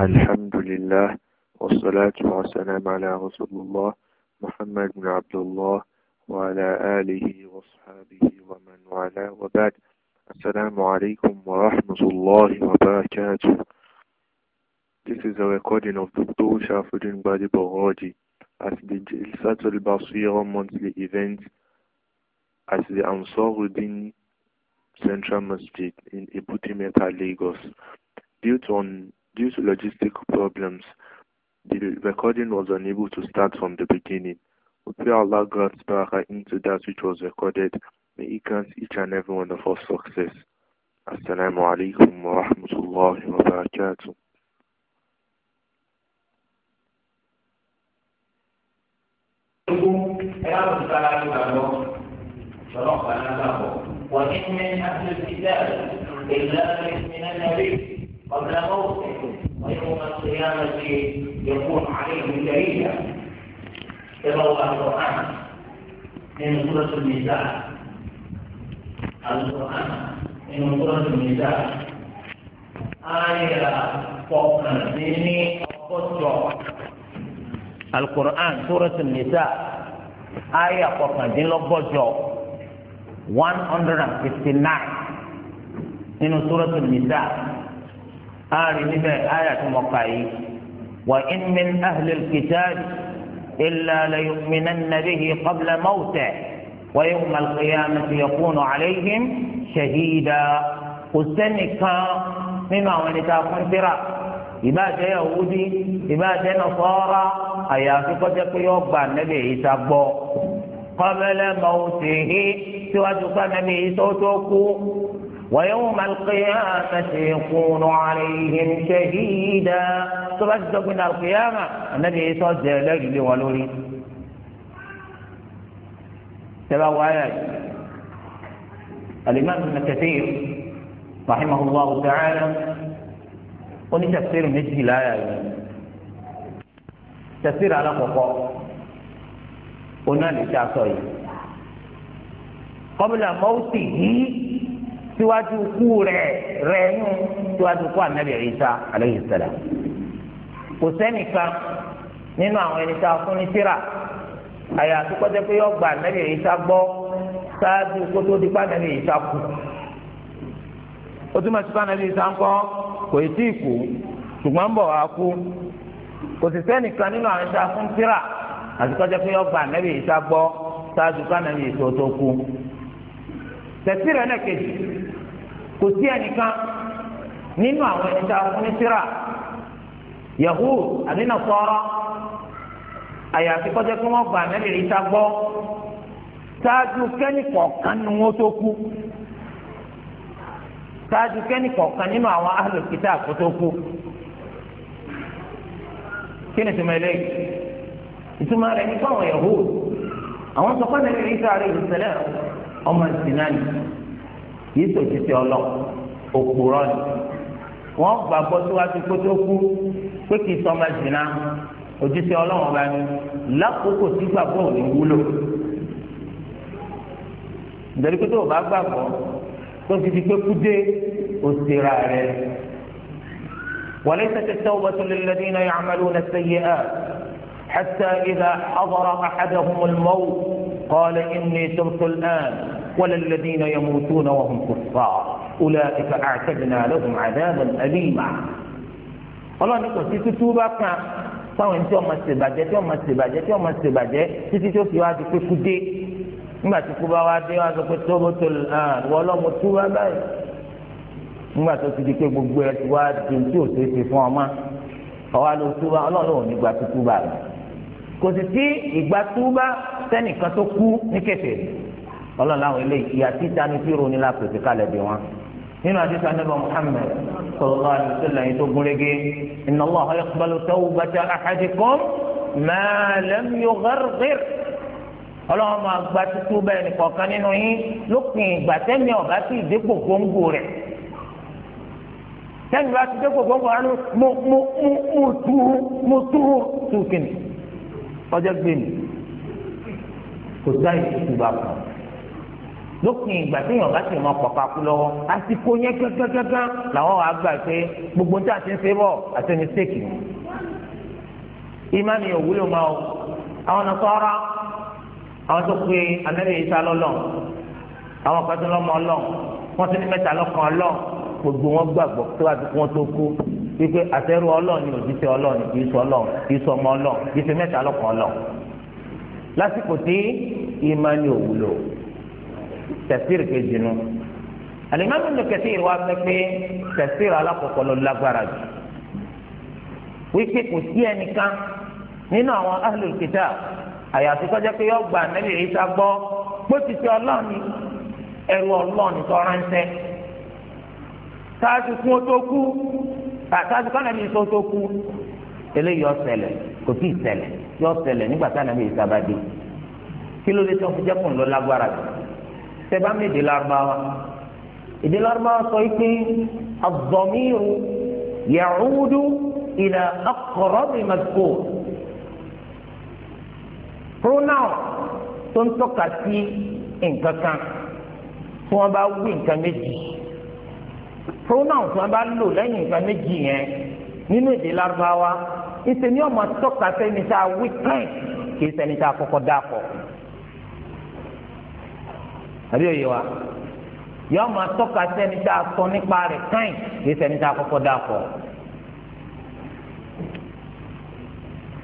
الحمد لله والصلاة والسلام على رسول الله محمد بن عبد الله وعلى آله وصحبه ومن والاه وبعد السلام عليكم ورحمة الله وبركاته This is a recording of Dr. Shafuddin Badi Boroji at the al Basira monthly event at the Ansaruddin Central Masjid in Ibutimeta, Lagos. Built on Due to logistic problems, the recording was unable to start from the beginning. We pray Allah grants barakah into that which was recorded. May He grant each and every one of us success. Assalamu alaikum wa rahmatullahi wa barakatuh. ونحن من أهل الكتاب إلا من النبي قبل موته ويوم القيامة يكون عليه شهيدا كما هو القرآن من سورة النساء القرآن من سورة النساء آية فوقنا ديني القرآن سورة النساء آية فوقنا ديني لقبجو 159 nínú sórọ́tò nìdá ari níbẹ̀ ayé àti mọ̀ká yìí wà in min ahlil kitabi illa la yu'minanna bihi qabla mawtih wa yawma al-qiyamati yakunu alayhim shahida kò sẹ́nìkan nínú àwọn ẹni tá a fún síra ìbá jẹ́ yahudi ìbá jẹ́ nasara àyàfi kọjá pé yọ gba nẹbi Ìsá gbọ́ qabla mawtihi síwájú ká nẹbi Ìsá tó kú. ويوم القيامة يكون عليهم شهيدا تبدأ من القيامة النبي صلى الله عليه ولولي تبعوا آيات الإمام ابن كثير رحمه الله تعالى وني تفسير مثل الآية تفسير على فقه قلنا لشعصي قبل موته síwájú kú rẹ̀ rẹ̀ nù síwájú kú anabi Isa alayhi salam kò sẹ́nìkan nínú àwọn ẹni tá a fún ní síra àyà àtúkọ́jẹ́ pé yọ gba anabi Isa gbọ́ sáájú kó tó di pa anabi Isa kú ó túmọ̀ sí pa anabi Isa ńkọ́ kò tí ì kú ṣùgbọ́n ń bọ̀ wá kú kò sì sẹ́nìkan nínú àwọn ẹni tá a fún síra àtúkọ́jẹ́ pé yọ gba anabi Isa gbọ́ sáájú kó anabi Isa tó kú tẹ̀síra náà kejì kò sí ẹnìkan nínú àwọn ẹni tá a fún ní síra yahoo àti nasara àyàfi kọjá kí wọ́n gba ànábì Ìsá gbọ́ ṣáájú kẹ́nì kọ̀ọ̀kan ni wọ́n tó kú ṣáájú kẹ́nì nínú àwọn ahlul kitab tó kú kí ni tuma eléyìí ìtumọ̀ rẹ̀ nípa àwọn yahoo àwọn sọ̀kọ́ ànábì Ìsá alayhi salam ọmọ ìsìnà ni yìí tó ti tẹ ọlọ òpùrọ́ ni wọn gbàgbọ́ síwájú kó tó kú pé kì í sọmọ ìsìnà ojúṣe ọlọ́wọ́n bá ní lákòókò tí gbàgbọ́ ò ní wúlò nítorí pé tó o bá gbàgbọ́ tó fi di pé kú dé òsèrà rẹ وليست التوبة للذين يعملون السيئات حتى إذا حضر أحدهم الموت قال إني تبت الآن ولا الذين يموتون وهم كفار أولئك أعتدنا لهم عذابا أليما الله نقول تتوبة كان táwọn tí ọmọ ṣèbàjẹ́ tí ọmọ ṣèbàjẹ́ tí ọmọ ṣèbàjẹ́ títí tó fi wá di pé kú dé nígbà tí kú bá wá dé wá sọ pé tóbó tó hàn wọ́n lọ́mọ tú wá báyìí nígbà tó ti di pé gbogbo ẹ̀ ti wá di tí ò ṣeé ṣe fún ọmọ ọ̀wá ló tú wá ọlọ́run ò ní gba tútú bá rẹ̀ kò sì sí ìgbà túbá sẹ́nìkan tó kú ní kẹfẹ́ ọlọ́run láwọn ilé ìyá títa ní tí ronú la pèsè kalẹ̀ bí wọn nínú àdìsí anábà Muhammad sallallahu alaihi wasallam yìí tó gúnrégé inna Allaha yaqbalu tawbata ahadikum ma lam yugharghir ọlọ́run máa gba tuntun bẹ́ẹ̀ ní kọ̀ọ̀kan nínú yín lópin ìgbà tẹ́mi ọ̀gá sí ìdípò gbòǹgbò rẹ̀ tẹ́mi bá ti dépò gbòǹgbò rẹ̀ mo mo mo mo túrú mo túrú túkìnnì ọjọ́ gbèmí kò sáyé ìtura kan lópin ìgbà tí yọ̀ǹgá sì mọ pọ̀pá kú lọ́wọ́ àsìkò yẹn kankankankan làwọn wàá gbà pé gbogbo tí a ti ń ṣe bọ̀ àti mistake ìmánì òwúlò máa o àwọn ọ̀nà sọ́ra àwọn tó pe anabi isa lọ́lọ́ àwọn kan tó lọ́mọ ọlọ́ wọ́n ti ní mẹ́ta lọ́kàn ọlọ́ gbogbo wọn gbàgbọ́ tó wà tó kú wípé àtẹrù ọlọ́run ni òjíṣẹ́ ọlọ́run kì í sọ ọlọ́run kì sọ ọmọ ọlọ́run kì í mẹ́ta lọ́kàn ọlọ́run lásìkò tí ìmánì òwúlò tẹ̀síìrì kejì nu àlìmọ́mí ló kẹsíìrì wa fẹ́ pé tẹ̀síìrì alákọ̀ọ́kọ́ ló lágbára jù wípé kò sí ẹnìkan nínú àwọn ahlul àyàfi kọjá pé yọ gba ànábì Ìsá gbọ́ bó ti àtàkùn kọ́nà mi tó tó kú eléyìí ọ̀sẹ̀lẹ̀ kò tí ì ṣẹlẹ̀ yọ ṣẹlẹ̀ nígbà tá ànábì Ìsá bá dé kí ló dé tó fi jẹ́kùn ló lágbára jù tẹ́bá mi èdè lárúbáwá èdè lárúbáwá sọ pé ad-damiru ya'udu ila aqrabi pronoun tó ń tọ́ka sí nǹkan kan tí wọ́n bá wí nǹkan méjì pronoun tí wọn bá lò lẹ́yìn ìgbà méjì yẹn nínú èdè lárúbáwá ìṣe ni ọmọ tọ́ka sẹ́ni tá a wí pẹ́ẹ́n kì í sẹ́ni tá a kọ́kọ́ dà pọ̀ àbí òye wa yọ ọmọ tọ́ka sẹ́ni tá a sọ nípa rẹ̀ pẹ́ẹ́n kì í tá a kọ́kọ́ dà pọ̀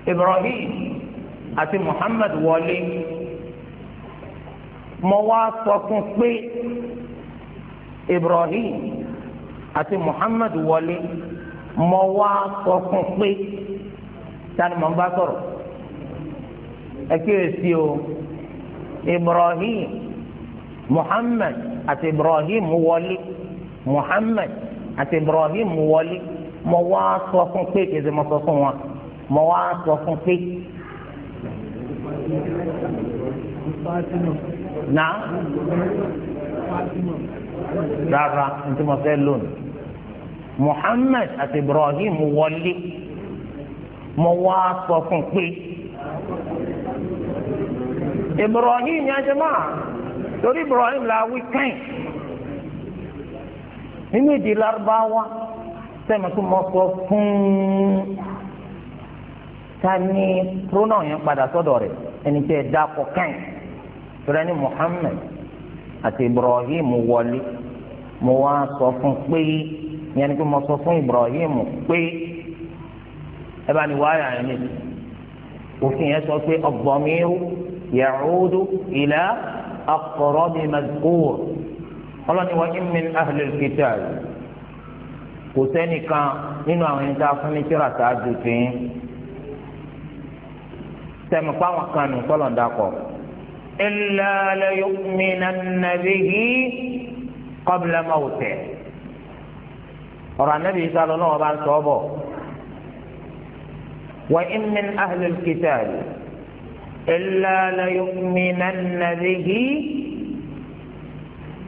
Ibrahim àti Muhammad wọlé mo wá sọ fún pé Ibrahim àti Muhammad wọlé mọ wá sọ fún pé tani mọ̀ ń bá sọ̀rọ̀ ẹ kíyèsí o Ibrahim Muhammad àti Ibrahim wọlé Muhammad àti Ibrahim wọlé mọ wá sọ fún pé kìí ṣe mọ sọ fún wọn mọ wá sọ fún pé. na rárá ntí mo lónìí muhammed àti ibrahim wọlé mo wá sọ fún pé ibrahim yẹn jẹ máa torí ibrahim la wí kẹ́yìn nínú èdè lárúbáwá sẹ́mi tó mọ sọ fún ta ni pronoun yẹn padà sọ́dọ̀ rẹ̀ ẹni tẹ́ ẹ dákọ̀ kẹ́yìn torí ẹni muhammed àti ibrahim wọlé mo wá sọ fún pé ìyẹn ni pé mo sọ fún Ibrahim pé ẹ bá ní wáyà yẹn ni òfin yẹn sọ pé ọgbọ̀míru ya'udu ila aqrabi mazkur ọlọ́ni wa in min ahlil kitab kò sẹ́nìkan nínú àwọn ẹni tá a fún ní tíra ṣáájú tìǹ tẹ̀mí páwọn kan nù kọ́lọ̀ ń dakọ̀. illa la yu'minanna bihi ọ̀rọ̀ anabi sálọ náà ọba ń sọ bọ̀ wa in min ahli al-kitab illa la yu'minanna bihi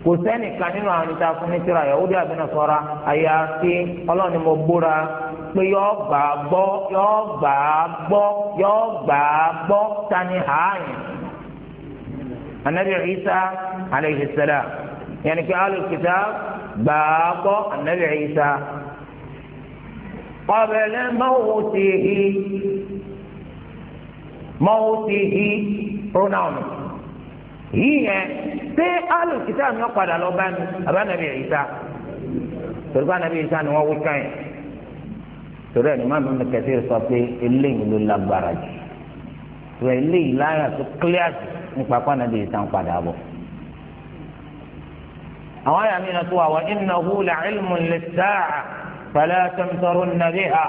kò sẹ́nìkan nínú àwọn ìta fún ní tíra yahudi abinasọ́ra àyàfi ọlọ́run ni mo búra pé yọ gbà gbọ́ yọ gbà gbọ́ yọ gbà gbọ́ tani hàáyìn anabi sá isa alayhi salam yẹnni pé alùpùpù gbàgbọ́ ànábì Ìsá qabla mawtihi mawtihi pronoun yìí yẹn pé alùpùpù mi padà lọ bá mi àbá ànábì Ìsá torí bá ànábì Ìsá ni wọ́n wí kàn yẹn torí ẹni máa mímu kẹsí sọ pé eléyìí ló lágbára jù rẹ eléyìí láyà tó kílíà jù nípa pàánà lè san padà bọ̀ àwọn àyà mi náà tó wà wá innahu la'ilmun lis-sa'a fala tamtarunna biha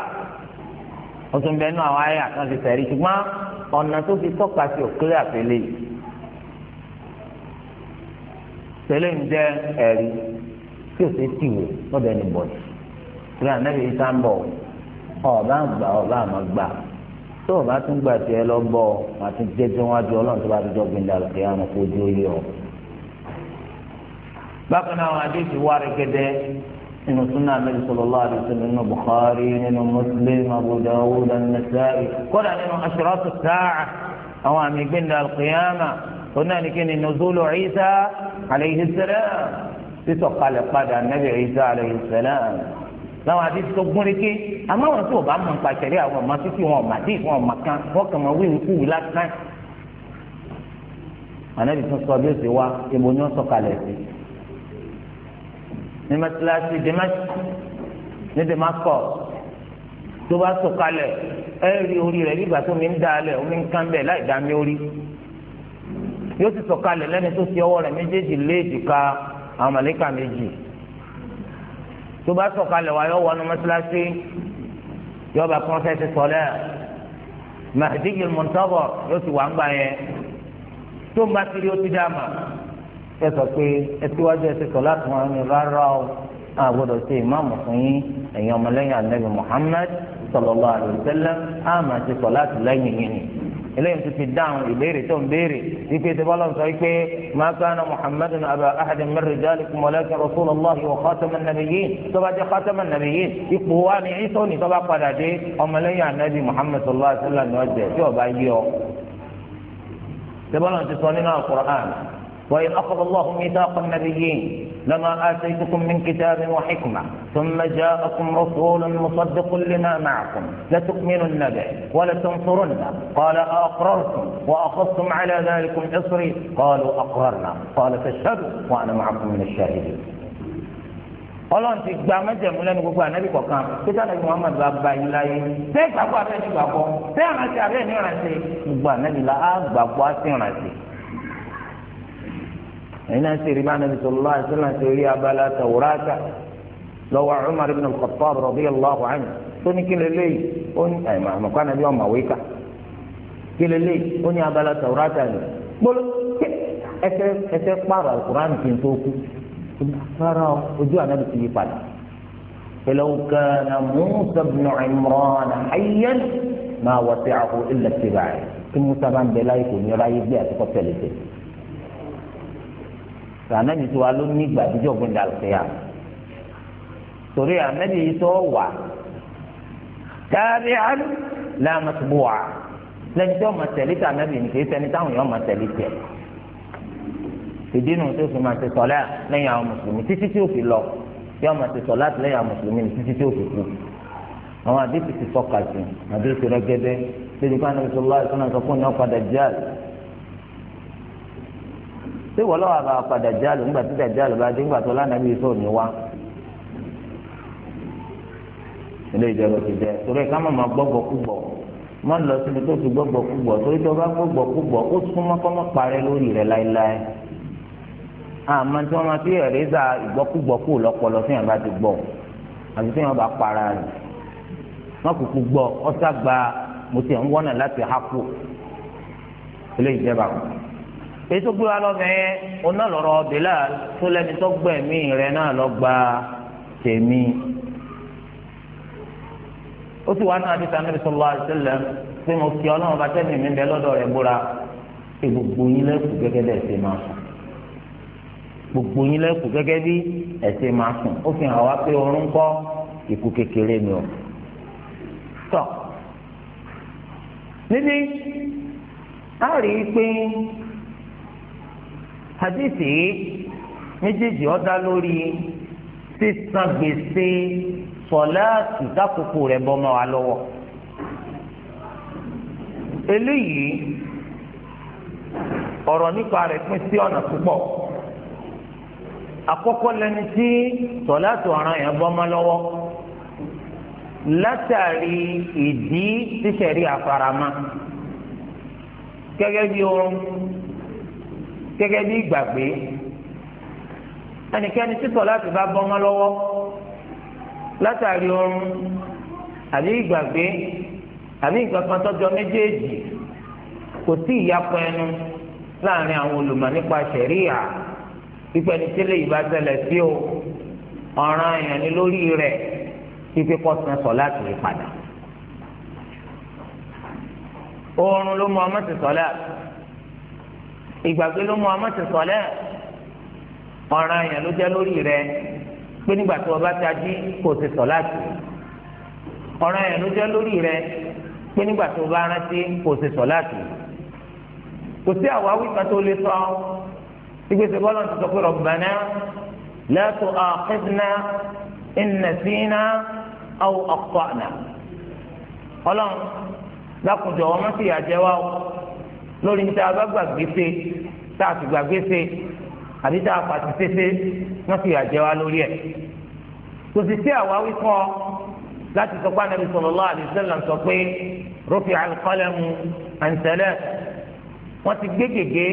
ó tún bẹ́ẹ̀ nú àwọn àyà kan ti sẹ̀rí ṣùgbọ́n ọ̀nà tó fi tọ́ka sí òkèlè àfẹ́lẹ́ tẹ́lẹ̀ ń jẹ́ ẹ̀rí tí o ṣe tì wò lọ́dọ̀ ẹni bọ̀ tí wọn ànábi yìí sá ń bọ̀ ọba ń ọba àmọ́ gbà tó o bá tún gbà tiẹ̀ lọ bọ̀ àti jẹ́jẹ́ wọn ọlọ́run tó bá ti jọ gbìndà lọ́kẹ́ bákan náà àwọn àdéhùn wà rẹ̀gẹ̀dẹ̀ nínú súnà àmì sallallahu alaihi wasallam nínú Bukhari nínú Muslim Abu Dawud an-Nasa'i kódà nínú ashratu sa'a àwọn àmì gbẹ̀ndà al-qiyama oní ànikẹ́ni nuzulu Isa alayhi salam sísọ̀kalẹ̀ padà nabi Isa alayhi salam láwọn àdéhùn tó gún régé àmọ́ wọn tó o bá mọ̀ nípa ìṣẹ̀lẹ̀ àwọn ọmọ títí wọn ọmọ àdéhùn wọn ọmọ kan wọn kàn máa wíwú kúwú lásán ànábì tún sọ bí ó ti wá ìbò ni wọn sọ̀kalẹ̀ sí ní mẹsàlásì dèmẹsì ní dèmásọ tó bá sọ̀kalẹ̀ ẹ rí orí rẹ̀ nígbà tó mi ń dá alẹ omi ń kán bẹ láì dá mi orí yóò ti sọ̀kalẹ̀ lẹ́ni tó fi ọwọ́ rẹ̀ méjèèjì lé èjìká àwọn màlíkà méjì tó bá sọ̀kalẹ̀ wá yọ wọnú mẹsàlásì yọba kí wọn fẹẹ ti yóò ti wà ń gbà yẹn tó ń bá ti ó ti dá a ẹ sọ pé ẹ tíwájú ẹ ti sọ láti wọn ní rárá o a gbọ́dọ̀ ṣe ìmáàmù fún yín ẹ̀yin ọmọlẹ́yìn anabi muhammad sallallahu alaihi wasallam a máa ti sọ láti lẹ́yìn yín ni eléyìí tó fi dáhùn ìbéèrè tó ń béèrè wípé tí bọ́lá ń sọ wípé máa kánà muhammad aba ahad min rijalikum walakin rasulullah wa khataman nabiyyin tó bá jẹ́ khataman nabiyyin ipò wa ni ìsọ ni tó padà dé ọmọlẹ́yìn anabi muhammad sallallahu alaihi wasallam ni tí ọba yí ọ tí bọ́lá ń ti sọ nínú al-Qur'an وإذ أخذ الله ميثاق النبيين لما آتيتكم من كتاب وحكمة ثم جاءكم رسول مصدق لما معكم لتؤمنوا النبي ولتنصرن قال أأقررتم وأخذتم على ذلكم إصري قالوا أقررنا قال فاشهدوا وأنا معكم من الشاهدين ọlọ́run ti gba mẹjẹ mẹ́jẹ̀mú lẹ́nu gbogbo ànábì kọ̀ọ̀kan pété ànábì muhammed bá ba yín láyé bẹ́ẹ̀ ìgbàgbọ abẹ ní gbàgbọ́ bẹ́ẹ̀ àrántí abẹ ní ìrántí gbogbo ànábì la á gbàgbọ́ á sí ìrántí. ẹ̀yin náà sì rí bá nàbì sallallahu alaihi wasallam ṣe rí abala tàwùrátà lọ́wọ́ Umar ibn al-Khattab radiyallahu anhu tó ní kílẹ̀ léyìí ó ní àyìnbá àmọ̀kọ́ ànábi ọmọ àwíkà kílẹ̀ léyìí ó ní abala tàwùrátà ni gbọ́dọ̀ ẹsẹ̀ ẹsẹ̀ pààrọ̀ alukur'an kì í tó kú rárá ojú ànábi ti yí padà fẹlẹ́wò kan Musa ibn Imran hayyan ma wasi'ahu illa ittiba'i kí Musa bá ń bẹ láyé kò ní ọ sànẹ́bí tí wàá ló ní ìgbà jíjọ́ gbẹ̀dà lọ́sẹ̀yà torí ànẹ́bí yìí tó wà tàbí àlù làmàtúbù wà lẹ́ni tí wọ́n máa tẹ̀lé tà ànẹ́bí nìkan sẹ́ni táwọn yóò máa tẹ̀lé tẹ̀ ìdí nu tó fi máa ti sọ̀lá lẹ́yìn àwọn mùsùlùmí títí tí ó fi lọ yóò máa ti sọ̀lá lẹ́yìn àwọn mùsùlùmí títí tí ó fi kú àwọn àdéhùn ti sọ̀kà sí àdéhùn ti rẹ́gẹ́dẹ́ lórí ká ṣé wọ́n lọ́wọ́ àbá padà jáàlù nígbà tí dàjáàlù bá dé nígbà tó lánàbí sọ̀ ní wá. ilé ìjọba ti jẹ torí ká má máa gbọ́gbọ́ kúgbọ̀ má lọ síbi tó ti gbọ́gbọ́ kúgbọ̀ torí tó bá gbọ́gbọ́ kúgbọ̀ ó súnmọ́ kọ́ má parẹ́ lórí rẹ̀ láéláé. àmọ́ tí wọ́n máa fi ẹ̀rẹ́zà ìgbọ́kúgbọ̀ kù lọ́pọlọ fún yàrá ti gbọ́ àti fún ètò gbé wa lọ́bẹ̀ yẹn oná lọ́rọ̀ Bilal tó lẹ́ni tó gbẹ̀mí rẹ̀ náà lọ gba tèmi. ó sì wá náà àti sàmìlì sallallahu alaihi wasallam pé mo kí ọlọ́run bá tẹ́lẹ̀ mi bẹ lọ́dọ̀ rẹ̀ búra pé gbogbo yín lẹ́kù gẹ́gẹ́ bẹ́ẹ̀ ṣe máa sùn. gbogbo yín lẹ́kù gẹ́gẹ́ bí ẹ̀ṣẹ̀ máa sùn ó fi hàn wá pé oorun kọ́ ikú kékeré ni o. tọ́ níbi a rí i pé hadithi méjèèjì ó dá lórí sísan gbèsè sọláàtì dákòókò rẹ̀ bọ́ mọ́ wa lọ́wọ́ eléyìí ọ̀rọ̀ nípa rẹ̀ pín sí ọ̀nà púpọ̀ àkọ́kọ́ lẹni tí sọ̀láàtì ọ̀ràn yẹn bọ́ mọ́ lọ́wọ́ látàrí ìdí tíṣẹ̀rí àfarama gẹ́gẹ́ bí oorun gẹ́gẹ́ bí ìgbàgbé ẹnikẹ́ni títọ̀ láti bá bọ́ ọmọ lọ́wọ́ látàrí oorun àbí ìgbàgbé àbí nǹkan kan tọ́jọ́ méjèèjì kò sí ìyapọ̀ ẹnu láàrin àwọn olùmọ̀ nípa ṣẹ̀ríà pípẹ́ ní tẹ́lẹ̀ ìbá tẹ́lẹ̀ sí o ọ̀ràn èèyàn ni lórí rẹ̀ pípẹ́ kọ́ san sọ láti rí padà oorun ló mú ọmọ ti sọ láti ìgbàgbé ló mú ọmọ ti sọlẹ ọ̀ràn yẹn ló jẹ lórí rẹ pé nígbà tí wọn bá tají kò ti sọ láti ọ̀ràn yẹn ló jẹ lórí rẹ pé nígbà tí wọn bá rántí kò ti sọ láti kò sí àwáwí kan tó lè sọ ìgbésẹ̀ bọlọ ti sọ pé Rabbana la tu'akhidhna in nasina aw akhta'na Ọlọ́run lákùnjọ wọn má yà jẹ wá o lórí ní tá a bá gbàgbé ṣe tá a sì gbàgbé ṣe àbí tá a pàṣẹ ṣeṣe wọ́n sì yàjẹ́ wa lórí ẹ̀ kò sì sí àwáwí kan ọ láti sọ pé anabi sallallahu alaihi wasallam sọ pé rufi al-qalamu an salat wọ́n ti gbé gègé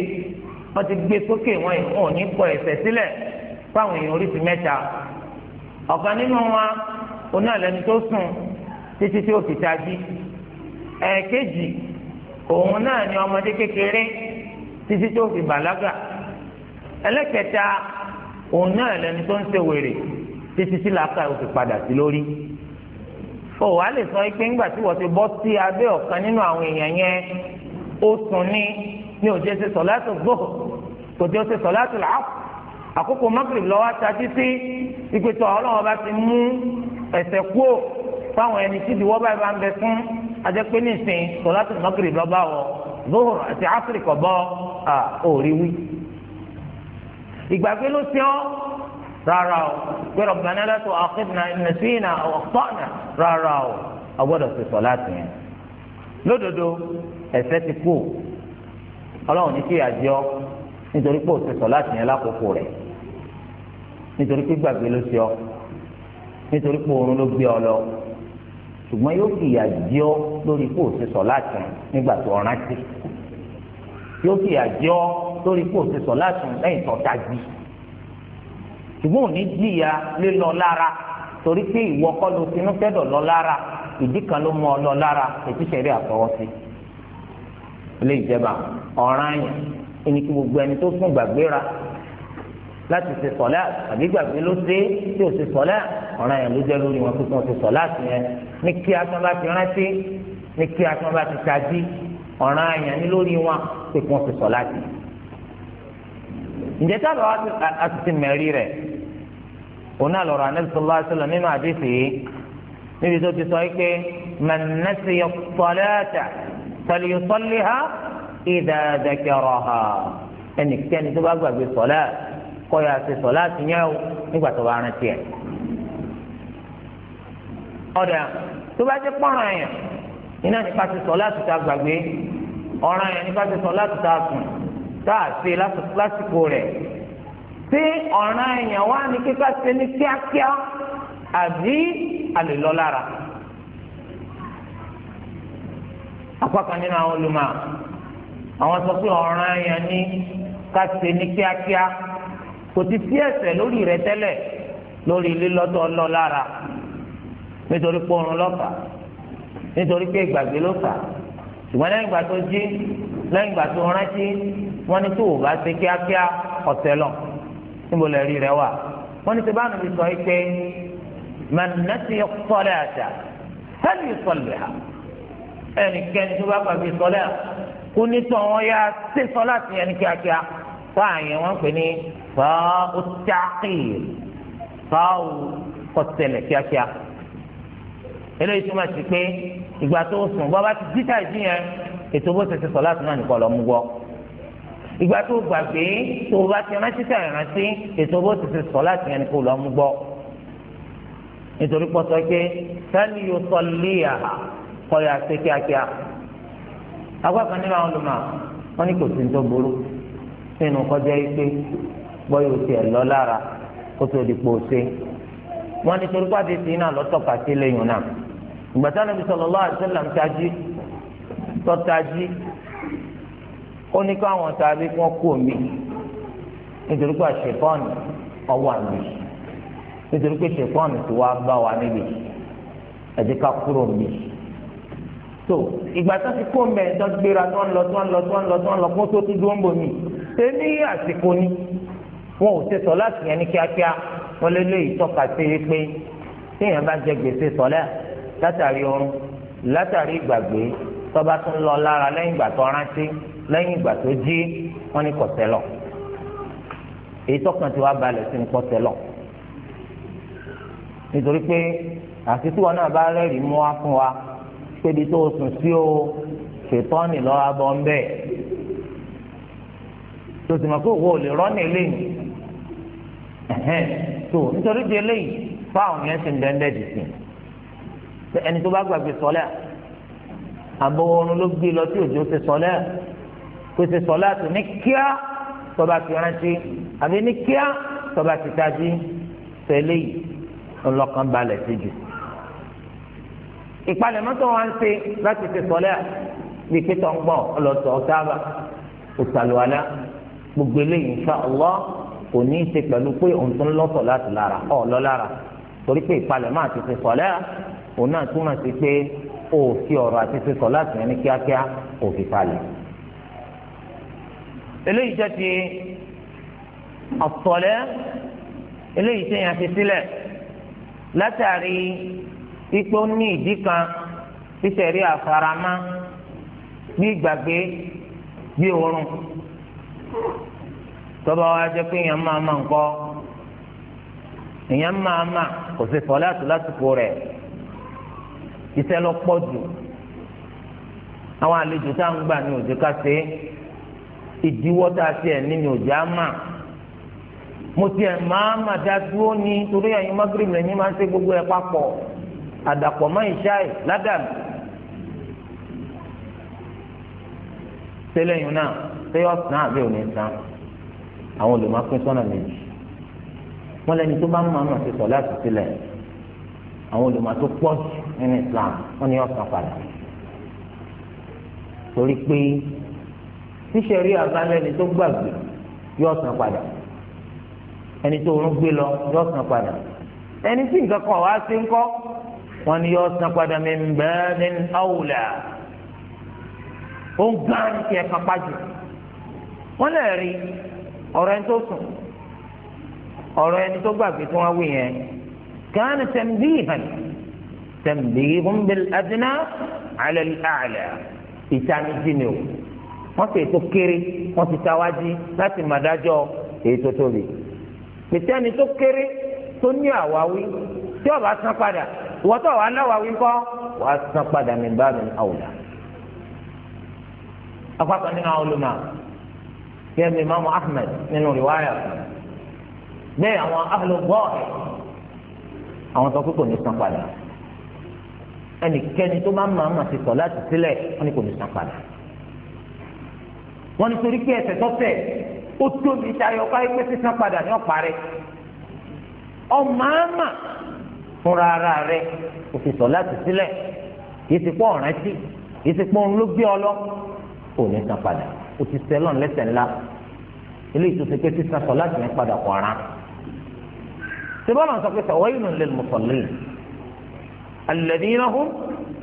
wọ́n ti gbé sókè wọn ò ní kọ ẹ̀ṣẹ̀ sílẹ̀ fáwọn èèyàn oríṣi mẹ́ta ọ̀kan nínú wa oní àlẹ́ni tó sùn títí tí ó fi tají ẹ̀ẹ̀kejì. òun náà ni ọmọdé kékeré títí tó fi bàlágà ẹlẹ́kẹta òun náà lẹni tó ń ṣe wèrè títí tí làákà ò fi padà sí lórí o wàá lè sọ pé ńgbà tí wọ́n ti bọ́ sí abẹ́ ọ̀kan nínú àwọn èèyàn yẹn ó sùn ní ní òjò ṣe kò ṣe àkókò lọ́wọ́ ìpètò ọlọ́wọ́ bá ti mú ẹ̀sẹ̀ fáwọn ẹni tí ìdíwọ́ bá ń bẹ fún ajẹ́pẹ́ nísìn sọ̀látù mọ́kìrì lọ́ba wọ zohor àti áfíríkà bọ́ à òòrí wí. ìgbàgbé ló ṣe ọ́ rárá o pé rabbana la tu'akhidhna in nasina aw akhta'na rárá o ọgbọ́dọ̀ ṣe sọ̀látù yẹn. lódodo ẹ̀ṣẹ̀ ti kú ọlọ́run ní kí àjọ nítorí pé ó ṣe yẹn lákòókò rẹ̀ nítorí pé gbàgbé ló ṣe ọ́ nítorí pé oorun ló gbé ọ lọ ṣùgbọ́n yóò fìyà jẹ lórí kó o ti sọ láti rìn nígbà tó rántí yóò fi àjọ lórí kó o ti sọ láti rìn lẹ́yìn tó dájú ṣùgbọ́n ò ní jìyà lílọ lára torí pé ìwọ kọ́ ló ti ń fẹ́dọ̀ lọ lára ìdí kan ló mọ ọ lọ lára ètí ṣẹ̀rí àfọwọ́ sí ilé ìjẹba ọ̀ràn yẹn ẹni kí gbogbo ẹni tó sún gbàgbéra láti ṣe sọ̀lá àbí gbàgbé ló ṣe tí ò ṣe sọ̀lá ọ̀ràn yẹn ló jẹ́ lórí wọn pé kí wọ́n ṣe sọ̀lá sí yẹn ní kí asán bá ti rántí ní kí asọ́n bá ti tají ọ̀ràn àyàn ní lórí wọn pé kí wọ́n ti sọ láti. ǹjẹ́ tábà wá ti ti mẹ̀rí rẹ̀ òun náà lọ́rọ̀ Ànábì sallallahu alaihi wasallam nínú àdéhùn yìí níbi tó ti sọ yìí pé man nasiya salata falyusalliha idha ẹnikẹ́ni tó bá gbàgbé sọ̀lá kó yá ṣe sọ̀lá ti yẹn o nígbà tó bá rántí ẹ̀. ọ̀dà tó bá ti pọ́nrán iná ní ká ti sọ láti ta gbàgbé ọ̀ràn yẹn ní ká ti sọ láti ta sùn tá a ṣe lásìkò rẹ̀ tí ọ̀ràn yẹn wá ní kíkà ṣe ní kíákíá àbí àlè lọ lára. apá kan nínú àwọn olùmọ̀ àwọn sọ pé ọ̀ràn yẹn ní ká ní kíákíá kò ti sí ẹ̀ṣẹ̀ lórí rẹ̀ tẹ́lẹ̀ lórí lílọ́tọ̀ lọ nítorí pé oorun lọ́fà nítorí pé ìgbàgbé ló fà ṣùgbọ́n lẹ́yìn ìgbà tó jí lẹ́yìn ìgbà tó rántí wọ́n ní tó o bá ṣe kíákíá ọ̀sẹ̀ lọ níbo lè rí rẹ wà wọ́n ní ti báwọn ti sọ pé mànàtì sọlẹ̀ àṣà hẹ́lì sọlẹ̀ ha ẹnikẹ́ni tó bá gbàgbé sọlẹ̀ kú ní tọ́ wọn yá ṣe sọlá sí ẹni kíákíá fáàyàn wọn pè ní fáà ó kíákíá eléyìí túmọ̀ sí pé ìgbà tó sùn bọ́ bá ti dítà ìdí yẹn ètò bó ṣe ti sọ láti náà nìkan lọ mú wọ ìgbà tó gbàgbé tó bá ti rántí tà ìrántí ètò bó ṣe ti sọ láti yẹn nìkan lọ mú gbọ́ nítorí pọ́sọ pé sani yóò sọ léyà e kọ́ya ṣe kíákíá agbákan nínú àwọn olùmọ̀ wọn ní kò sí ní tó burú nínú kọjá yìí bọ́ yóò tiẹ̀ lọ lára kó tó di pò ṣe wọn ní torí pàdé sí náà lọ́tọ̀ka sí lẹ́yìn náà ìgbà tí Ànábì sallallahu alaihi wasallam tají tọ́tají ó ní káwọn tàbí kí wọ́n kú omi nítorí pé àṣepọ́ọ̀nù ọwọ́ àmì nítorí pé ṣèpọ́ọ̀nù ti wá bá wa níbi ẹ̀jẹ̀ ká kúrò mi tó ìgbà tó ti kó mẹ́ẹ̀ẹ́dọ́ gbéra tó ń lọ tó ń lọ tó ń lọ tó ń lọ kó tó tún dúró ń bò mí àsìkò ni wọn ò ṣe láti yẹn ní kíákíá wọn lé lé ìtọ́ka sí i pé téèyàn bá jẹ gbèsè sọlẹ látàrí oorun látàrí ìgbàgbé tọba tó ń lọ lára lẹ́yìn ìgbà tó rántí lẹ́yìn ìgbà tó jí wọn ní kọtẹ lọ èyí tọkàn tí wàá balẹ̀ sí ní kọtẹ lọ nítorí pé àti tí wọn náà bá rẹ́rìí mú wá fún wa pébi tó sùn sí o ṣètọ́ni lọ́wọ́ abọ́ ń bẹ́ẹ̀ tó sì mọ̀ pé òwò ò lè tó nítorí di eléyìí fáwọn yẹn ti ń dẹ́ndẹ́ dì sí ẹni tó bá gbàgbé sọlẹ́ àbọ̀wọ̀ ọ̀run ló gbé lọ sí òjò ṣe sọlẹ́ kò ṣe sọlẹ́ àti ní kíá tọba ti rántí àbí ní kíá tọba ti tají tẹ́lẹ̀ yìí ọlọ́kan balẹ̀ sí jù ìpalẹ̀mọ́ tó wá ń ṣe láti ṣe sọlẹ́ bí pété ọgbọ́n ọlọ́tọ̀ ọ̀táàbà òṣàlùwàlá gbogbo eléyìí insha Allah kò ní í ṣe pẹ̀lú pé òun tó ń lọ́sọ̀ láti lára ọ̀ lọ lára torí pé ìpalẹ̀mọ́ àti ti sọ̀lẹ́ òun náà túmọ̀ sí pé ó fi ọ̀rọ̀ àti ti sọ̀ láti rìn ní kíákíá kò fi palẹ̀. eléyìí jẹ́ ti ọ̀sọ̀lẹ́ eléyìí ṣe yàn fi sílẹ̀ látàrí ipò ní ìdí kan títẹ̀rí àfaramá bí gbàgbé bí oorun tọ́ba wa jẹ́ pé èèyàn máa máa ń èèyàn máa máa kò sí sọ̀láàtì lásìkò rẹ̀ iṣẹ́ lọ pọ̀ jù àwọn àlejò tá à ń gbà ní òjò ká ṣe ìdíwọ́ tá a ṣe ẹ̀ ní ní òjò á mà mo tiẹ̀ máa mà dá dúró ní torí ẹ̀yin magrib lẹ́yìn máa ń ṣe gbogbo ẹ̀ papọ̀ àdàpọ̀ mọ́ ìṣáì ládàbí. tẹ́lẹ̀ yìí náà ṣé sàn àbí òní sàn àwọn olùmọ̀ pín sọ́nà méjì wọ́n lẹ́ni tó bá ń máa ma ṣe sọ láti sílẹ̀ àwọn olùmọ̀ tó pọ̀ jù nínú Islam wọ́n ní ọ̀sán padà torí pé ṣíṣe rí àbálẹ́ni tó gbàgbé yóò san padà ẹni tó ń gbé lọ yóò san padà ẹni tí nǹkan kan wàá ṣe ń kọ́ wọ́n ní yóò san padà min babin awla ó ń gán kí ẹ kápá jù wọ́n lè ọ̀rọ̀ ẹni tó sùn ọ̀rọ̀ ẹni tó gbàgbé tí wọ́n wí yẹn kàn tanbihan tanbihun bil adna ala al a'la ìtanijí ni o wọ́n fi ètò kéré wọ́n ti tawájí láti màdájọ́ ètò tóbi ìtẹ́ni tó kéré tó ní àwáwí tí ó san padà wọ́n tó wà láwàwí ńkọ́ wàá san padà min babin awla. apá kan nínú àwọn olùmọ̀ bẹ́ẹ̀ ni imaamu ahmed nínú riwaya bẹ́ẹ̀ àwọn ahlu bọ́ọ̀lù àwọn sọ pé kò ní san padà ẹnikẹ́ni tó bá máa ma ti sọ láti sílẹ̀ wọ́n ní kò ní san padà wọ́n ní torí pé ẹsẹ̀ tọ́tẹ̀ ó tóbi tayọ káyé pé sísan padà ní ọ̀parẹ́ ọ̀máàmà fúnra ara rẹ̀ kò fi sọ láti sílẹ̀ kì í ti pọ̀ ọ̀rántí kì í ti pọ̀ òun ló kò ní san padà o ti sẹ́lọ̀n lẹ́sẹ̀ ńlá eléyìí tó ṣe pé sísan sọ láti ní padà kọ̀ ọ̀ràn sibọ́lọ̀ sọ pé fawailun lil musallin alladhina hum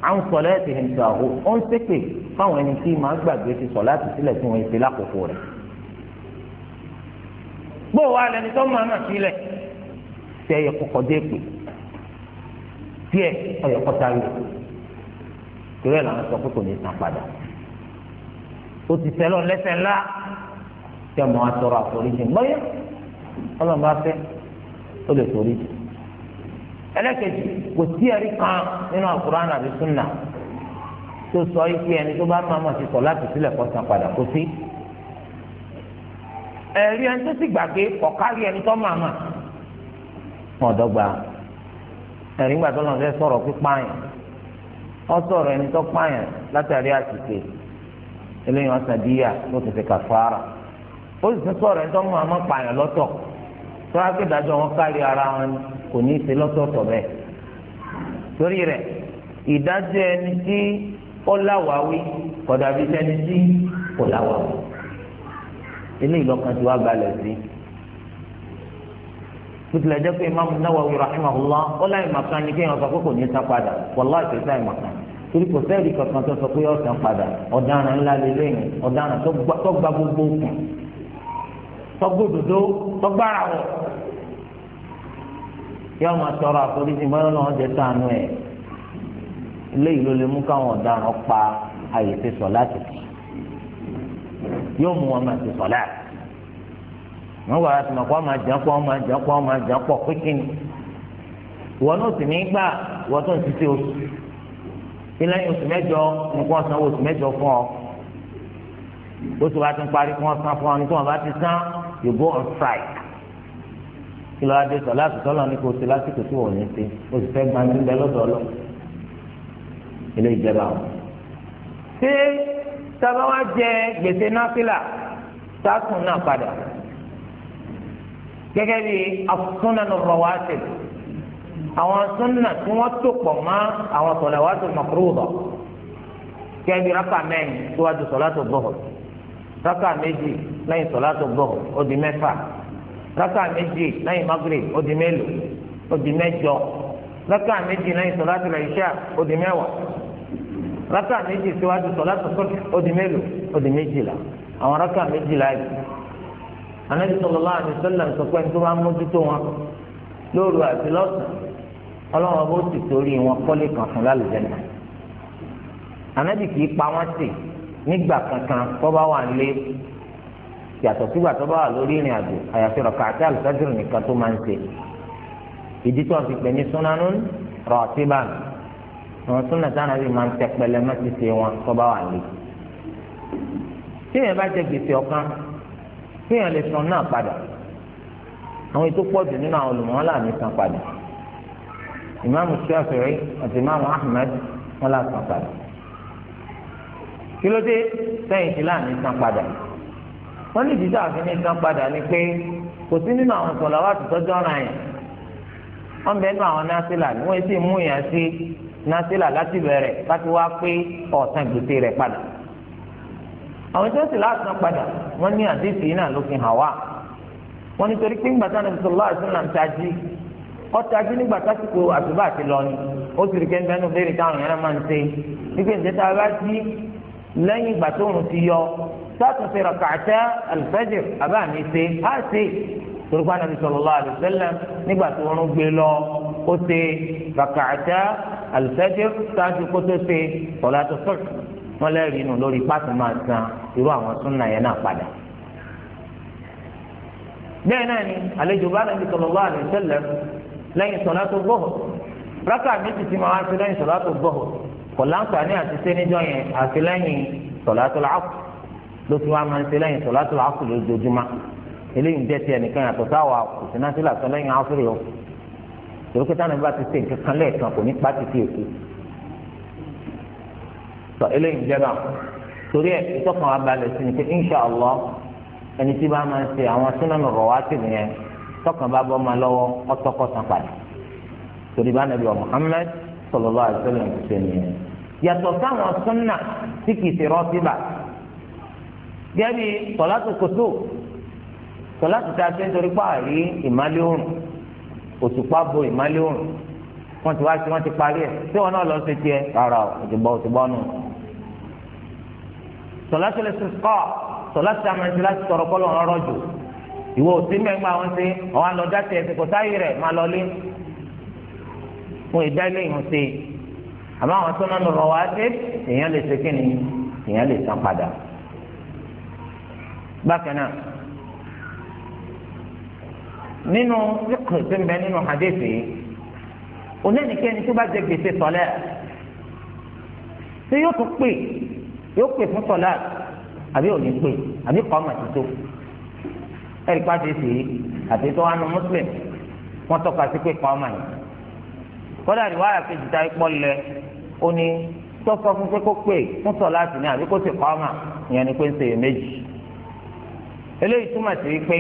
an salatihim sahun ó ń ṣépè fáwọn ẹni tí màá gbàgbé ti sọ láti sílẹ̀ tí wọ́n ti lákòókò rẹ̀ bó wa lẹni tó máa mà sílẹ̀ tí ẹ yẹ kó kọjá èpè tí ẹ ọ̀yọ́kọ̀ta rẹ̀ torí ẹ̀ sọ pé kò ní san padà ó ti sẹ́lọ̀ lẹ́sẹ̀ ńlá tí ọmọ wa tọrọ àforíjì gbọ́yẹ́ ọlọ́run bá fẹ́ ó lè foríjì ẹlẹ́kẹ̀jì kò sí ẹ̀rí kan nínú àkùránà àbí súnà tó sọ ike ẹni tó bá máa ma ti sọ láti sílẹ̀ kọ́ san padà kó sí ẹ̀rí ẹni tó sì gbàgbé ọ̀kárí ẹni tó máa ma ọ̀dọ́gba ẹ̀rí gbàdúrà fẹ́ sọ̀rọ̀ pípa yẹn ọ sọ̀rọ̀ ẹni tó pààyàn látàrí àsìkè eléyìí wọn san díyà ló ti fi kàfàrà ó sì tún sọ̀rọ̀ ẹjọ́ mú àmọ́ pààyàn lọ́tọ̀ tó wá pé ìdájọ́ wọn kárí ara wọn kò ní í ṣe lọ́tọ̀ọ̀tọ̀ bẹ́ẹ̀ torí rẹ̀ ìdájọ́ ẹni tí ó láwàáwí kò dàbí sẹ́ni tí kò láwàáwí eléyìí lọ́kàn tí wàá balẹ̀ sí tutilẹ̀ jẹ́ pé Imam Nawawi rahimahullah ó láì màkàn ni kéèyàn sọ pé kò ní í sá padà wàlláhì àti sáì màkàn torí kò sẹ́ẹ̀rì kankan tó sọ pé ọ̀sán padà ọ̀daràn ńlá lélẹ́yìn ọ̀daràn tó gba gbogbo òkun tọ́gbódodo tọ́gbára wọ̀ kí ọmọ tọrọ àforíjì mọ́lẹ́ náà ọ̀jẹ̀ sànú ẹ̀ léyìí ló lè mú káwọn ọ̀daràn pa àyè ti sọ láti kì yóò mú wọn máa ti sọ láti wọn wà láti mọ̀ kó ọmọ àjàn pọ̀ ọmọ àjàn pọ̀ ọmọ àjàn pọ̀ pínpín ìwọ náà sì ní gbà ìwọ tó ń ti ṣe oṣù lẹ́yìn oṣù mẹ́jọ nǹkan sanwó oṣù mẹ́jọ fún ọ oṣù wa ti ń parí kí wọ́n san fún ọ nítorí wọ́n bá ti san you go on strike kí lọ́wọ́ adé sọ láti tọ́lọ̀ ní kò ṣe lásìkò tí wọ́n ní ṣe o sì fẹ́ gbanjú bẹ lọ́dọ̀ ọlọ́ ilé ìjẹba o. ṣé sábà wá jẹ gbèsè náfìlà sáàtún náà padà gẹ́gẹ́ bí asúnanù rọwà ṣèlú. àwọn sunna tí wọ́n tó pọ̀ mọ́ àwọn sọ̀làwátò mọ̀kúrúbọ̀ kẹ́bi rákà mẹ́rin síwájú sọ̀látò bọ̀họ̀ rákà méjì lẹ́yìn sọ̀látò bọ̀họ̀ ó di raka rákà méjì lẹ́yìn magrib ó di mélòó ó di mẹ́jọ rákà méjì lẹ́yìn sọ̀látò ìṣà ó di mẹ́wàá rákà méjì síwájú sọ̀látò sọ̀tì ó di àwọn yìí tó mójútó wọn lóru àti ọlọ́run bó ti torí wọn kọ́lé kan fún lálùjẹ́nà ànábì kì í pa wọ́n sí nígbà kankan tó bá wà lé yàtọ̀ sígbà tó bá wà lórí ìrìn àjò àyàfi rọ̀kà àti àlùfáàjìrì nìkan tó máa ń ṣe ìdí tó ń fi pè ní súnánú rọ̀ọ̀tìbàn àwọn súnà táwọn àbí máa ń tẹ pẹlẹ má ti ṣe wọn tó bá wà lé téèyàn bá jẹ gbèsè ọ̀kan téèyàn lè san náà padà àwọn ètò pọ̀jù nínú àwọn olùmọ̀ọ́lá mi san padà ìmáàmù Shafi'i àti ìmáàmù Ahmed wọn là san padà kí ló dé sẹ́yìn tí láàánú san padà wọ́n ní ìdíjà àfi ní san padà ni pé kò sí nínú àwọn sọ̀lá wà tó tọ́jú ọ̀ràn yẹn wọ́n bẹ nínú àwọn násìlà ni wọ́n sì mú yàn sí násìlà láti bẹ̀rẹ̀ láti wá pé ọ̀sán gbèsè rẹ̀ padà àwọn tó sì láàsán padà wọ́n ní àdéhùn yìí náà ló fi hàn wá wọ́n nítorí pé ńgbà táwọn ìṣòro àìsàn náà ọta bí nígbà sásìkò àtúbà ti lọ ni ó sì rí kẹ́ńtẹ́nu béèrè táwọn yẹn máa ń ṣe nígbà tí a bá jí lẹ́yìn ìgbà tó ń ti yọ sátúnṣe rak'ata al-fajr àbá mi ṣe á ṣe turukpa nabi sallallahu alayhi wa sallam nígbà tó ń gbé lọ ó ṣe rak'ata al-fajr sáájú kó tó ṣe salatu subh wọn lẹ́rìí nù lórí pàtó máa san irú àwọn súnà yẹn náà padà bẹ́ẹ̀ náà ni àlejò bá nàbì sallallahu alayhi lẹ́yìn sọ̀lá tó gbọ́ rákà méjì tí máa ń ṣe lẹ́yìn sọ̀lá tó gbọ́ kò láǹfààní àti ṣe níjọ́ yẹn àti lẹ́yìn sọ̀lá tó láàkù ló fi wá máa ń ṣe lẹ́yìn sọ̀lá tó láàkù lójoojúmọ́ eléyìí ń jẹ́ tiẹ̀ nìkan yàtọ̀ sáwà kò sí náà sí làtọ̀ lẹ́yìn áfírí o torókè táwọn ẹbí bá ti ṣe nǹkan lẹ́ẹ̀kan kò ní pàtì sí èkó tọ eléyìí ń jẹ́ bá torí ẹ̀ ìtọ́kàn wa balẹ̀ sí ni pé inṣàlá ẹni tí bá máa ń ṣe àwọn súnmọ́nù rọ̀ wá sí nìyẹn tọkàn bá bọ́ ma lọ́wọ́ ọtọ́kọ́ san padà torí bá nàbí wa Muhammad sallallahu alaihi wasallam nìyẹn yàtọ̀ sáwọn súnà tí kìí ṣe rọ́ọ̀tìbà gẹ́bí sọ̀látù kòtò sọ̀látù tá a ṣe ń torí pààrí ìmálẹ̀ òrùn òṣùpá bo ìmálẹ̀ òrùn wọ́n ti wá sí wọ́n ti parí ẹ̀ tí wọ́n náà lọ sí tiẹ̀ rárá o òtìbọ nù. sọ̀látù lè ṣe kọ́ sọ̀látù tá a máa ń ṣe láti tọrọ kọ́ lọ́rọ̀ jù ìwọ òsì mẹ́gbà wọn ṣe ọ̀hún àlọ́dá tẹ̀ ẹ̀sìn kò sáyé rẹ̀ máa lọ lé fún ìdálé ìhùn ṣe àmọ́ àwọn tó náà lọ́rọ̀ wá dé èèyàn lè ṣe kíni èèyàn lè san padà. bákan náà nínú tó ń bẹ nínú hadisi onínìkẹ́ni tó bá jẹ gbèsè sọ̀lẹ́ tí yóò tún pè yóò pè fún sọ̀lẹ́ àbí òní pè àbí kọ́ ọmọ tuntun ẹ̀rí pàṣẹ sí àti tó wà nù muslim wọ́n tọ́ka sí pé pàmò yìí kódà ní wàhálà kejì ta ikpọ́ lẹ ó ní tọ́sọ fún pé kó pè fún sọ láti ní àbí kó sì pàmò ìyẹn ni pé ń sèyẹ méjì eléyìí túmọ̀ sí pé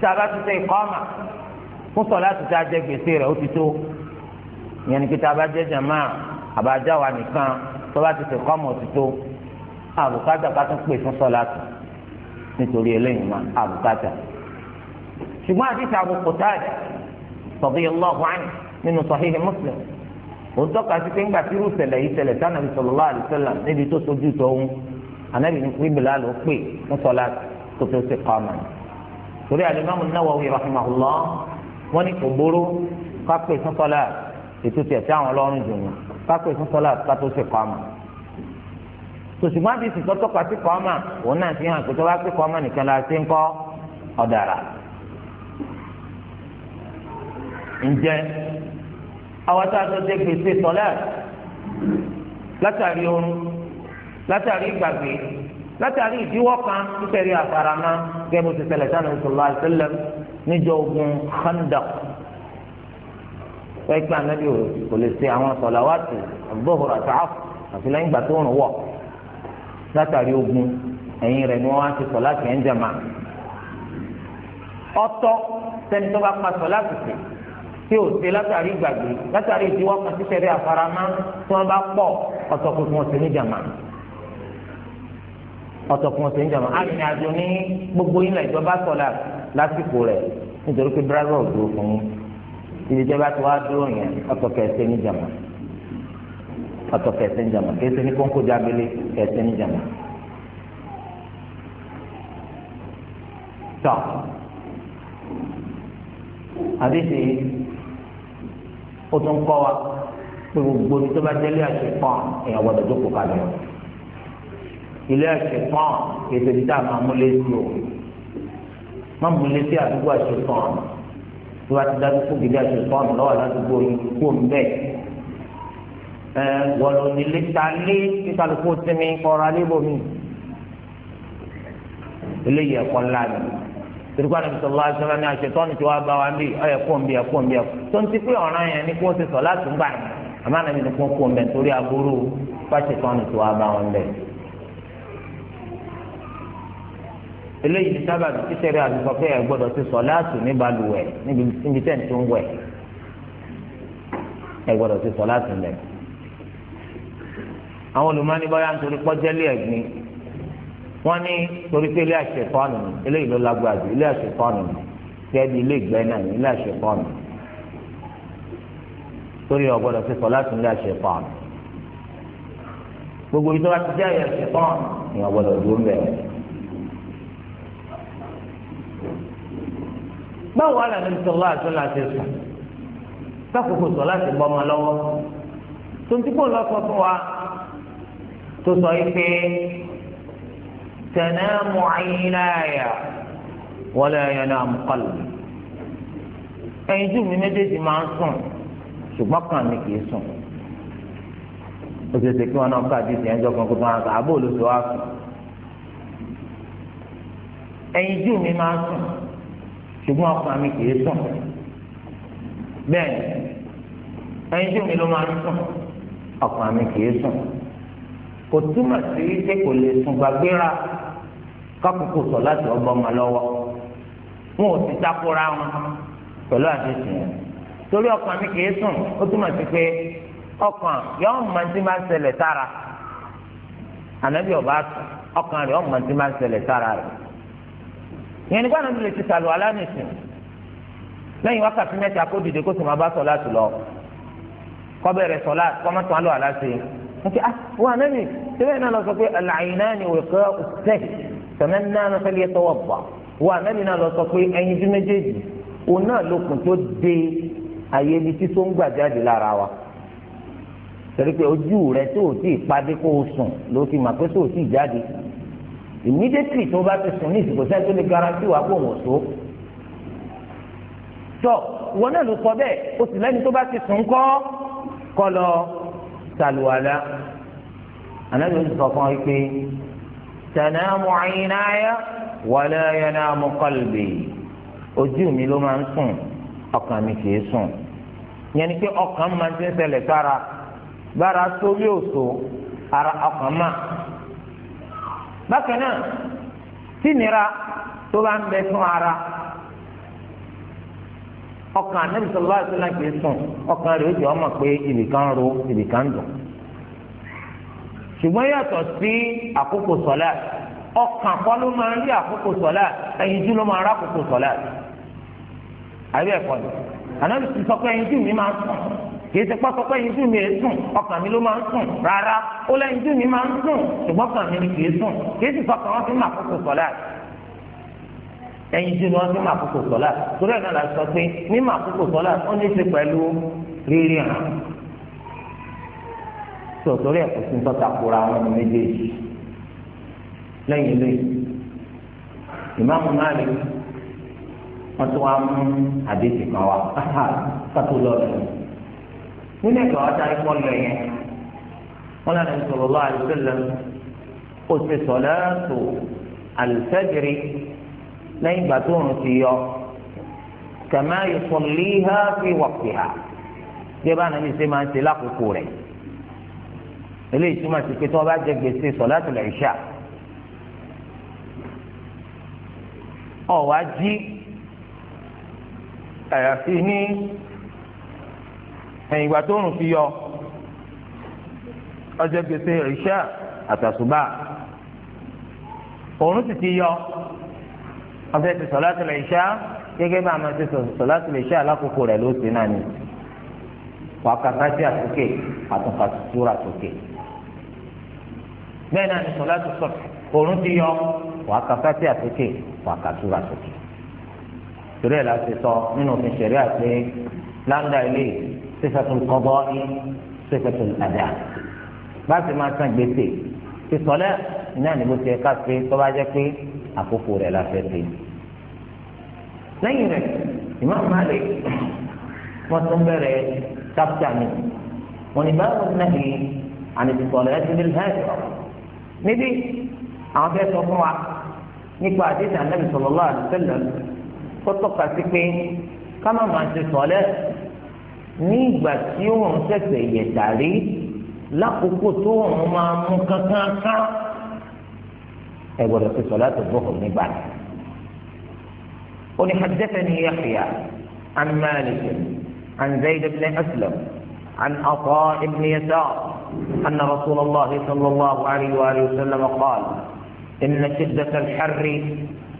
tí a bá ti sẹ́ ìkọ́mà fún sọ láti tá a jẹ gbèsè rẹ̀ ó ti tó ìyẹn ni pé tí a bá jẹ jàmá àbájá nìkan tó bá ti sẹ́ ìkọ́mà ó ti tó àbùkátà ká tún pè fún sọ láti nítorí eléyìí máa àbùkátà ṣùgbọ́n àdìsí Abu Qatada radiyallahu anhu nínú Sahih Muslim ó tọ́ka sí pé ńgbà tí irú ṣẹlẹ̀ yìí ṣẹlẹ̀ tí anabi sallallahu alaihi wasallam níbi tó sojú tó ń anabi ní pé Bilal ló pè ń sọlá tó tó ṣe kọ́ torí al-Imam an-Nawawi rahimahullah wọ́n kò gbóró ká pè fún ètò tiẹ̀ àwọn ọlọ́run jù ká pè fún ká tó ṣe kọ́ tòṣùgbọ́n àti ìsìn tọ́tọ́ pàtí kọ́ọ́mà òun náà fi hàn kótó wá pé kọ́ọ́mà nìkan la ṣe ń kọ́ ọ̀dàrà. ǹjẹ́ àwọn tá a tó dé gbèsè sọ́lẹ̀ látàrí oorun látàrí ìgbàgbé látàrí ìdíwọ́ kan nítorí àfàràmà gẹ́gẹ́ bó ti ṣẹlẹ̀ sánà ìṣòro àṣẹlẹ̀ níjọ ogun Khandaq pẹ́ẹ́pẹ́ anábì kò lè ṣe àwọn sọ̀làwátì àbúrò àtàwọn àfi lẹ́yìn ìgbà tó ń wọ̀ látàrí ogun ẹ̀yìn rẹ̀ ni wọ́n á ti sọ láti ẹ̀ ń jàmà ọ̀tọ̀ sẹ́ni tó bá pa sọ láti sè tí o ṣe látàrí ìgbàgbé látàrí ìdíwọ́ kan títẹ̀rí àfaramá tí wọ́n bá pọ̀ ọ̀tọ̀kùnkùn ọ̀sẹ̀ níjàmá ọ̀tọ̀kùnkùn ọ̀sẹ̀ níjàmá arìnrìn àjò ní gbogbo ilẹ̀ ìjọba sọ̀lá lásìkò rẹ̀ nítorí pé brazil dúró fún yín ibi ìjọba tí wàá dúró yẹn ọ̀tọ̀kẹ̀ ẹ̀sẹ̀ níjàmá ọ̀tọ̀ kẹsẹ̀ ní jama kẹsẹ̀ ní kónkó jábélé kẹsẹ̀ ní jama. tọ́ àdéhìí ó tún kọ́ wa pé gbogbo ní tó bá jẹ́ ilé àṣẹ pọ́n èèyàn gbọ́dọ̀ jókòó kalẹ̀ o ilé àṣẹ pọ́n ètò ìdíjà máa múlé sí o máa múlé sí àdúgbò àṣẹ pọ́n tó bá ti dájú fún ìdíjà àṣẹ pọ́n lọ́wọ́ ládùúgbò yìí kó ń bẹ́ẹ̀ ẹ wọlọ nílé ta lé kíkàlùkù tìmí kọra lébòmí eléyìí ẹ̀kọ́ ńlá ni tìrìkọ́ àti bisalòlá sọlá ní àṣetọ́ ni tí wàá bá wa ń bì ọ̀yẹ̀ kó ń bì ẹ̀ kó ń bì ẹ̀ tó ń ti pé ọ̀ràn yẹn ni kó o ti sọ láti ń gbà ní àmọ́ ànàbì ni kó kó ń bẹ̀ torí aburú pàṣetọ́ ni tí wàá bá wọn bẹ̀. eléyìí ti sábà bí kíṣẹ́rẹ́ àdúgbò pé ẹ̀ gbọ́dọ̀ ti sọ láti ní balùwẹ̀ níbi tẹ̀ ń tún wẹ̀ ẹ̀ gbọ́dọ̀ ti sọ láti lẹ̀ àwọn olùmọ́ni báyà ń torí pọ́jẹ́lì ẹ̀gbin wọ́n ní torí pé ilé àṣepọ́nù eléyìí ló lágbára jù ilé àṣepọ́nù kẹ́ẹ̀dì ilé ìgbẹ́ náà ní ilé àṣepọ́nù torí ọ̀gbọ́dọ̀ ti sọ láti ilé àṣepọ́nù gbogbo ìjọba ti jẹ́ ẹ̀yà àṣepọ́nù ní ọ̀gbọ́dọ̀ dúró ń bẹ̀rẹ̀. báwo wà lẹ́nu sọ̀rọ̀ àti láti sùn sákòókò sọ̀ láti bọ́ ọmọ lọ́wọ́ tontí lọ́ sọ fún wa tó sọ yìí pé tanamu aynaya wala yanamu qalbi ẹyin jù mí méjèèjì máa ń sùn ṣùgbọ́n kàn mí kì í sùn ó ti ṣe kí wọn náà káàdì ìsìn ẹjọ́ kan kó tó máa àbó olóṣù wa sùn ẹyin jù mí máa ń sùn ṣùgbọ́n ọkàn mi kì í sùn bẹ́ẹ̀ ẹyin jù mí ló máa ń sùn ọkàn mi kì í sùn. kò túmọ̀ sí pé kò lè sùn gbàgbéra kákòókò sọ láti ọgbọ́n ma lọ́wọ́ wọn ò sì takora wọn pẹ̀lú àdéhùn yẹn torí ọkàn mi kì sùn ó túmọ̀ sí pé ọkàn yọ ọmọ tí máa ń ṣẹlẹ̀ sára ànábì ọba ọkàn rẹ̀ ọmọ tí máa ń ṣẹlẹ̀ sára rẹ̀ yẹn nígbà náà lè ti sàlù alánìsìn lẹ́yìn wákàtí mẹ́ta kó dìde kó lọ kọ́ bẹ̀rẹ̀ sọ láti kọ́ mọ́tò alọ́ nti ah wa nani sebe na lọ sọ pé alainani wẹkọ ọsẹhi sẹmẹ nana fẹlẹ tọwọ bọ wa nani na lọ sọ pé ẹyin tí méjèèjì òun náà lókun tó de àyè ibi tí tó ń gbà jáde lára wa torí pé ojú rẹ tó o ti padé kó o sùn ló fi mà pé tó o ti jáde immediately tó o bá ti sùn ní ìsìnkú sẹ́ni tó lè garanti wà pé òun ò tọ wọn náà ló sọ bẹ́ẹ̀ o sì lẹ́ni tó bá ti sùn kọ́ kọ́ lọ sàlùwàlà ànábì ó sì sọ fún ọ pé tanamu aynaya wala yanamu qalbi ojú mi ló máa ń sùn ọkàn mi kì í sùn yẹn ni pé ọkàn máa ti ń ṣẹlẹ̀ sára bára sórí òṣò ara ọkàn máa bákan náà tí nira tó bá ń bẹ fún ara ọkàn anabi sọlá àtúnlá kì í sùn ọkàn rẹ̀ ó jẹ́ ọmọ pé ibìkan ro ibìkan dùn ṣùgbọ́n yàtọ̀ sí àkókò sọlá ọkàn kọ́ ló máa ń rí àkókò sọlá ẹyinjú ló máa rá àkókò sọlá àbí ẹ̀kọ́ ni anabi sọ pé ẹyinjú mi máa sùn kìí ṣe pọ́sọ pé ẹyinjú mi è sùn ọkàn mi ló máa ń sùn rárá ó lẹ́yinjú mi máa ń sùn ṣùgbọ́n ọkàn mi kìí sùn kìí sì sọ ẹyin tí wọn fi máa kókò sọlá torí ẹ̀ náà la sọ pé mímọ àkókò sọlá ó ní í ṣe pẹ̀lú rírí hàn tó torí ẹ̀ kò sí tọ́ta kóra wọn ní méjèèjì lẹ́yìn lé ìmáàmù náà lè wọ́n tún wá mú àdéhùn kan wá kátó lọ́ọ̀lù nínú ẹ̀ka wáta ẹ̀kọ́ lọ yẹn wọ́n lọ́nà sallallahu alaihi wasallam ó ti sọ̀lá tó al-fajr lẹ́yìn ìgbà tó òrùn ti yọ kàmá yusalliha fi waqtiha gẹ́gẹ́ ànábi ṣe máa ń ṣe lákòókò rẹ̀ eléyìí túmọ̀ sí pé tí wọ́n bá jẹ gbèsè sọ̀láàtù ìṣà ọ̀wá jí àyàfi ní ẹ̀yìn ìgbà tó òrùn fi yọ ọjọ́ gbèsè ìṣà àtàṣùbà òrùn sì ti yọ ọfẹ ti sọláàtì lè ṣá gẹ́gẹ́ bá a máa ti sọláàtì lè ṣá alákòókò rẹ ló ti náà ni wàkàtàsí àtúkè àtúnkàtútúrà àtúkè bẹ́ẹ̀ náà ni sọláàtì sọ òórùn ti yọ wàkàtàsí àtúkè wàkàtúrà àtúkè torí ẹ̀ la ti sọ nínú òfin ṣẹ̀rí àti láńdà ilé sífẹ̀tù kọ́bọ́ ní sífẹ̀tù àdá bá máa san gbèsè ti sọlẹ̀ náà ni ti ẹ̀ka pé tó bá jẹ́ pé àkókò rẹ̀ la fẹ́ pè. lẹ́yìn rẹ̀ Imam Malik wọ́n tún bẹ̀rẹ̀ chapita mi wọ́n ní báwo náà ní ànìtìkọ̀lẹ̀ ẹ̀sìn ní lẹ́yìn níbi àwọn fẹ́ sọ fún wa nípa àdéhùn Ànábì sallallahu alaihi wasallam kó tọ́ka sí pé ká má máa ṣe sọ̀lẹ́ ní ìgbà tí òun ṣẹ̀ṣẹ̀ yẹ̀ dàrí lákòókò tó òun máa mú kankan kan. kan ẹ في صلاة الظهر من بعد قل حدثني يحيى عن مالك عن زيد بن أسلم عن عطاء بن يسار أن رسول الله صلى الله عليه وآله وسلم قال إن شدة الحر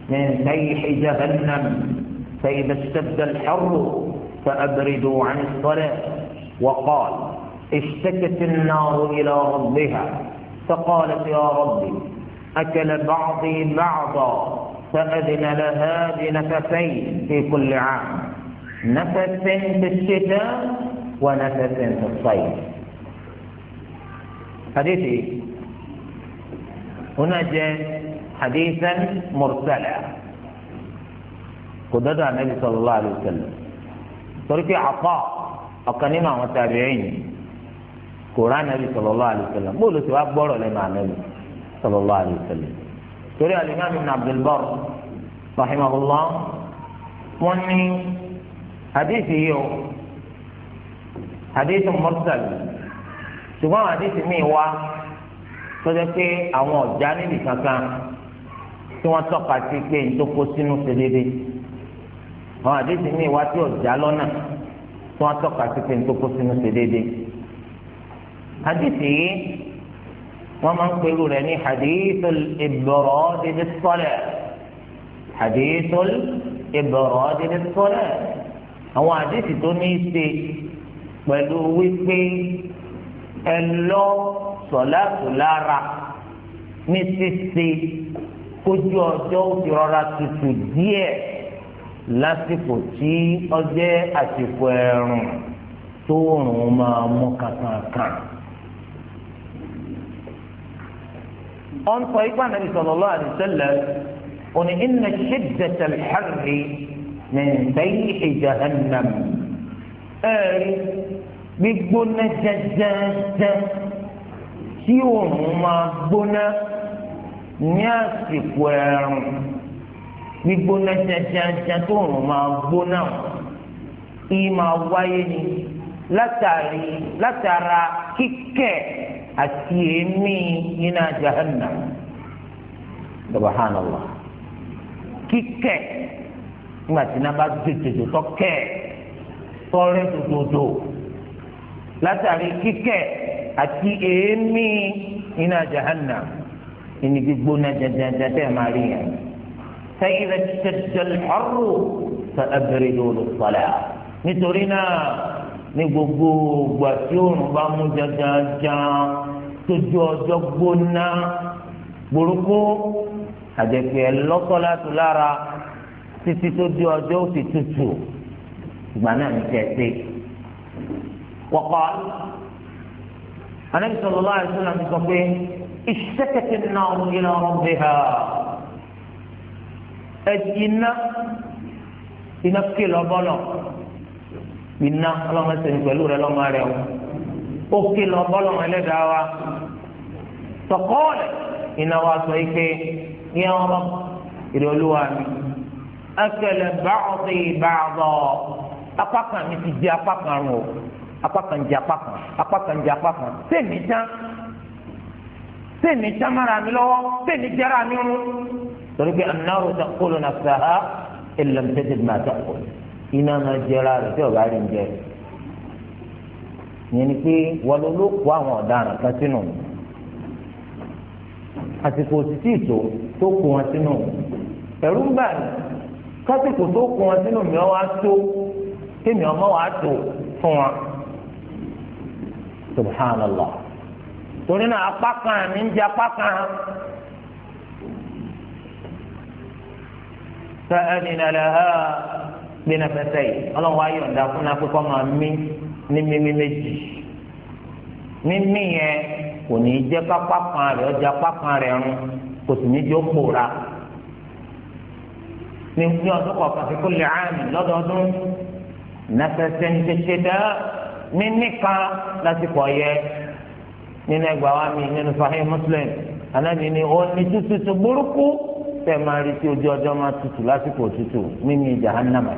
من سيح جهنم فإذا اشتد الحر فأبردوا عن الصلاة وقال اشتكت النار إلى ربها فقالت يا ربي أكل بعضي بعضا فأذن لها بنفسين في كل عام نفس في الشتاء ونفس في الصيف حديثي إيه؟ هنا جاء حديثا مرسلا قدد النبي صلى الله عليه وسلم طريق عطاء أقننا وتابعين قرآن النبي صلى الله عليه وسلم قولوا سواء بورو لما النبي sallallahu الله wa sallam torí الإمام ابن عبد البر رحمه الله، hadithi yìí o hadithi mursal ṣùgbọ́n hadithi mi wá sọjọ́ pé àwọn ọ̀já níbi kankan tí wọ́n tọ́ka sí pé n tó kó sínú ṣe déédéé àwọn hadithi mi wá tí ọ̀já lọ́nà tí wọ́n tọ́ka sí pé n tó kó sínú ṣe déédéé yìí wọ́n máa ń pẹ̀lú rẹ̀ ní hadithul ibrad bis salah hadithul ibrad bis salah àwọn àdìsí tó ní í ṣe pẹ̀lú wípé ẹ lọ sọ̀láàtù lára ní ṣíṣe kójú ọjọ́ ó rọra tutù díẹ̀ lásìkò tí ọjẹ́ àsìkò ẹ̀rùn tó rùn máa mú kankan kan. kan ọ̀n sọ ipá nàbí sallallahu alaihi wasallam òní inna shiddatal harri min sayhi jahannam ẹ̀rí gbígbóná jẹjẹrẹ tí òun máa gbóná ní àsìkò ẹ̀rùn gbígbóná jẹjẹrẹ tó òun máa gbóná ìmọ̀ wáyé ni látàrí látara kíkẹ́ àti èémí iná jahannam subhanallah kíkẹ́ nígbà tí iná bá gbèdédé tọ́kẹ́ tọ́rẹ́ dòdòdò látàrí kíkẹ́ àti èémí iná jahannam ẹni gbígbóná jẹjẹjẹjẹ máa rí yẹn sẹ́yìn rẹ̀ ṣẹ̀ṣẹ̀ lọ́rùn fẹ́ abẹ́rẹ́ yóò lọ nítorí náà ní gbogbo ìgbà tí òòrùn bá mú jàjàjà tójú ọjọ́ gbóná burúkú àjẹpẹ́ lọ́sọ̀látù lára títí tó di ọjọ́ òsì tutù ìgbà náà ní kẹ́sì. wọ́kọ́ anabi sallallahu alaihi wasallam sọ pé ìṣẹ́kẹ̀tì náà ń yẹn ọ̀rọ̀ bí ha ẹ̀jì iná iná kìlọ̀ bọ́lọ̀ iná ọlọ́mọ sẹ́yìn pẹ̀lú rẹ lọ́mọ rẹ o ó kí lọ bọ́lọ́mọ ẹlẹ́dàá wa tọkọ́ọ̀lẹ̀ iná wa sọ yìí pé ní àwọn ọmọ ìrẹ̀ olúwa mi akẹlẹ báwọ̀dì báwọ̀ apákan mi ti di apákan rún o apákan di apákan apákan di apákan sẹ́mi tán sẹ́mi tán mara mi lọ́wọ́ sẹ́mi jẹ́ra mi rún torí pé anáwó sàkóló na sàá ẹ̀ lọ́mọdé tẹ̀lé máa sàkóló. iná máa jẹra rẹ̀ tí ọ̀gá rẹ̀ ń jẹ yẹn ni pé wọ́n ló kó àwọn ọ̀daràn kan sínú àsìkò òtítì ìtò tó kó wọn sínú ẹ̀rú ń bà ní kásìkò tó kó wọn sínú mi ọmọ tó fún wọn subhanallah torí náà apá kan mi ń jẹ apá gbéná pẹ́sẹ́ yìí ọlọ́wọ́ ayọ̀ǹda fún náà pípọ́ máa mí ní mímí méjì mímí yẹn kò ní í jẹ́ pápá kan rẹ̀ ọjà pápá rẹ̀ rún kò sì ní í jó pòórá ní ní ọdún kọ̀ọ̀kan fi kó lè àmì lọ́dọọdún nàfẹsẹ̀ ní tètè dá mímí kan lásìkò ọyẹ nínú ẹgbàá wa mi nínú Sahih Muslim anábìíní ó ní tútù tó burúkú tẹ́ máa rí tí ojú ọjọ́ máa tutù lásìkò tutù mímí jahannama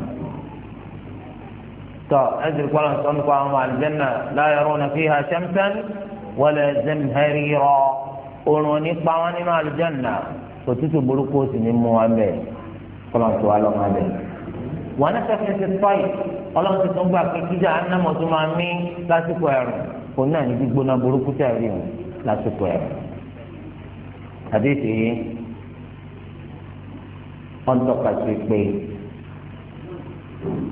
tọ ẹsẹ̀ kọlọ sọmi kọ àwọn aljanna la yaruna fiha shamsan wala zamharira òrùn nípa wọn nínú aljanna òtútù burúkú sì ní mú wa bẹ́ẹ̀ kọlọ tó wà lọmọ bẹ́ẹ̀. wọn náà fẹẹ fẹsẹ̀ tọyì Ọlọ́run ti tún gbà pé jíjà anamọ tó máa mí lásìkò ẹ̀rùn wọ́n tọ́ka sí pé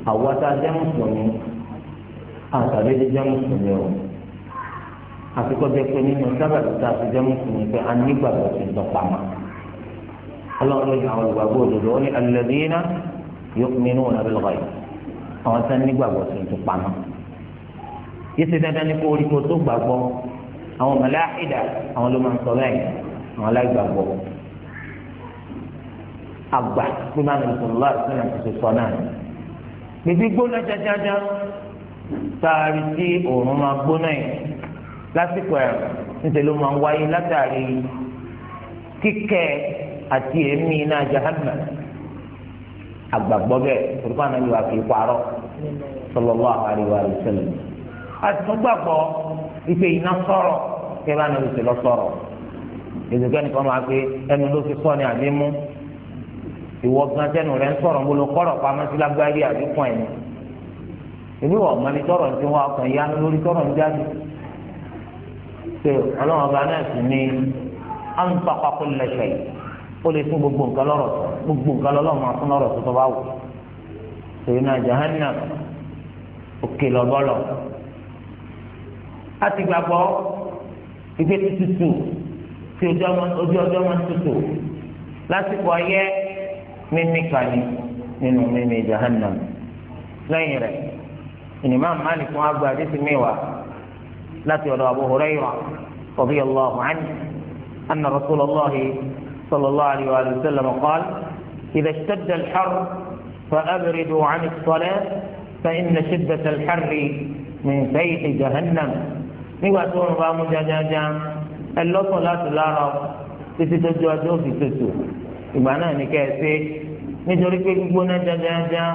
àwọn tá a jẹ́ mùsùlùmí àtàlẹ́ ti jẹ́ mùsùlùmí o àfikọ́ jẹ́ pé nínú sábàtì tá a ti jẹ́ mùsùlùmí pé a nígbàgbọ́ ti dọ̀pá ma ọlọ́run ló yẹ àwọn olùgbàgbọ́ òdodo ó ní alladhina yu'minuna bil ghaib àwọn tá a nígbàgbọ́ ti dọ̀pá ma yìí ti dandan ní kó orí kó tó gbàgbọ́ àwọn màláíkà àwọn ló máa ń sọ bẹ́ẹ̀ àwọn aláìgbàgbọ́ àgbà bí máa nàbì sọlọ láti sọlọ àti sọsọ náà níbi gbóná jájájá taari tí òòrùn máa gbóná yìí lásìkò ẹ̀ níṣẹ́ ló máa ń wáyé látàrí kíkẹ́ àti èémí iná jahannam àgbàgbọ́ bẹ́ẹ̀ turkana yóò wá kí parọ́ sallallahu alaihi wa sallam àtúgbàgbọ́ ìpè iná sọ̀rọ̀ kẹ́ẹ́ bá nàbì sọlọ sọ̀rọ̀ ìdùkẹ́ nìkan máa pé ẹnu ló fi sọ ni àbí mú ìwọ gan sẹ́nu rẹ̀ ń sọ̀rọ̀ ń bolo kọ́rọ̀ pamọ́ sí lágbárí àdínkù ẹ̀ ni èmi wọ̀ ọ̀mọ ni tọrọ ti wọn ọkàn yá lórí tọrọ ń jáde ṣe ọlọ́run ọba náà sì ní àǹtọ́kọ́kọ́ lẹ́sẹ̀ yìí ó lè fún gbogbo nǹkan lọ́rọ̀ tó gbogbo nǹkan lọ́lọ́run máa fún lọ́rọ̀ tó tó bá wù ṣèyí náà jahannam òkè lọ́bọ́lọ́ a ti gbàgbọ́ ìgbé tí ojú ọjọ́ máa tutù lásìkò ọyẹ́. mímí kani nínú mímí jahannam lẹ́yìn rẹ̀ ìnìmọ̀ Malik fún agba àdìsí mẹ́wàá láti ọ̀dọ̀ Abu Hurairah radiyallahu anhu anna Rasulullah sallallahu alayhi wa sallam qala إذا اشتد الحر فأبردوا عن الصلاة فإن شدة الحر من سيح جهنم nígbà tó ń bá mú jájájá ẹ lọ́sọ̀ láti lára títí tó ju ọjọ́ òfin tó tó. ìgbà náà ní kẹ́ẹ̀sì nítorí pé gbígbóná jájájá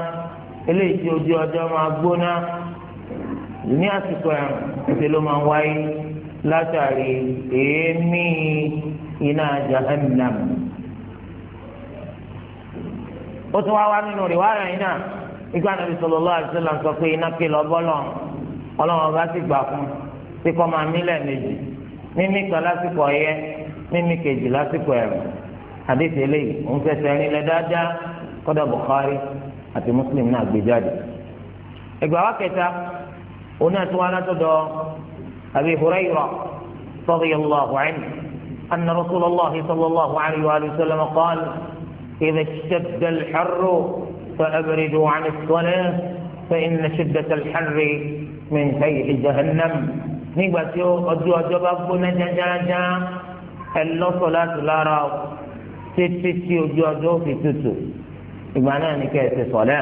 eléyìí tí ojú ọjọ́ máa gbóná ní àsìkò ẹ̀rùn ètò ló máa wáyé látàrí èémí iná jahannam. ó tún wá wá nínú rìwáyà yìí náà ìgbà Ànábì sallallahu alaihi wasallam sọ pé iná kìlọ̀ bọ́lọ̀ ọlọ́run ọba sì gbà fún tí máa mílẹ̀ méjì mímí lásìkò ọyẹ́ mímí lásìkò àdéhùn eléyìí òun fẹsẹ̀ rìn lẹ dáadáa kọ́dà Bukhari àti Muslim náà gbé jáde. ẹgbẹ́ wa kẹta òun náà tún wá látọ̀dọ̀ Abi Hurairah radiyallahu anhu anna Rasulullah sallallahu alayhi wa sallam qaal idha ishtadda al-harru fa'abridu 'an as-salah فإن شدة الحر من فيح جهنم nígbà tí ọjọ́ ọjọ́ bá gbóná jájájá ẹ lọ́sọ̀ láti lára títí tí ojú ọjọ́ fi tutù ìgbà náà ní kẹsì sọ̀lẹ́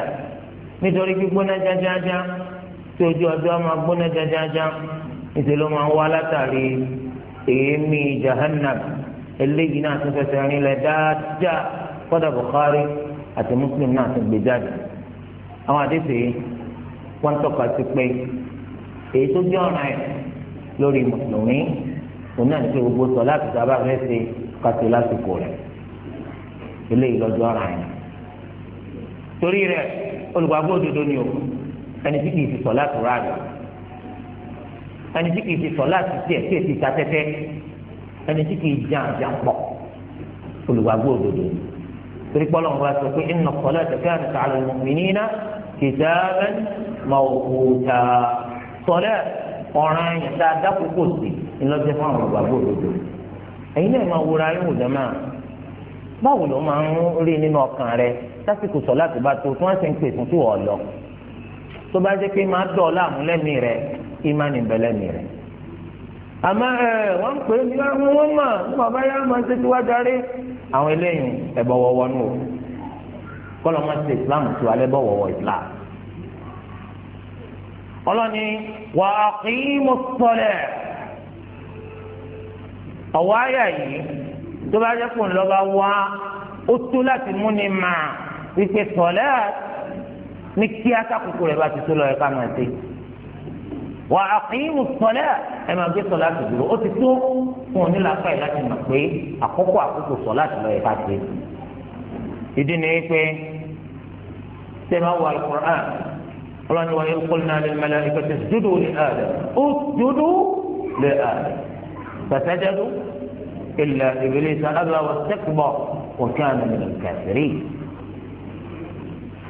nítorí gbígbóná jájájá tí ojú ọjọ́ máa gbóná jájájá níṣẹ́ ló máa ń wá èémí jahannam eléyìí náà tún fẹsẹ̀ rinlẹ̀ dáadáa kọ́dà Bukhari àti Muslim náà tún gbé jáde àwọn àdéhùn yìí wọ́n tọ́ka sí pé èyí tó jẹ́ ọ̀ràn ẹ̀ lórí mùsùlùmí òun náà ní pé gbogbo sọ láti sábà fẹ́ ṣe kàtó lásìkò rẹ̀ eléyìí lọ́jọ́ ara yẹn torí rẹ olùgbàgbọ́ òdodo ni o ẹni tí kìí ti sọ láti rà rẹ ẹni tí kìí ti sọ láti tiẹ̀ tí èsì ta tẹ́tẹ́ ẹni tí kìí jà jà pọ̀ olùgbàgbọ́ òdodo ni torí pọ́lọ́ wọn bá sọ pé inna salata kanat ala al-mu'minina kitaban mawquta sọlẹ́ ọ̀ràn yẹn tá a dákòókò sí ńlọ́jọ́ fún àwọn olùgbàgbọ́ òdodo ẹ̀yin náà máa wúra ayé wò jẹ́ máa báwo ló máa ń rí nínú ọkàn rẹ sásìkò sọlá tó bá tó tí wọn sì ń pè fún tí wọn lọ tó bá jẹ pé máa dọ̀ láàmú lẹ́mí rẹ ìmánì bẹ lẹ́mí rẹ. àmọ́ ẹ wọ́n ń pè mí láwọn wọ́n mà ní bàbá yá máa ṣe tí wá darí àwọn eléyìí ẹ̀bọ̀ wọ̀wọ́ nù o kọ́lọ́ máa ṣe islam tó alẹ́ bọ̀ wọ̀wọ́ islam. ọlọ́ni wà á kí mo sọlẹ̀ ọ̀wọ́ àyà yìí tó bá jẹ́ fún lọ́ba wá ó tó láti mú ni mà wípé sọ̀lẹ́ ní kí atakùkù rẹ̀ bá ti tó lọ ẹ̀ka máa ṣe wà á kì í mú sọ̀lẹ́ ẹ̀ máa gbé sọ̀lá ti dúró ó ti tó fún onílàpá ẹ̀ láti mọ̀ pé àkókò àkókò sọ̀lá ti lọ ẹ̀ka ṣe ìdí ni wípé tẹ́lẹ̀ wà lùkùrán ọlọ́ni wà yẹ kó lónà lẹ́nu mẹ́lẹ́ dúdú lè àdá ó dúdú lè àdá pẹ̀sẹ̀ dẹ́dú. إلا إبليس أبى واستكبر وكان من الكافرين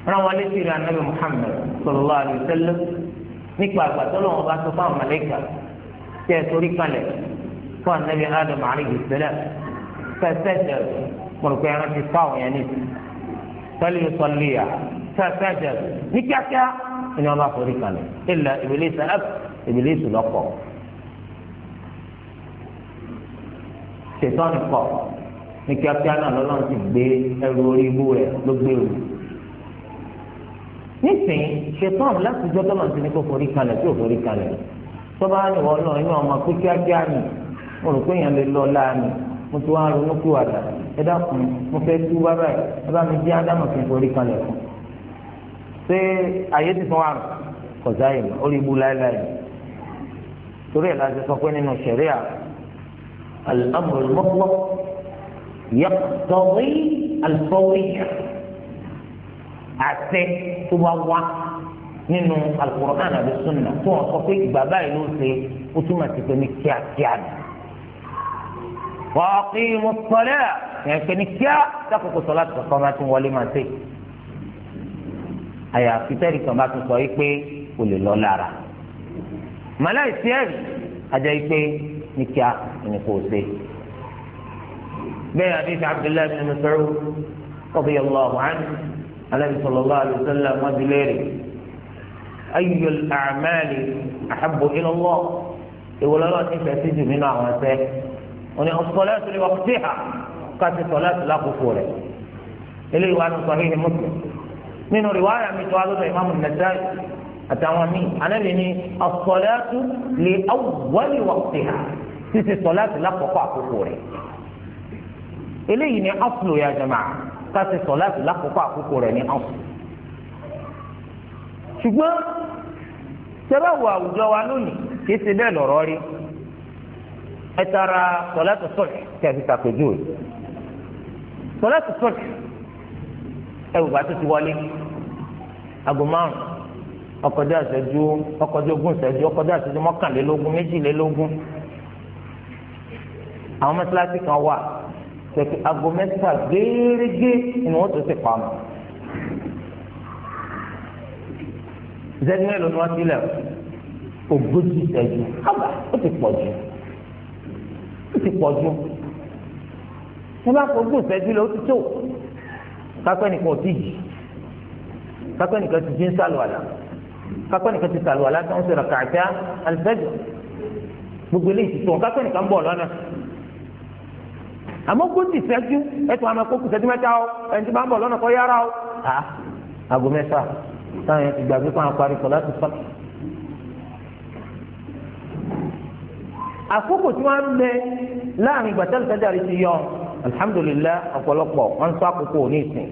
روى لسير عن النبي محمد صلى الله عليه وسلم نكبر قتلهم وقتلهم ملكة تأتوري قلب قال النبي آدم عليه السلام فسجد قلت يا رب الطاو يعني فليصليها فسجد نكاكا إن الله طريقا إلا إبليس أب إبليس لقوا ṣètọ́nù kọ̀ ní kíákíá náà lọ́lọ́run ti gbé ẹrù orí ibú rẹ̀ ló gbé rù. nísìnyí ṣètọ́nù láti jọ́ tọ́lọ̀ ti ní kó forí kalẹ̀ tí ò forí kalẹ̀ tọ́ba ni wọ́n lọ inú ọmọ pé kíákíá ni mo rò pé èèyàn lè lọ láàánú mo ti wá ronú kí wàdà ẹ dákun mo fẹ́ tú bábà ẹ ẹ bá mi jẹ́ ádámù kí forí kalẹ̀ fún. ṣé ayé ti fún wa kọ̀ọ̀dá yìí orí ibú láéláé torí ẹ̀ la ti sọ pé nínú ṣẹ̀ríà الأمر المطلق يقتضي الفورية àṣẹ tó bá wá nínú alukur'an àbí sunna tó wọn sọ pé bàbá yìí ló ṣe ó túmọ̀ sí pé ní kíákíá ni. wàá kí mo sọlẹ̀ yẹn pé ní kíá dákòókò sọlá tó kọ́ máa tún wọlé máa ṣe. àyàfi tẹ́rì kan bá tún sọ yìí pé kò lè lọ lára. màláìsí ẹ̀rí ajá yìí pé ní kíá ní kò ṣe. bẹ́ẹ̀ àdéhùn abdullahi bin Mas'ud radiyallahu anhu alayhi sallallahu alayhi wa sallam wọ́n ti léèrè ayyul a'mali ahabbu ila Allah ìwòlọ́lọ́ ní fẹ̀sí jù nínú àwọn ẹsẹ̀ òní as-salatu li waqtiha káti salatu lákòókò rẹ̀ eléyìí wà ní Sahih Muslim nínú riwaya mi tó alódò Imam an àtàwọn míì anábìíní as-salatu li awwali waqtiha ṣíṣe sọláàtì lákòókò àkókò rẹ̀ eléyìí ni aslu ya jama'a ká ṣe sọláàtì lákòókò àkókò rẹ̀ ni aslu ṣùgbọ́n sẹ́bàwò àwùjọ wa lónìí kìí ṣe bẹ́ẹ̀ lọ́rọ́ rí ẹ tara sọláàtì sọ̀rọ̀ kẹfì ṣàpèjúwe sọláàtì sọ̀rọ̀ ẹ wò bá tó ti wọlé aago márùn ọkọjá ìṣẹ́jú ọkọjá ogún ìṣẹ́jú ọkọjá ìṣẹ́jú mọ́kànlélógún méjìlélógún àwọn mọ́sálásí kan wà tẹ̀kí aago mẹ́fà gẹ́gẹ́ ni wọ́n tó ti pa mọ́. zẹ́ni mélòó ni wọ́n ti lẹ̀ ogójì ìṣẹ́jú ábà ó ti pọ̀ jù ó ti pọ̀ jù ní bá fojú ìṣẹ́jú lọ ó ti tó kápẹ́ nìkan ò tí jì kápẹ́ nìkan ti jí ń sàlùwàlà kápẹ́ nìkan ti sàlùwàlà tó ń sọ̀rọ̀ kàtà àlùfẹ́jọ gbogbo eléyìí ti tó kápẹ́ nìkan bọ̀ lọ́nà àmọ́ kó ti sẹ́jú ẹ̀tọ́ àmọ́ kó kù sẹ́jú mẹ́ta o ẹni tí bá ń bọ̀ lọ́nà kọ́ yára o. a aago mẹ́fà táwọn yẹn ti gbàgbé fún àparí kọ láti sọ. àkókò tí wọ́n ń bẹ láàrin ìgbà tẹ́lẹ̀ sẹ́jà rí ti yọ alihamudulilayi ọ̀pọ̀lọpọ̀ wọ́n ń sọ àkókò ní ìsìn.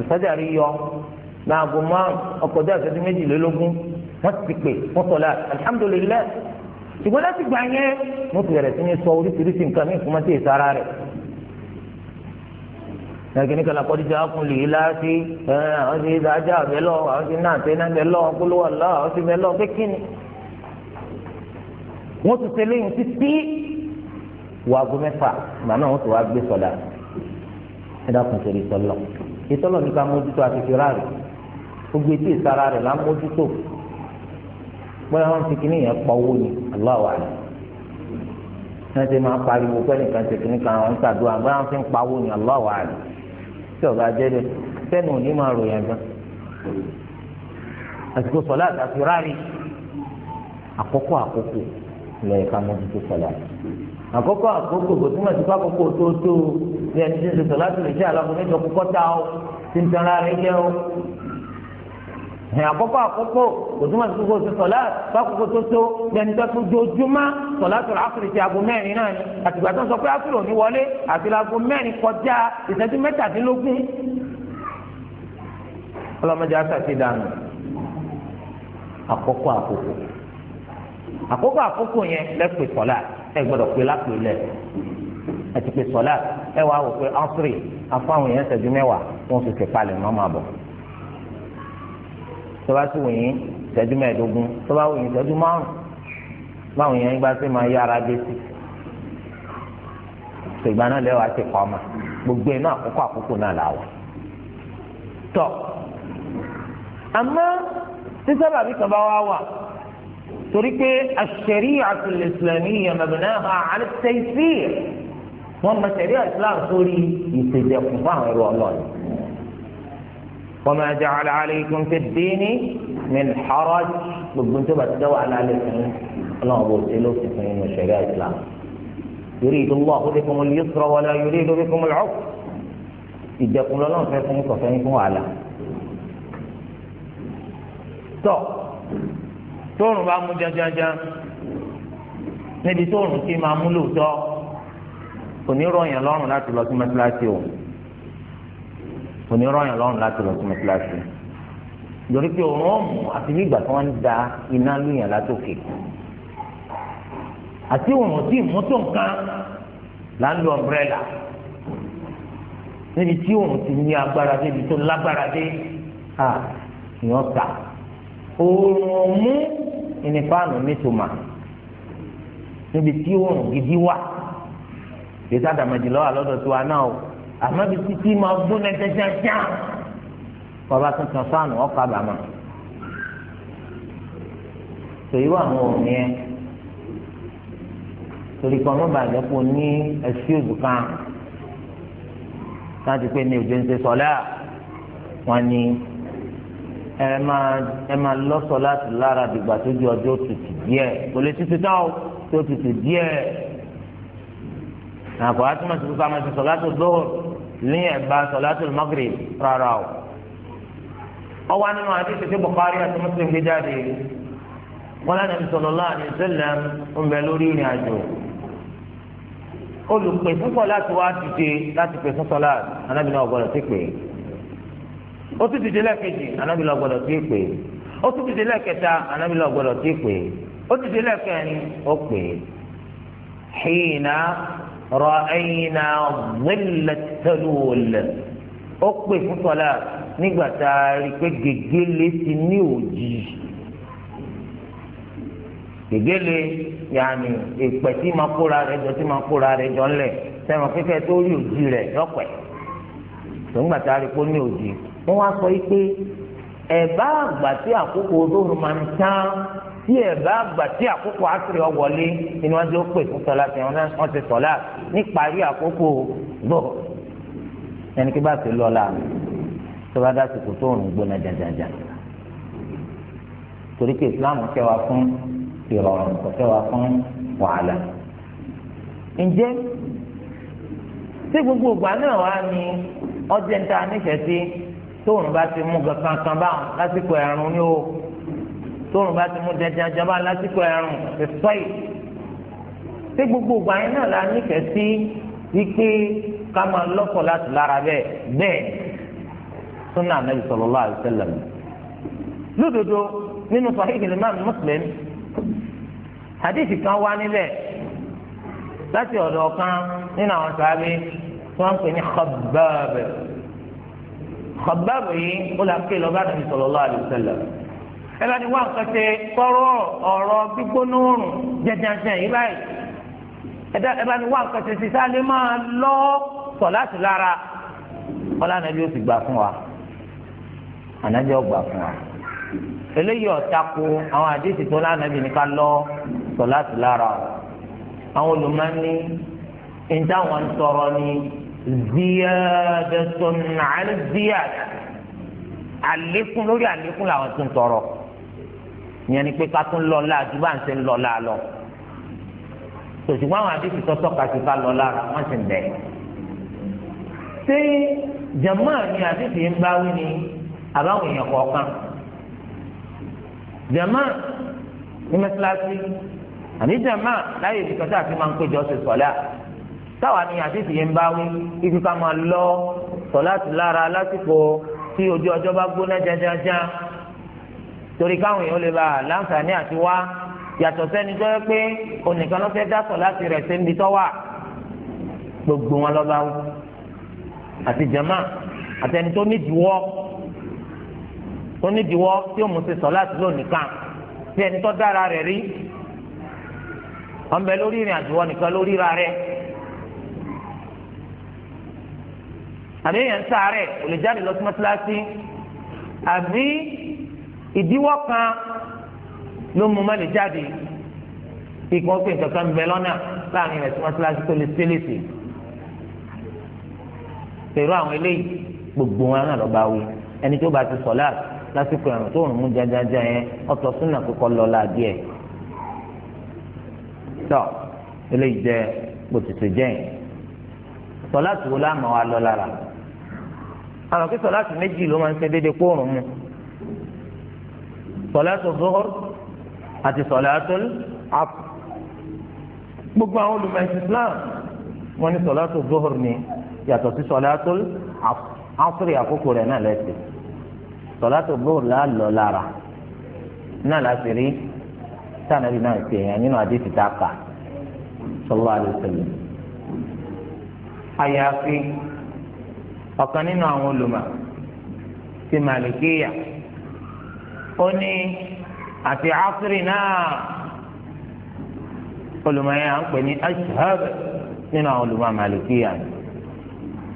àsẹ́jà rí yọ láago márùn-ún ọkọ̀ dé àṣẹ́jú méjìlélógún wọ́n ti pè fún sọ̀lá alihamudulilayi ṣùgbọ́n láti gbà yẹn wọ́n ti bẹ̀rẹ̀ sí ní sọ oríṣiríṣi nǹkan ní ìfúnmọ́tì ìsara rẹ̀ nàgìní kan lakọ́ dídá kún lè láti àwọn ti ìdá ajá àbẹ́ lọ àwọn ti náà tẹ́ náà bẹ́ lọ polówó àlọ́ àwọn ti bẹ́ lọ pé kíni. wọ́n ti tẹ́lẹ̀ yìí títí wàgó mẹ́fà màá náà wọ́n ti wá gbé sọ̀dà ẹ̀dá kún torí sọ̀lọ̀ ìtọ́lọ̀ nípa mójútó àti fìrà rẹ̀ gbogbo etí ìsara rẹ̀ là mójútó bóyá wọn fi kíní yẹn pa owó ni aláwọ àná wọn ti máa pariwo pẹ́ẹ́nìkan ti kíní kan àwọn ń ṣàdúrà bóyá wọn fi ń pa owó ni aláwọ àná tí ọ̀gá jẹ́ bẹ́ẹ̀ sẹ́nu òní máa ròyìn gan àsìkò sọ̀lá àti rárí àkókò àkókò lọ́yẹ̀ ká mójútó sọ̀lá àkókò àkókò kò túmọ̀ sí fákòókò tóótó ní ẹni tí ń sọ̀lá tó lè jẹ́ àlọ́ ẹ̀ àkọ́kọ́ àkọ́kọ́ òtúmọ̀ sí gbogbo oṣù sọ̀lá fákòókò tó tó lẹ́ni tó tó dojúmọ́ sọ̀lá sọ̀rọ̀ àfìrì ti aago mẹ́rin náà ni àtìgbà tó ń sọ pé àfìrì ò ní wọlé àti aago mẹ́rin kọjá ìṣẹ́jú mẹ́tàdínlógún. ọlọ́mọdé aṣọ àti dànù àkọ́kọ́ àkọ́kọ́ àkọ́kọ́ àkọ́kọ́ yẹn lẹ́pẹ̀ sọ̀lá ẹ gbọ́dọ̀ pé lápẹ̀ lẹ̀ ẹ ti pè sọ̀lá ẹ wá wò pé àfìrì afọ tó bá sì wù yín ìṣẹ́jú mẹ́ẹ̀ẹ́dógún tó bá wù yín ìṣẹ́jú márùn-ún báwọn èèyàn gbá sí máa yára dé sí ṣùgbọ́n náà lẹ́wọ̀ àti kọ́ ọmọ gbogbo iná àkókò àkókò náà là wà. tọ́ àmọ́ tí sábàbí kan bá wá wà torí pé ash-shari'atu al-islamiyya mabnaha 'ala at-taysir wọ́n mọ ṣẹ̀ríà sórí ìṣèjẹ̀kùn fún àwọn ẹrú ọlọ́ọ̀ni. وما جعل عليكم في الدين من حرج gbogbo tó bá ti dá wàhálà lè fún yín ọlọ́run bò ṣe ló fi fún yín ní ṣẹ̀ríà islam yuridu Allahu bikumul yusra wala yuridu bikumul usra ìjẹkùn lọ́lọ́run fẹ́ fún yín kọ̀ fẹ́ yín fún wàhálà. tọ́ tóòrùn bá mú jẹjẹjẹ níbi tóòrùn ti máa mú lòótọ́ kò ní rọ̀yàn lọ́rùn láti lọ sí mọ́tíláṣí òun kò ní rọyàn lọ́rùn láti lọ sí mọ́tíláṣí lórí pé òun ọ̀mù àti nígbà tí wọ́n ń da iná lóyàn látòkè àti òun tí mọ́tò nǹkan là ń lo ọ̀mbrẹ́là níbi tí òun ti ní agbára dé ibi tó lágbára dé à ìyàn ta òòrùn ọ̀mú ìní fáànù nítumà níbi tí òun gidi wà bí sádàmẹ́jì lọ́wọ́ àlọ́dọ̀ tiwa náà o àmọ́ bí títí máa gbóná jẹjẹjẹ bàbá tuntun fáànù ọkà bàmà tòyí wà àwọn òní ẹ torí kan ló bàjẹ́ kó ní ẹ̀síùsù kan láti pé ní òjò ń ṣe sọlá wọn ni ẹ máa ẹ máa lọ sọ láti lára dìgbà tó di ọjọ́ tutù díẹ̀ kò lè tutù tán o tó tutù díẹ̀ àpò àtúmọ̀ sí kókó àmọ̀ sí sọlá tó dóhùn ní ẹ̀gbà sọ̀látùl Maghrib rárá o. ọwọ́ nínú àdìsí tí Bukhari àti Muslim gbé jáde wọn lẹ́nu sallallahu alaihi wasallam ń bẹ lórí ìrìn àjò. olùpè fúnfọ́ láti wá dìde láti pè fún sọ́lá anábìnrin ọ̀gbọ́dọ̀ sí pè é. ó tún dìde lẹ́ẹ̀kejì anábìnrin ọ̀gbọ́dọ̀ sí pè é. ó tún dìde lẹ́ẹ̀kẹta anábìnrin ọ̀gbọ́dọ̀ sí pè ó dìde lẹ́ẹ̀kẹrin ó pè ra'ayna dhilla talul ó pè fún sọlá nígbà tá a rí i pé gègéle ti ní òjì gègéle yàní ìpè tí máa kóra rẹ̀ jọ tí máa kóra rẹ̀ jọ ńlẹ̀ sẹ́wọ̀n kíkẹ́ tó rí òjì rẹ̀ yọ̀pẹ̀ tòǹgbà tá a rí i pé ó ní òjì wọ́n wá sọ yìí pé ẹ̀bá àgbà tí àkókò tó máa ń tán tí ẹ bá gbà tí àkókò àṣírí ọwọlé ni wọn ti ó pè fún sọlá tí wọn ti sọlá níparí àkókò bọ ẹni kí bá ti lọ la tó bá dásìkò tó ń gbóná jàjàjà torí pé islam fẹ́ wa fún ìrọ̀rùn kò fẹ́ wa fún wàhálà ǹjẹ́ tí gbogbo ìgbà náà wá ní ọjọ́ níta nífẹ̀ẹ́ sí tóun bá ti mú kankan báwọn lásìkò ẹ̀rùn ni ó tóorùn bá ti mú jẹjẹrẹ jọba lásìkò ẹ̀rùn ẹ̀fọ́ yìí ṣé gbogbo ìgbà yẹn náà la nífẹ̀ẹ́ sí wípé ká máa lọ́kọ̀ láti lára bẹ́ẹ̀ bẹ́ẹ̀ súnà Ànábì sallallahu alaihi wasallam lódodo nínú Sahih Imam Muslim hadith kan wá níbẹ̀ láti ọ̀dọ̀ kan nínú àwọn sàábé tí wọ́n ń pè ní Khabbab Khabbab yìí ó là ń pè lọ́ba Ànábì sallallahu alaihi wasallam ẹ bá ní wá nǹkan ṣe kọ́rọ́ ọ̀rọ̀ gbígbóná òrùn jẹjẹrẹ yìí báyìí ẹ bá ní wá nǹkan ṣe sísá lè máa lọ sọ láti lára ọlá nàbí ó sì gbà fún wa ànábì ó gbà fún wa eléyìí ọ̀tako àwọn àdéhùn tó lánàbí ní ká lọ sọ láti lára àwọn olùmọ́ni ní táwọn ń tọrọ ní ziyadatun ala ziyada àlékún lórí àlékún làwọn tó ń tọrọ ìyẹn ni pé ká tún la ju bá ń ṣe ń lọ la lọ tòṣùgbọ́n àwọn àdìsí tọ́tọ́ ka ti la wọ́n sì ń bẹ̀. ṣé jama ni àdìsí ń bá wí ni àbáwọn èèyàn kọ̀ọ̀kan jama ní mẹ́sàlásí àní jama láyé ibi kọ́tà àti máa ń péjọ ṣe sọ̀lá táwa ni àdìsí yẹn ń bá wí ibi ká máa lọ sọ̀lá ti lára lásìkò tí ojú ọjọ́ bá gbóná jẹjẹrẹ torí káwọn èèyàn lè ba láǹfààní àti wá yàtọ̀ sẹ́ni tó yẹ pé onìkan ló fẹ́ dásọ̀ láti rẹ̀ sẹ́ni tó wà gbogbo wọn lọ́ba wò àti jama àtẹni tó nídìíwọ́ tó nídìíwọ́ tí òun ṣe sọ láti lónìí kan tí ẹni tó dára rẹ̀ rí ọmọbẹ lórí ìrìn àjò wọn nìkan lórí ra rẹ̀ àbí èèyàn ń sáré olè lọ sí mọ́tíláṣí àbí ìdíwọ́ kan ló mú má lè jáde ìkọ́ pé nǹkan kan bẹ lọ́nà láàrin rẹ̀ tí wọ́n ti láti tó lè sélèsè pẹ̀lú àwọn eléyìí gbogbo wọn náà lọ́ba wí ẹni tó bá ti sọ̀lá lásìkò ẹ̀rùn tó rùn mú jájájá yẹn ọ̀tọ̀ súnà kókó lọ́la díẹ̀ tọ́ eléyìí jẹ́ gbòtìtì jẹ́ yẹn sọ̀lá tìwó láàmú wa lọ́ lára àwọn kí sọ̀lá tì méjì ló máa ń ṣe déédéé kó rùn mu sọ̀látù zuhur àti sọ̀látù asr gbogbo àwọn olùmọ̀ islam wọ́n ní sọ̀látù zuhur ni yàtọ̀ sí sọ̀látù asri àkókò rẹ̀ náà lẹ́sẹ̀ sọ̀látù zuhur là lọ lára náà láti rí sànàbí náà ṣe èèyàn nínú àdéhùn tá a kà sallallahu alaihi àyàfi ọ̀kan nínú àwọn olùmọ̀ ti màlìkéyà. oni àti asiri náà olùmọ̀yẹ́ à ń pè ní ashab nínú àwọn olùmọ̀ màlìkíyà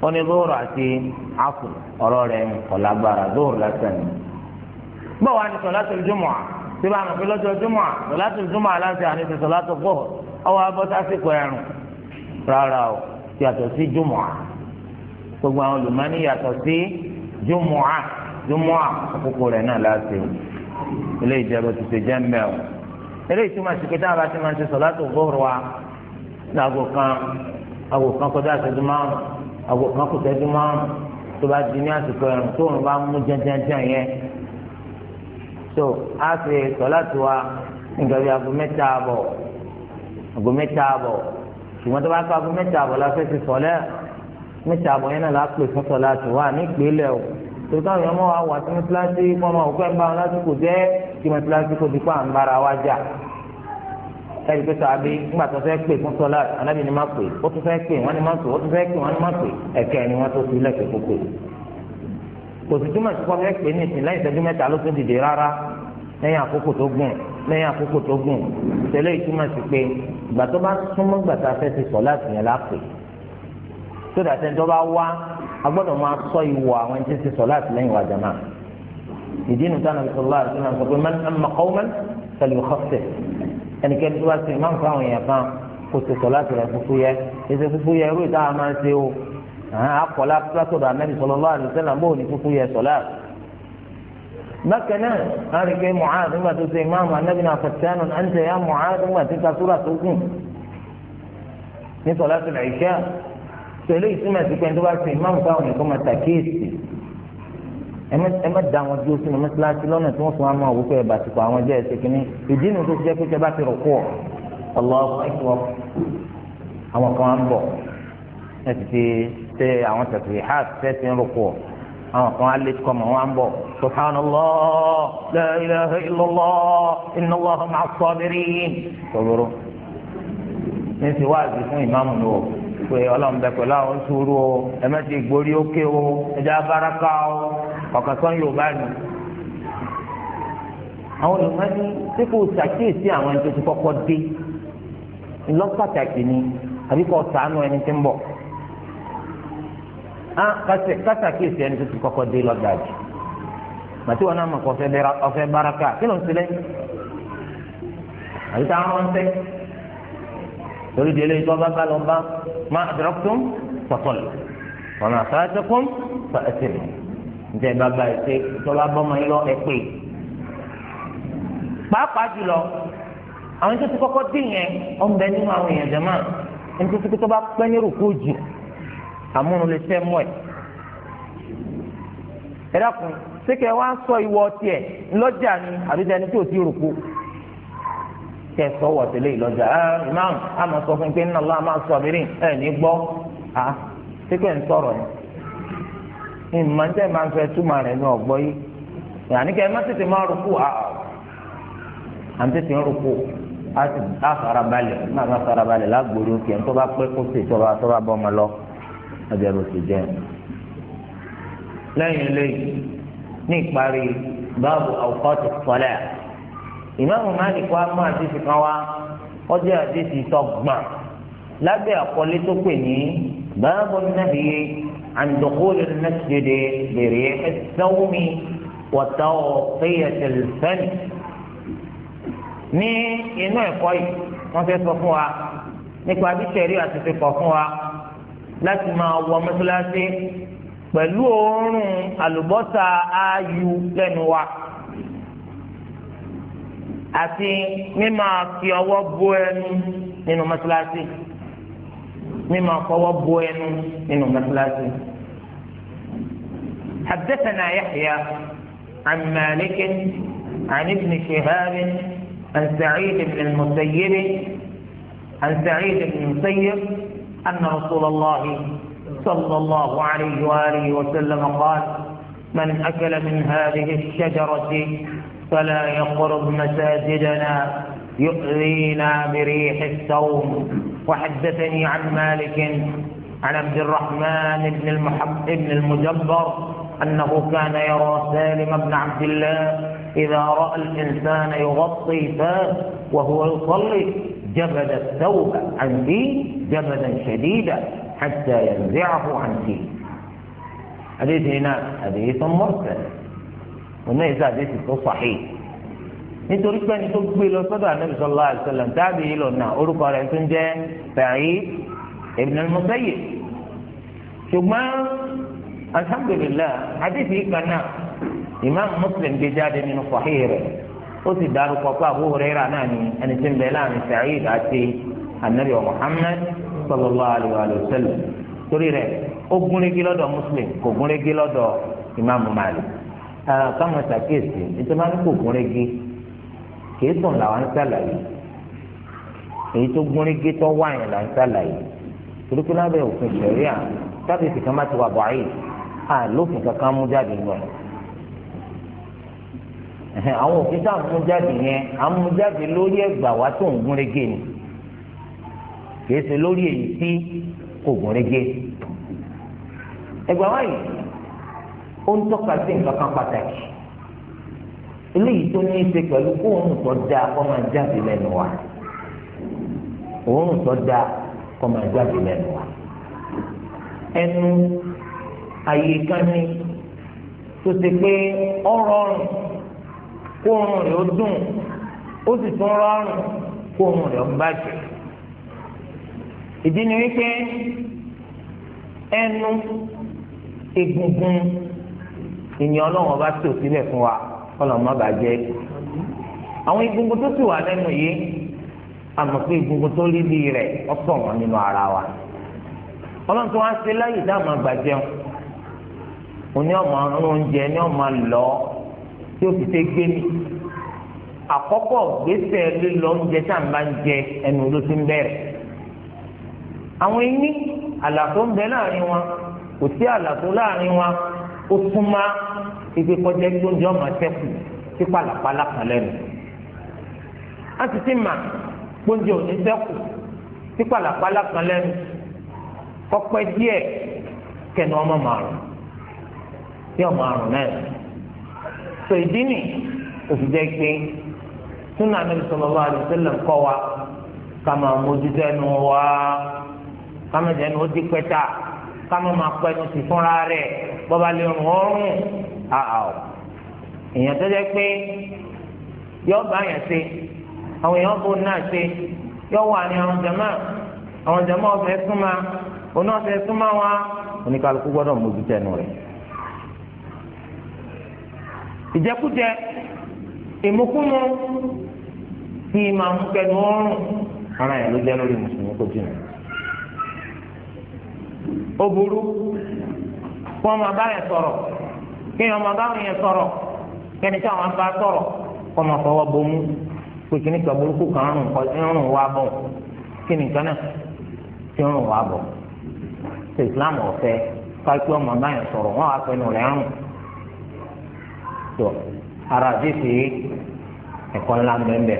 ó ní àti asr ọrọ rẹ̀ ọ̀làgbára dóòrò lásán báwa ni àní ti sọ̀látù zuhr ọwọ́ abọ́tásìkò ẹ̀rùn rárá o yàtọ̀ sí jumu'a gbogbo àwọn olùmọ̀ ní yàtọ̀ sí àkókò rẹ̀ náà láti ilé ìjẹbù ti ṣe jẹ́ mbẹ́ o ilé ìtumọ̀ ìsìnkú táwọn bá ti máa ń ṣe sọ̀lá tó gbóòrò wa láago kan aago kan kọjá ìṣẹ́jú márùn aago kan kò ṣẹ́jú márùn tó bá di ní àsìkò ẹ̀rùn tó òun bá mú jẹ́jẹ́jẹ́ yẹn so a ṣe sọ̀lá tó wa nígbà bí aago mẹ́ta àbọ̀ aago mẹ́ta àbọ̀ ṣùgbọ́n tó bá kọ́ aago mẹ́ta àbọ̀ la fẹ́ ṣe sọ̀lẹ́ mẹ́ta àbọ̀ yẹn náà la pè fún sọ̀lá tó wa ní ìpínlẹ̀ o tòótọ́ àwọn ọmọ wa wà sí mọ́tíláṣí kọ́ ọmọ òkú ẹ̀ ń bá wọn lásìkò jẹ́ kí mọ́tíláṣí kò dípò à ń bára wa jà ẹ̀rí pé sàbí ńgbà tó fẹ́ pè fún sọlá anábì ni má pè ó tún fẹ́ pè wọ́n ni má pè ó tún fẹ́ pè wọ́n ni má pè ẹ̀kẹ́ ni wọ́n tó fi lẹ́kẹ̀ẹ́ kó pè kò sì túmọ̀ sí kọ́ fẹ́ pè ní ìsìn lẹ́yìn ìṣẹ́jú mẹ́ta ló tún dìde rárá lẹ́yìn àkókò tó gùn lẹ́yìn àkókò tó gùn ìṣẹ̀lẹ̀ ìtumọ̀ sí pé ìgbà tó bá súnmọ́ gbàtà fẹ́ ti sọ̀lá a gbọ́dọ̀ máa sọ ìwọ àwọn tí ń ṣe sọ̀láàtì lẹ́yìn wa jàmá ìdí nu tánà bisalòlá àti sọ̀rọ̀ sọ̀rọ̀ mẹ́ni ẹ̀ma kọ́wọ́mẹ́ni pẹ̀lú ọ̀sẹ̀ ẹnikẹ́ni tó bá ṣe máa ń fa àwọn èèyàn kan kò ṣe sọ̀láàtì rẹ̀ fúfú yẹ ẹsẹ̀ fúfú yẹ irú ìta máa ń ṣe o akọ̀lá pẹ́sọ̀dọ̀ àmẹ́ni sọ̀lọ́lá àti sẹ́lá bó ní fúfú yẹ sọ̀láàtì bákan náà a rí pé mu'ad nígbà tó ṣe imáàmù anabi náà fẹsẹ̀nù náà ń tẹ̀ ya nígbà tẹ̀lé ìtumọ̀ sí pé ẹni tó bá fi ìmáàmù fáwọn nìkan máa tàkíyèsí ẹ má da wọn dúró sínú mọ́sálásí lọ́nà tí wọ́n fún wa máa wò pé ẹ̀bà tìpọ̀ àwọn jẹ́ ẹsẹ̀ kínní ìdí nu tó ti jẹ́ pé tẹ bá ti rò kú ọ Allahu Akbar àwọn kan á ń bọ̀ ẹ ti ti tẹ àwọn tẹ̀sí ha tẹ́ ti ń rò ọ àwọn kan á lé kọ́ mọ̀ wọ́n á ń bọ̀ subhanallah la ilaha illallah inna pé ọlọ́run bẹ pẹ̀lú àwọn sùúrù o ẹ má ti gborí ókè o ẹ jẹ́ abáraka o ọ̀kan sọ́n yorùbá ni. àwọn olùmọ̀ọ́ni tí kò ṣàkíyèsí àwọn ẹni tó ti kọ́kọ́ dé lọ́pàtàkì ni àbí kò sànú ẹni tí ń bọ̀. á kásàkíyèsí ẹni tó ti kọ́kọ́ dé lọ́gbà jù màtí wọn náà mọ̀ kọ́ ọ̀fẹ́ báraka kí ló ń sílẹ̀ àbí táwọn ń sẹ́yìn torí di eléyìí tó bá bá lọ bá má adraktum fọtọlù ọ̀nà àfẹ́rẹ́tẹ́kùn fọ ẹsẹ̀ mi njẹ́ bàbá ẹsẹ̀ tó bá bọ́ ọmọ yín lọ ẹ pé pàápàá jùlọ àwọn tó ti kọ́kọ́ dín yẹn ọ̀nbẹ nínú àwọn èèyàn jẹ́ máa ẹni tó ti kó bá pẹ́ ní rògbò jù àmúnu lè fẹ́ mọ́ ẹ̀ ẹ dákun ṣé wá sọ ìwọ tiẹ̀ ńlọ́jà ni àdújá ẹni tó ti rògbò kẹ́ sọ́wọ́ tẹ́lẹ̀ ìlọ́jà ẹ ah, imam àmọ́ sọ fún mi pé nínú ọlọ́ àmọ́ sọ̀bìrín ẹ ní gbọ́ à ah, síkẹ́ ń sọ̀rọ̀ ni ìmọ̀ ń tẹ́ máa ń fẹ́ túmọ̀ rẹ̀ ní ọ̀gbọ́ yìí yàní kẹ́ ẹ má tètè máa rúkú à ah, à ń tètè ń rúkú á sì á farabalẹ̀ má má farabalẹ̀ lágbórí òkè ń tó bá pẹ́ kó sì tó bá tó bá bọ́ ọmọ lọ ọjà sì jẹ́ lẹ́yìn eléyìí ní ìparí báàbù àwòkọ́ ti sọ́lẹ̀ ìmáàmù Malik wa mú àdéhùn kan wá ó jẹ́ àdéhùn tọgbọ̀n lábẹ́ àkọlé tó pè ní báàbò nàbí àǹdọ̀kọ́lù nàṣẹ́dẹ̀ bèrè ẹ̀sẹ̀wọ́mi wọ̀tá ọ̀fẹ́yẹsẹ̀ fẹ́ni. ní inú ẹ̀kọ́ yìí wọ́n fẹ́ sọ fún wa nípa bí sẹ̀rí àti fi fún wa láti máa wọ mọ́sálásí pẹ̀lú òórùn àlùbọ́sà ááyù lẹ́nu wa. àti mímọ fi ọwọ́ bo ẹnu nínú mọ́sálásí mímọ fọwọ́ bo ẹnu nínú mọ́sálásí. حدثنا يحيى عن مالك عن ابن شهاب عن سعيد بن المسيب عن سعيد بن المسيب أن رسول الله صلى الله عليه وآله وسلم قال من أكل من هذه الشجرة فلا يقرب مساجدنا يؤذينا بريح الثوم وحدثني عن مالك عن عبد الرحمن بن المحب بن المجبر أنه كان يرى سالم بن عبد الله إذا رأى الإنسان يغطي فاه وهو يصلي جبد الثوب عن فيه جبدا شديدا حتى ينزعه عن فيه حديث هنا حديث مرسل ọ̀nà ìsà àdéhùn tó fàáhì nítorí pé ẹni tó gbé lọ sọ́dọ̀ ànábì sallallahu alaihi wasallam dábì yìí lọ náà orúkọ rẹ̀ tó ń jẹ́ Sa'id ibn al-Musayyib ṣùgbọ́n alhamdulillah àdéhùn yìí kan náà Imam Muslim gbé jáde nínú sahih rẹ̀ ó sì dárúkọ pé Abu Hurairah náà ni ẹni tí ń bẹ láàrin Sa'id àti ànábì Muhammad sallallahu alaihi wasallam torí rẹ̀ ó gúnrégé lọ́dọ̀ Muslim kò gúnrégé lọ́dọ̀ Imam Malik ara káwọn ṣàkíyèsí nítorí wọn kò gúnrégé kì í sùn làwọn ń ṣàlàyé èyí tó gúnrégé tó wáyàn là ń ṣàlàyé torí pé lábẹ́ òfin ṣẹ̀ríà sábẹ́sì kan bá ti wà bọ̀ọ́yì à lófin kankan mú jáde lọ àwọn òfin tá à ń mú jáde yẹn a ń mú jáde lórí ẹgbà wá tó ń gúnrégé ni kì í ṣe lórí èyí tí kò ẹgbà wáyìí ó ń tọ́ka sí nǹkan kan pàtàkì eléyìí tó ní í ṣe pẹ̀lú òórùn tó dáa kó máa jáde lẹ́nu wa òórùn tó dáa kó máa jáde lẹ́nu wa ẹnu àyíká ni tó ṣe pé ọ̀rọ̀ ọ̀rùn kó òórùn rẹ̀ ó dùn ó sì tún rọrùn kó òórùn rẹ̀ ó bàjẹ́ ìdí ni wípé ẹnu egungun ìyẹn ọlọ́run ọba tó sílẹ̀ fún wa kọ́nà má bàjẹ́. àwọn egungun tó sì wà lẹ́nu yìí àmọ̀ pé egungun tó líli rẹ̀ ọ̀pọ̀ wọn nínú ara wa. ọlọ́run tó wá sí láyè dáàmú àgbàjẹun òní ọmọ oúnjẹ ní ọmọ lọ tí ó fi ṣe gbé mi. àkọ́kọ́ gbèsè lílọ oúnjẹ tá à ń bá ń jẹ ẹnu ló ti ń bẹ̀rẹ̀. àwọn eyín àlàfo ń bẹ láàrin wọn kò sí àlàfo láàrin wọn ó súnmá ibi kọjá tó ń jẹ́ ọmọ sẹ́kù sí pàlàpàlà kan lẹ́nu a ti ti mà gbóúnjẹ òní sẹ́kù sí pàlàpàlà kan lẹ́nu kọ́pẹ́ díẹ̀ kẹ́nu ọmọ màrún sí ọmọ àrùn náà sọ ìdí nì òfin jẹ́ pé súnà Ànábì sallallahu alaihi wasallam kọ́ wa ká máa mójútó ẹnu wa ká máa ó dín pẹ́tà kámọ́ máa pẹ́ ní ti fúnra rẹ̀ bọ́ba lè rùn ọ́rùn àà ọ̀ èèyàn tó jẹ́ pé yọ bá yẹn ṣe àwọn èèyàn bò náà ṣe yọ wà ní àwọn jàmá àwọn jàmá ọ̀fẹ́ súnmọ́ oná ọ̀fẹ́ súnmọ́ wa oníkàlùkù gbọ́dọ̀ mójú tẹnu rẹ̀ ìjẹkújẹ ìmukúmu tí màá mú kẹnu ọrùn ara yẹn ló jẹ́ lórí mùsùlùmí kò jìnnà ó burú kí wọn máa bá yẹn sọ̀rọ̀ kí wọn máa bá yẹn sọ̀rọ̀ kí ẹni tí àwọn bá sọ̀rọ̀ kọ máa fọwọ́ bomú pé kí ní kan burúkú kan rùn kọ rùn wá bọ̀ kí nìkan náà tí ń wá bọ̀ ṣe islam ọ̀fẹ́ fáìpé ọmọ bá yẹn sọ̀rọ̀ wọn wá pẹnu rẹ̀ rùn tó ara àdéhùn yìí ẹ̀kọ́ ńlá mbẹ́mbẹ́.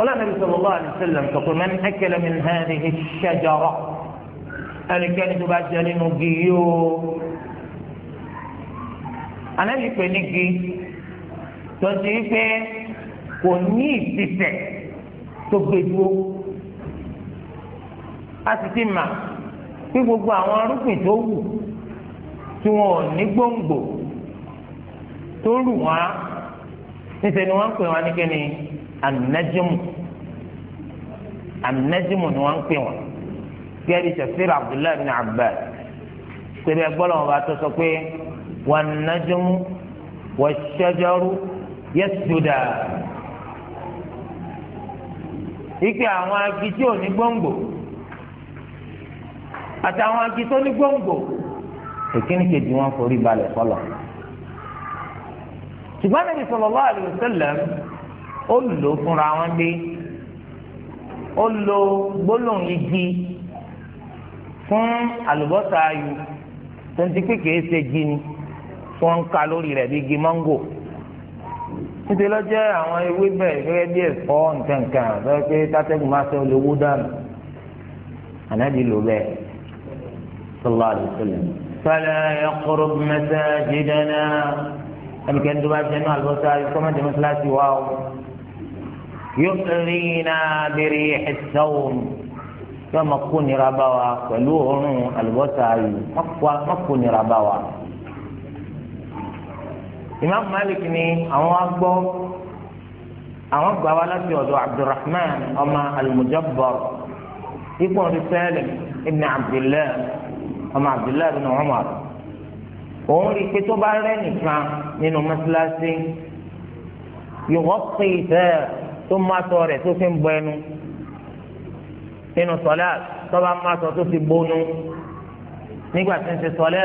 قال النبي صلى الله عليه وسلم تقول من أكل من هذه الشجرة ẹnikẹ́ni tó bá jẹ nínú gi yóò anabi pè ní gi tọ́sí pé kò ní ìsìsẹ́ tó gbé dúró a sì ti mà pé gbogbo àwọn arúgbìn tó wù tí wọn ò ní gbòǹgbò tó lù wá níṣẹ́ ni wọ́n ń pè wá ní kíni ànájúmù ànájúmù ni wọ́n ń pè wọ́n kíárì tafsir abdullahi bin abbas sẹbi ẹgbọ́n wọn bá tó sọ pé wan najmu wash-shajaru yasjudan ike àwọn agi tí ò ní gbòǹgbò àtàwọn agi tó ní gbòǹgbò èkíní kejì wọn forí balẹ̀ fọlọ̀ ṣùgbọ́n Nabi sallallahu alaihi wasallam ó lò fúnra wọn gbé ó lò gbólóhùn igi fún àlùbọ́sà ayù tó ń ti pé kìí ṣe igi ni tí wọ́n ń ka lórí rẹ̀ bí igi máńgò nítorí lọ́jọ́ àwọn ewé bẹ́ẹ̀ gẹ́gẹ́ bí ẹ̀fọ́ nǹkankan lọ́wọ́ pé tátẹ́gùn máa fẹ́ olè wó dànù ànábì ló bẹ́ẹ̀ sọlá àdùsọlẹ. fẹlẹ ẹkọrọ mẹsẹ jíjẹnà ẹnikẹ́ni tó bá jẹ náà àlùbọ́sà kọ́mẹ́tì mẹ́sàlásì wà ó yóò yóò máa kó nira bá wa pẹ̀lú òórùn àlùbọ́sà yìí má kó nira bá wa. Imam Malik ni àwọn agbọ́ àwọn gbà wá láti ọ̀dọ̀ Abdulrahman ọmọ al-Mujabbar ipò ọdún Salim ibn Abdullah ọmọ Abdullah ibn Umar òun rí i pé tó bá rẹ́ nìkan nínú mọ́sálásí yòówọ́ pé tó má tọ́ rẹ̀ tó fi ń bọ ẹnu nínú sọlá tọba máa sọ tó fi gbónú nígbà tí ń ṣe sọlá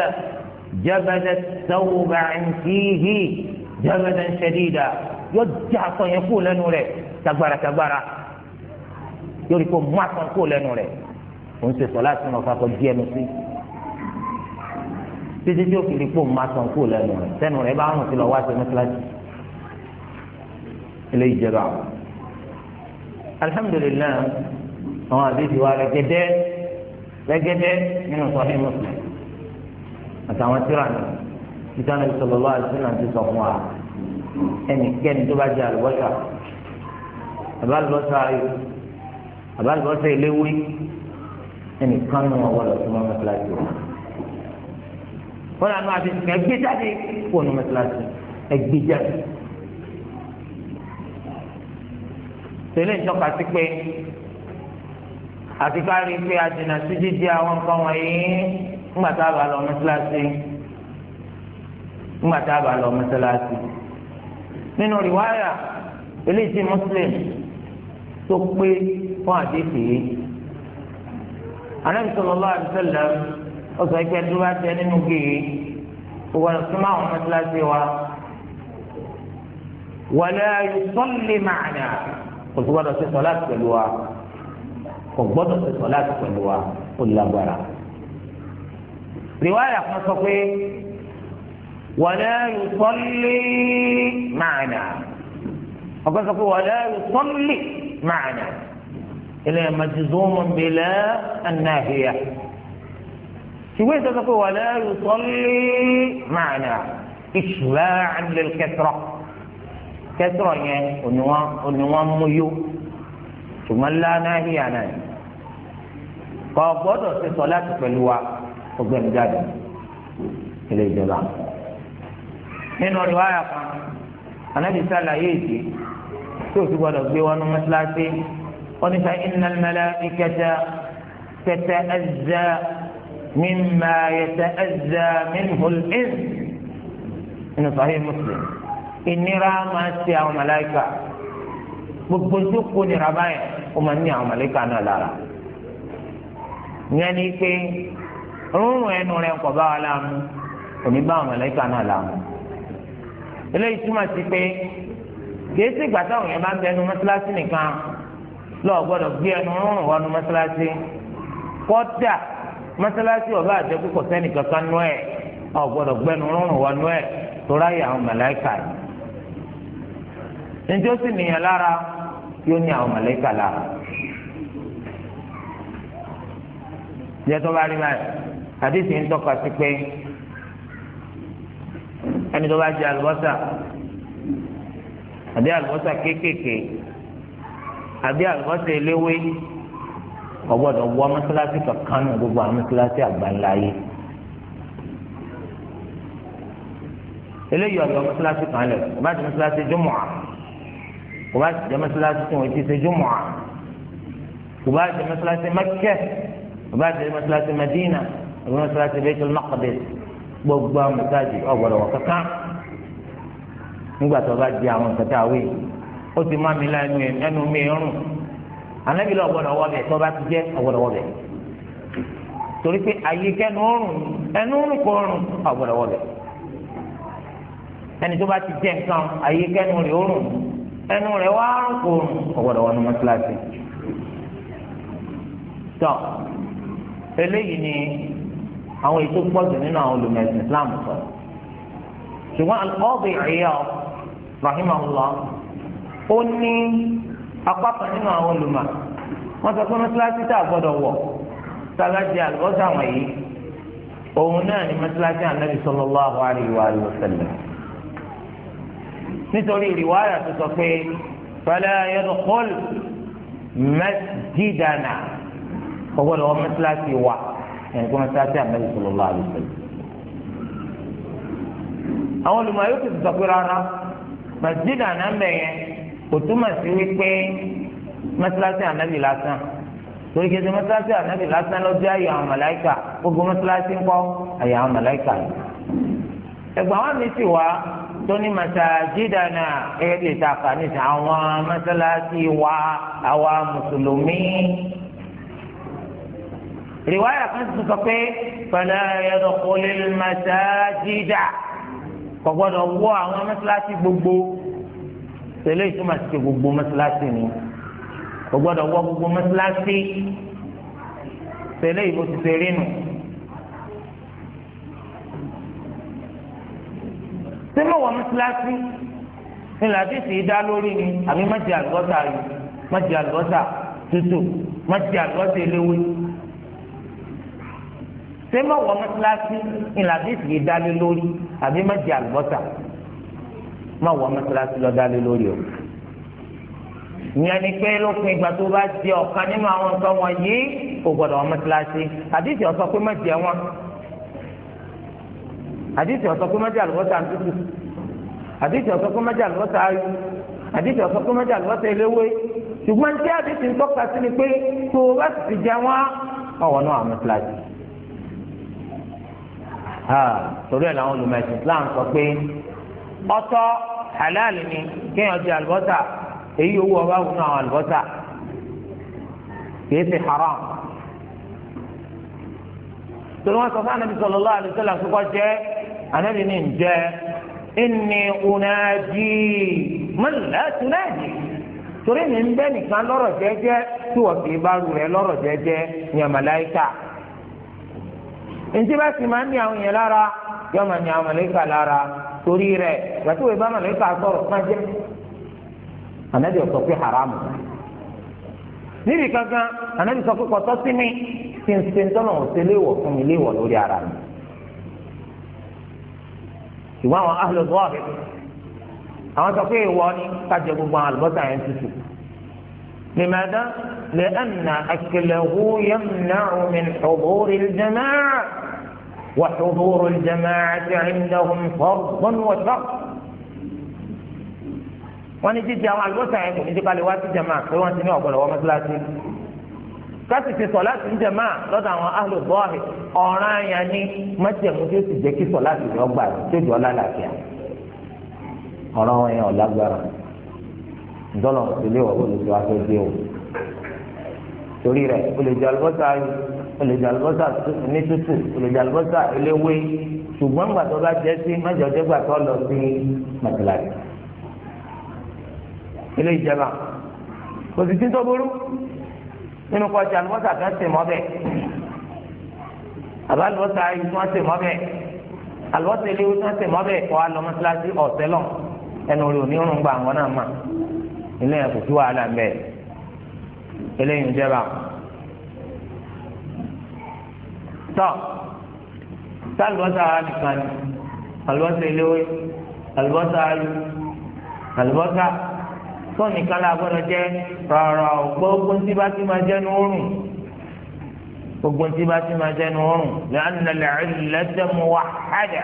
jẹbẹdẹ sẹwùbà nkìhì jẹbẹdẹ nṣẹdídà yóò já aṣọ yẹn kó lẹ́nu rẹ̀ tagbara tagbara yóò rí kó mú aṣọ kó lẹ́nu rẹ̀ òun ṣe sọlá sínú ọfà kọ díẹ̀ nu sí títí tí ó fi rí kó mú aṣọ kó lẹ́nu rẹ̀ sẹnu rẹ̀ bá rùn sí lọ wá sí mẹsàlásì eléyìí jẹba alihamudulilayi àwọn àdéhùn wa rẹ̀gẹ́dẹ́ rẹ̀gẹ́dẹ́ nínú sọ̀rọ̀ mùsùlùmí àtàwọn tíra ni ìtàn náà sọ̀rọ̀ lọ́wọ́ àti náà ti sọ fún wa ẹnikẹ́ni tó bá jẹ àlùbọ́sà àbálùbọ́sà ayò àbálùbọ́sà eléwé ẹnìkan nù wọn wọlé ọtún mọ́mọ́ kíláàsì wọn. fọlá nù àti ẹgbẹ́ jáde kó nù mọ́ kíláàsì ẹgbẹ́ jáde. pé àti kárí pé a jìnnà sí jíjí àwọn nǹkan wọ̀nyí ńgbà tá a bá lọ mọ́sálásí ńgbà tá a bá lọ mọ́sálásí. nínú rìwáyà eléyìí tí muslim tó pé fún àdéhùn yìí anabi sallallahu alaihi wasallam ọsọ ìgbẹ́ tó bá tẹ nínú gèè wọn súnmọ́ àwọn mọ́sálásí wa wala yusalli ma'ana kò tó gbọdọ̀ sí sọ láti wa. kò gbọ́dọ̀ ṣe sọ láti pẹ̀lú wa ó lágbára. riwaya kan sọ pé wala yusalli ma'ana ọ̀kan sọ pé wala yusalli ma'ana ilẹ̀ màjìzúmù bìlẹ̀ ànáhìyà ìwé sọ pé wala yusalli ma'ana ishba'an lil kathra kẹtọrọ yẹn òníwọ̀n wọn mú yó ṣùgbọ́n ńlá náà hìyà náà kò gbọ́dọ̀ ṣe sọ láti pẹ̀lú wa ọgbẹ́ni jáde ilé ìjọba. nínú rìwáyà kan anábì sàlàyé èdè tí o ti gbọ́dọ̀ gbé wọn ní mọ́ṣáláṣí wọn ní sàn iná mẹlẹ ìkẹtẹ tẹtẹ ẹzẹ mímà yẹtẹ ẹzẹ mímùl nínú sàhíì Muslim ìnira máa ṣe àwọn màláíkà gbogbo tó kó nira báyẹn ó máa ní àwọn màláíkà náà lára. ìyẹn ni pé rúnrún ẹnu rẹ̀ kò bá wa láàmú kò ní bá àwọn màláíkà náà láàmú eléyìí túmọ̀ sí pé kìí sì táwọn yẹn bá ń bẹ ẹnu mọ́sálásí nìkan lọ́ọ̀ gbọ́dọ̀ gbé ẹnu wọnú mọ́sálásí mọ́sálásí ọba àjẹ kankan nú ẹ̀ ọ̀ gbọ́dọ̀ jẹ́ tó bá rí báyìí àdìsí ń tọ́ka sí pé ẹni tó bá jẹ àlùbọ́sà àbí àlùbọ́sà kéékèèké àbí àlùbọ́sà eléwé kò gbọ́dọ̀ wọ mọ́sálásí kankan nù gbogbo àwọn mọ́sálásí àgbáńlá yìí. eléyìí ọ̀dọ̀ mọ́sálásí kan lẹ̀ kò bá ti mọ́sálásí jùmọ̀à kò bá ti jẹ́ mọ́sálásí tí wọ́n ti ṣe jùmọ̀à kò bá ti jẹ́ mọ́sálásí mẹ́kẹ́ bàbá àti mọ́sálásí Madina àbí mọ́sálásí Baitul Maqdis gbogbo àwọn mọ́sáàjì ọ̀gbọ̀dọ̀ wọ̀ kankan nígbà tó bá di àwọn nǹkan tá a wé ó ti má mi láàánú ẹnu mi rùn ànábì lọ ọ̀gbọ̀dọ̀ wọbẹ̀ tó bá ti jẹ́ ọ̀gbọ̀dọ̀ wọbẹ̀ torí pé àyè kẹnu ọrùn ẹnu ọrùn kọ ọrùn ọ̀gbọ̀dọ̀ wọbẹ̀ ẹni tó bá ti jẹ nǹkan àyè kẹnu rẹ̀ ọrùn ẹnu rẹ̀ wá ọrùn kọ ọrùn ọ̀gbọ̀dọ̀ wọnú mọ́sálásí tọ́ eléyìí ni àwọn ètò pọ̀jù nínú àwọn olùmẹ̀sìn islam sọ ṣùgbọ́n alqadi Iyad rahimahullah ó ní apá kan nínú àwọn olùmọ̀ wọ́n sọ pé mọ́tíláṣí tá a gbọ́dọ̀ wọ̀ sálájì àlùbọ́sà wọ̀nyí òun náà ni mọ́tíláṣí ànábì sallallahu alaihi wa sallam nítorí rìwáyà tó sọ pé fala yadkhul masjidana ọgbọ́dọ̀ wọn mẹ́tíláṣí wa ẹ̀yìn kó mẹ́tíláṣí àmẹ́lì sọ̀rọ̀ lọ́wọ́ àlùfẹ́lẹ̀. àwọn olùmọ̀ yóò tètè sọ pé rárá masjid anambẹ yẹn kò túmọ̀ sí wípé mẹ́tíláṣí àmẹ́lì lásán torí kejì mẹ́tíláṣí àmẹ́lì lásán lọ́jọ́ ayé àwọn màláíkà gbogbo mẹ́tíláṣí ńkọ́ ayé àwọn màláíkà yìí. ẹ̀gbọ́n wa mi sì wá tóní masajidana ẹ̀ẹ́dẹ̀ta kàní rìwáyà kan tún sọ pé fala yadkhulil masajida kò gbọ́dọ̀ wọ àwọn mọ́sálásí gbogbo tẹ̀lé ìtumọ̀ sí gbogbo mọ́sálásí ni kò gbọ́dọ̀ wọ gbogbo mọ́sálásí tẹ̀lé ìbò ti tẹ̀lé nù. sẹ́mi wọ mọ́sálásí ni làdísì dá lórí ni àbí má àlùbọ́sà yìí má àlùbọ́sà tútù má àlùbọ́sà eléwé ṣé má wọ mọ́tíláṣí ìlànà ìfìyè dálé lórí àbí má jẹ àlùbọ́sà má wọ mọ́tíláṣí lọ dálé lórí o. ìyẹn ni pé lópin ìgbà tó bá jẹ ọ̀kan nínú àwọn nǹkan wọn yìí kò gbọdọ̀ wọ mọ́tíláṣí àdìsí ó sọ pé má jẹ wọn àdìsí ó sọ pé má jẹ àlùbọ́sà tútù àdìsí ó sọ pé má jẹ àlùbọ́sà ayú àdìsí ó pé má jẹ àlùbọ́sà eléwé ṣùgbọ́n tí àdìsí ń tọ́ka sí ni pé tó o bá sì ti jẹ wọn ọ̀wọ́ náà wọ mọ́tíláṣí torí ẹ̀ làwọn olùmọ̀ ẹ̀sìn Islam sọ pé ọtọ́ halal ni kéèyàn jẹ àlùbọ́sà èyí owó ọba wù náà àlùbọ́sà kìí ṣe haram torí wọn sọ fún anabi sallallahu alaihi wasallam kó jẹ anabi ní njẹ inni unaji man la tunaji torí mi ń bẹ nìkan lọ́rọ̀ jẹ́jẹ́ tí wọ́n kì í bá rú rẹ lọ́rọ̀ jẹ́jẹ́ ní ọmọláyíká ntí bá sì máa ń ní àwọn yẹn lára yọ máa ní àwọn mọ̀lẹ́kà lára torí rẹ̀ gbàtí wòye bá mọ̀lẹ́kà sọ̀rọ̀ máa jẹ́ ànábì ọ̀sọ̀ pé haramu níbi kankan ànábì sọ pé kọ̀tọ́ sí mi kí n ṣe tọ́nà ọ̀sẹ̀ léwọ̀ fún mi léwọ̀ lórí ara mi ṣùgbọ́n àwọn ahlul zahir àwọn sọ pé ìwọ ni kájẹ gbogbo àwọn àlùbọ́sà yẹn tútù لماذا؟ لأن أكله يمنع من حضور الجماعة وحضور الجماعة عندهم فرض وشرط wọ́n ní jíjẹ àwọn àlùbọ́sà yẹn kò ní jípa lè wá sí jẹ̀máà pé wọ́n ti ní ọ̀gbọ̀dọ̀ wọ́n mọ́sálásí. káàsì ti sọ̀ láti ń jẹ̀máà lọ́dọ̀ àwọn ahlù bọ́ọ̀hì ọ̀ràn àyàn ní májẹ̀mú tí ó sì jẹ́ kí sọ̀ láti ní ọgbà jọ lálàáfíà. ọ̀ràn wọn yẹn ò dọ́là òsèlè wà wọlé tó afẹ́ dé o torí rẹ̀ o lè jẹ àlùbọ́sà o lè jẹ àlùbọ́sà ní tútù o lè jẹ àlùbọ́sà ele ṣùgbọ́n gbà tó bá jẹ́ sí mẹ́jọ jẹ́ gbà tó lọ sí màtìláì ilé ìjẹba kò sì tí tó burú nínú kọjá àlùbọ́sà kan ṣe mọ́ bẹ́ẹ̀ àbá àlùbọ́sà ayé tí wọ́n ṣe mọ́ bẹ́ẹ̀ àlùbọ́sà eléwé tí wọ́n ṣe mọ́ bẹ́ẹ̀ kọ́ alọ́mọ́síláṣí ọ̀sẹ́lọ̀ ẹnu rẹ̀ ò ní rún gba àwọn náà mà ilé yẹn kò sí wàhálà mbẹ eléyìí ń jẹba tọ sálùbọ́sà wa nìkan ni àlùbọ́sà eléwé àlùbọ́sà alu àlùbọ́sà tó nìkan la gbọ́dọ̀ jẹ rárá o gbogbo ntí bá ti máa jẹ nu oorun gbogbo ntí bá ti máa jẹ nu oorun lẹ́yìn lẹ́yìn lẹ́tẹ̀ mu wá hádà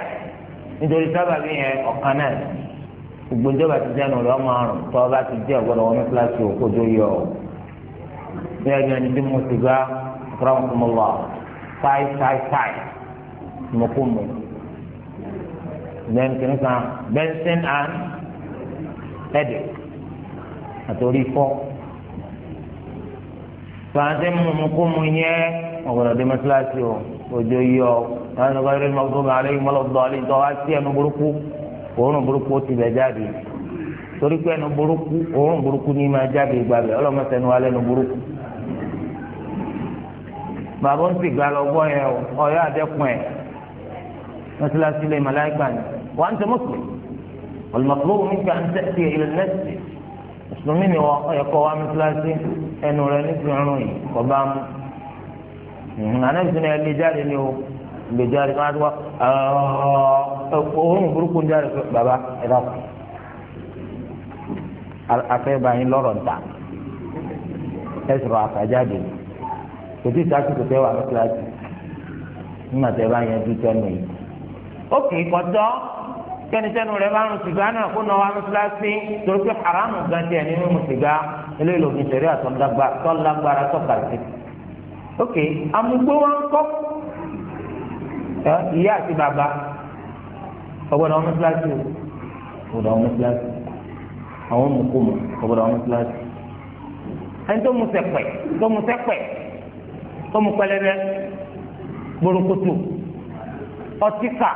nítorí sábàbí yẹn ọ̀kan náà gbogbo ìjọba ti jẹ́ ọ̀nà ọmọ àrùn tó ọba ti jẹ́ ọ̀gbọ́dọ̀ wọn kíláàsì òkòjó yọ ọ́ bí ẹni ẹni tí mo ti gbá ọ̀pọ̀lọpọ̀ táì táì táì mo kú mu bẹ́ẹ̀ni kìíní kan benson and Eddie, àtòrí fọ́ fàǹsì mu mo kú mu yẹ ọ̀gbọ́dọ̀ dé mọ́tíláàsì òjò yọ ọ́ ẹni ọ̀gbọ́dọ̀ dé mọ́tíláàsì òjò yọ ọ́ ẹni ọ̀gbọ́dọ̀ dé mọ́tíláàsì òjò yọ ọ́ òórùn burúkú ó ti bẹ̀ jáde torí pé ẹnu burúkú òórùn burúkú ní máa jáde ìgbàlẹ̀ ọlọ́mọsẹ́nu alẹ́ nu burúkú bàbá ń sìgbà lọ gbọ́ yẹn o ọ̀yọ́ àdẹ́kùn ẹ̀ mọ́tíláṣí lè màláìkà ni wà á ń tẹ mọ́sùlùmí ọ̀lùmọ̀tòlówó mi kà ń tẹ̀sí ilẹ̀ nẹ́sì mùsùlùmí ni wọ́n ọ̀yọ́ kọ́ wa mọ́tíláṣí ẹnu rẹ̀ nítorí ọ̀run yìí kọ́ bá mú àná ìgbè jáde kan wá òórùn eh, eh, burúkú ń jáde pé bàbá ẹ dà kù afẹ́bà yín lọ́rọ̀ ntà ẹ sọ̀rọ̀ àfàjáde kò tí ì sásìkò tẹ́ wà ní kíláàsì nígbà tẹ́ bá yẹn dúdú ẹnu yìí. ó kì í kọjọ́ kẹ́nikẹ́ni rẹ̀ bá ń sìgá náà kó náà wà ní kíláàsì torí pé haramu gan tiẹ̀ nínú mu sìgá eléyìí lòdì sẹ̀rí àtọ́lágbára tọ́kàtì. ok amúgbó wa ń kọ́ ìyá àti bàbá ọgbọ́dọ̀ ọmọ síláàsì o ọgbọ́dọ̀ ọmọ síláàsì àwọn mùkúmù ọgbọ́dọ̀ ọmọ síláàsì ẹni tó mu sẹpẹ tó mu sẹpẹ tó mu pẹlẹbẹ gbòròkòtò ọtíkà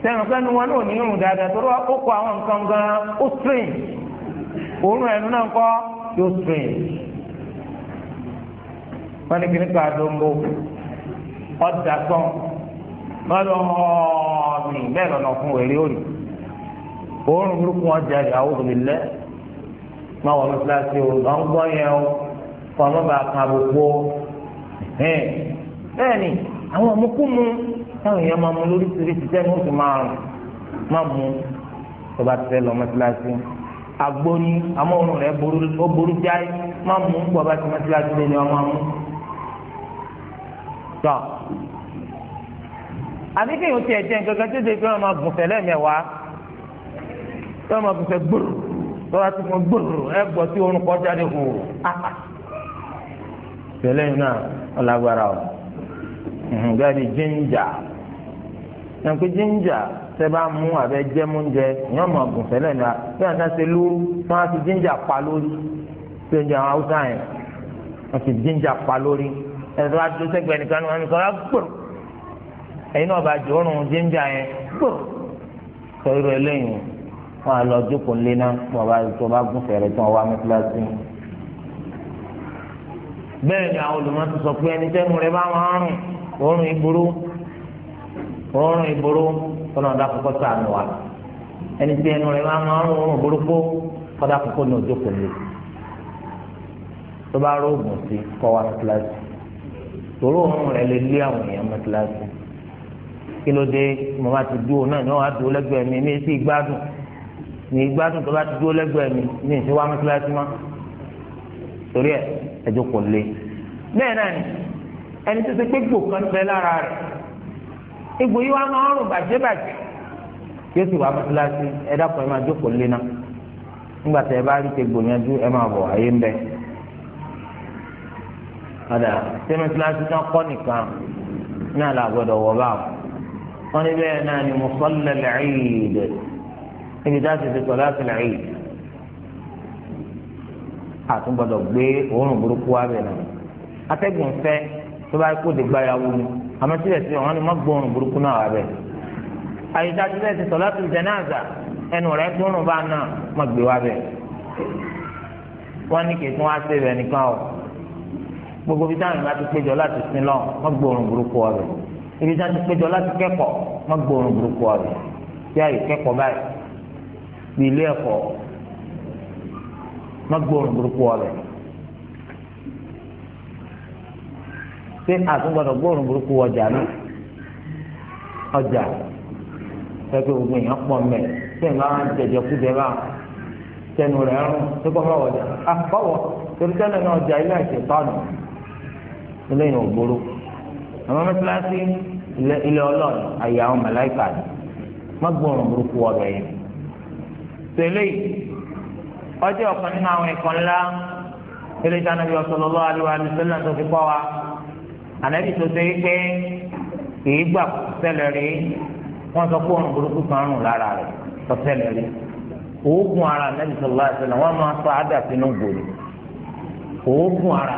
sẹ́yìn pẹ́ẹ́nu wọn náà ní irun dáadáa torí ó kọ àwọn nǹkan gan ó strain òórùn ẹ̀nu náà kọ́ yóò strain wọ́n ní kíní ká dombo ọ̀dà tán lọ́dọ̀ ọ̀ọ́mì bẹ́ẹ̀ lọ́nà fún èrè òrì òórùn burúkú wọn jẹ àwọn òbílẹ̀ máa wọ̀ mọ́sálásí o lọ́n gbọ́ yẹn o kọ́ ọmọ bá kan àbùkù bẹ́ẹ̀ ni àwọn ọmọkùnmu táwọn èèyàn máa mú lóríṣiríṣi tẹ́ ní oṣù márùn máa mú tó bá tẹ́ lọ mọ́sálásí agbóni amóhùn rẹ̀ burú jáì máa mú bọ́ bá ti lé ní ọmọ amú tọ́ àbí kéèyàn tiẹ̀ jẹ́ nǹkan kan tó ṣe pé wọ́n máa gùnfẹ̀ lẹ́ẹ̀mẹ́wàá tó máa gùnfẹ̀ gbòòrò tó bá ti fún gbòòrò ẹ gbọ́ tí orun kọ́ jáde hù áhà tẹ̀lẹ́yìn náà ọ̀làgbára ọ̀ gbẹ́ni jíńjà yẹn pé jíńjà tẹ bá mú abẹ jẹ mú oúnjẹ ìyẹn máa gùnfẹ̀ lẹ́ẹ̀mẹ́wàá bí wọ́n ti ṣe lóru tí wọ́n ti jíńjà pa lórí tó ń jẹ àwọn haúsá yẹn wọ́n ti jíńjà pa lórí ẹ̀sọ́ wa dúró sẹ́gbẹ̀ẹ́ nìkan ní wọn nìkan wọn gbòòrò ẹ̀yin náà bá jọ òórùn jíjà yẹn gbòòrò sọ irú eléyìí wọn àlọ́ jókòó lé náà wọn bá tó bá gún fẹ̀rẹ̀ tí wọn wá mú kíláàsì. bẹ́ẹ̀ ni àwọn olùmọ̀ ti sọ pé ẹni tẹ́nu rẹ bá wọn rùn òórùn ìburú òórùn ìburú tọ́nà ọ̀dà kọ́kọ́ sànù wa ẹni tí ẹnu rẹ bá wọn rùn òórùn burúkú kọ́dà kọ́kọ́ ní òjókòó lé tó bá rọ sí kọ́ wá kíláàsì tòró òun rẹ̀ lè lé àwọn èèyàn mọ́tíláṣí kí ló dé mo bá ti dúró náà ní wọn á dúró lẹ́gbẹ̀ẹ́ mi ní etí ìgbádùn ní ìgbádùn tó bá ti dúró lẹ́gbẹ̀ẹ́ mi ní ìṣe wá mọ́tíláṣí mọ́ torí ẹ ẹjọ́ kò le bẹ́ẹ̀ náà ni ẹni tó ti pé gbò bẹ lára rẹ̀ egbò yìí wá máa ń rùn bàjẹ́ bàjẹ́ yóò sì wá mọ́tíláṣí ẹ dákun ẹ máa jókòó lé náà nígbà tẹ ẹ bá rí tegbò yẹn ẹ máa bọ̀ ayé ń bẹ́ẹ̀ padà sẹ́mẹ́tìláṣí tán kọ́ nìkan náà là gbọ́dọ̀ wọ̀ bá wọn ní bẹ́ẹ̀ náà ni mùsọ́lẹ̀ lẹ́ẹ̀ẹ́d níbi tá a ti ti sọ láti lẹ́ẹ̀ẹ́d àtúngbọ́dọ̀ gbé òórùn burúkú wa bẹ̀ náà atẹ́gùn fẹ́ tó bá kó de gbáyàwó ni àmọ́ síbẹ̀ síbẹ̀ wọn ni má gbọ́ òórùn burúkú náà wà bẹ̀ àyíká ti bẹ́ẹ̀ ti sọ láti jánásà ẹnu rẹ̀ dúnrún bá náà má gbé wa bẹ̀ wọ́n ní kì í tún wá sí ibẹ̀ nìkan o gbogbo ibi táwọn ìgbà ti péjọ láti sin lọ wọn gbóòórùn burúkú ọbẹ ibi táwọn ti péjọ láti kẹ́kọ̀ọ́ wọn gbóòórùn burúkú ọbẹ tí àyè kẹ́kọ̀ọ́ báyìí bí ilé ẹ̀kọ́ wọn gbóòórùn burúkú ọbẹ ṣé àtúngbọdọ gbóòórùn burúkú ọjà ní ọjà pẹpẹ gbogbo èèyàn pọ̀ mẹ tí ẹ máa jẹjẹ kú bá tẹnu rẹ rún tó kọ́ ọjà àkọ́wọ́ ah, torí tẹ́lẹ̀ náà ọjà ilé àìsè tọ́nù. eléyìí na gbóró àwọn mọ́sálásí ilé ile àyè àwọn màláìkà ni wọ́n gbọ́ràn burúkú ọ̀rọ̀ yẹn. tẹ́lẹ̀ ọjọ́ ọ̀kan nínú àwọn ẹ̀kọ́ ńlá eré tí anabi sallallahu alaihi wasallam tó fi kọ́ wa anabi tó ṣe pé kìí gbà sẹ́lẹ̀ rí wọ́n sọ pé òun burúkú kan rùn lára sọ rí òògùn ara anabi sallallahu alaihi wasallam wọ́n máa sọ àdàsínú gbòòrò òògùn ara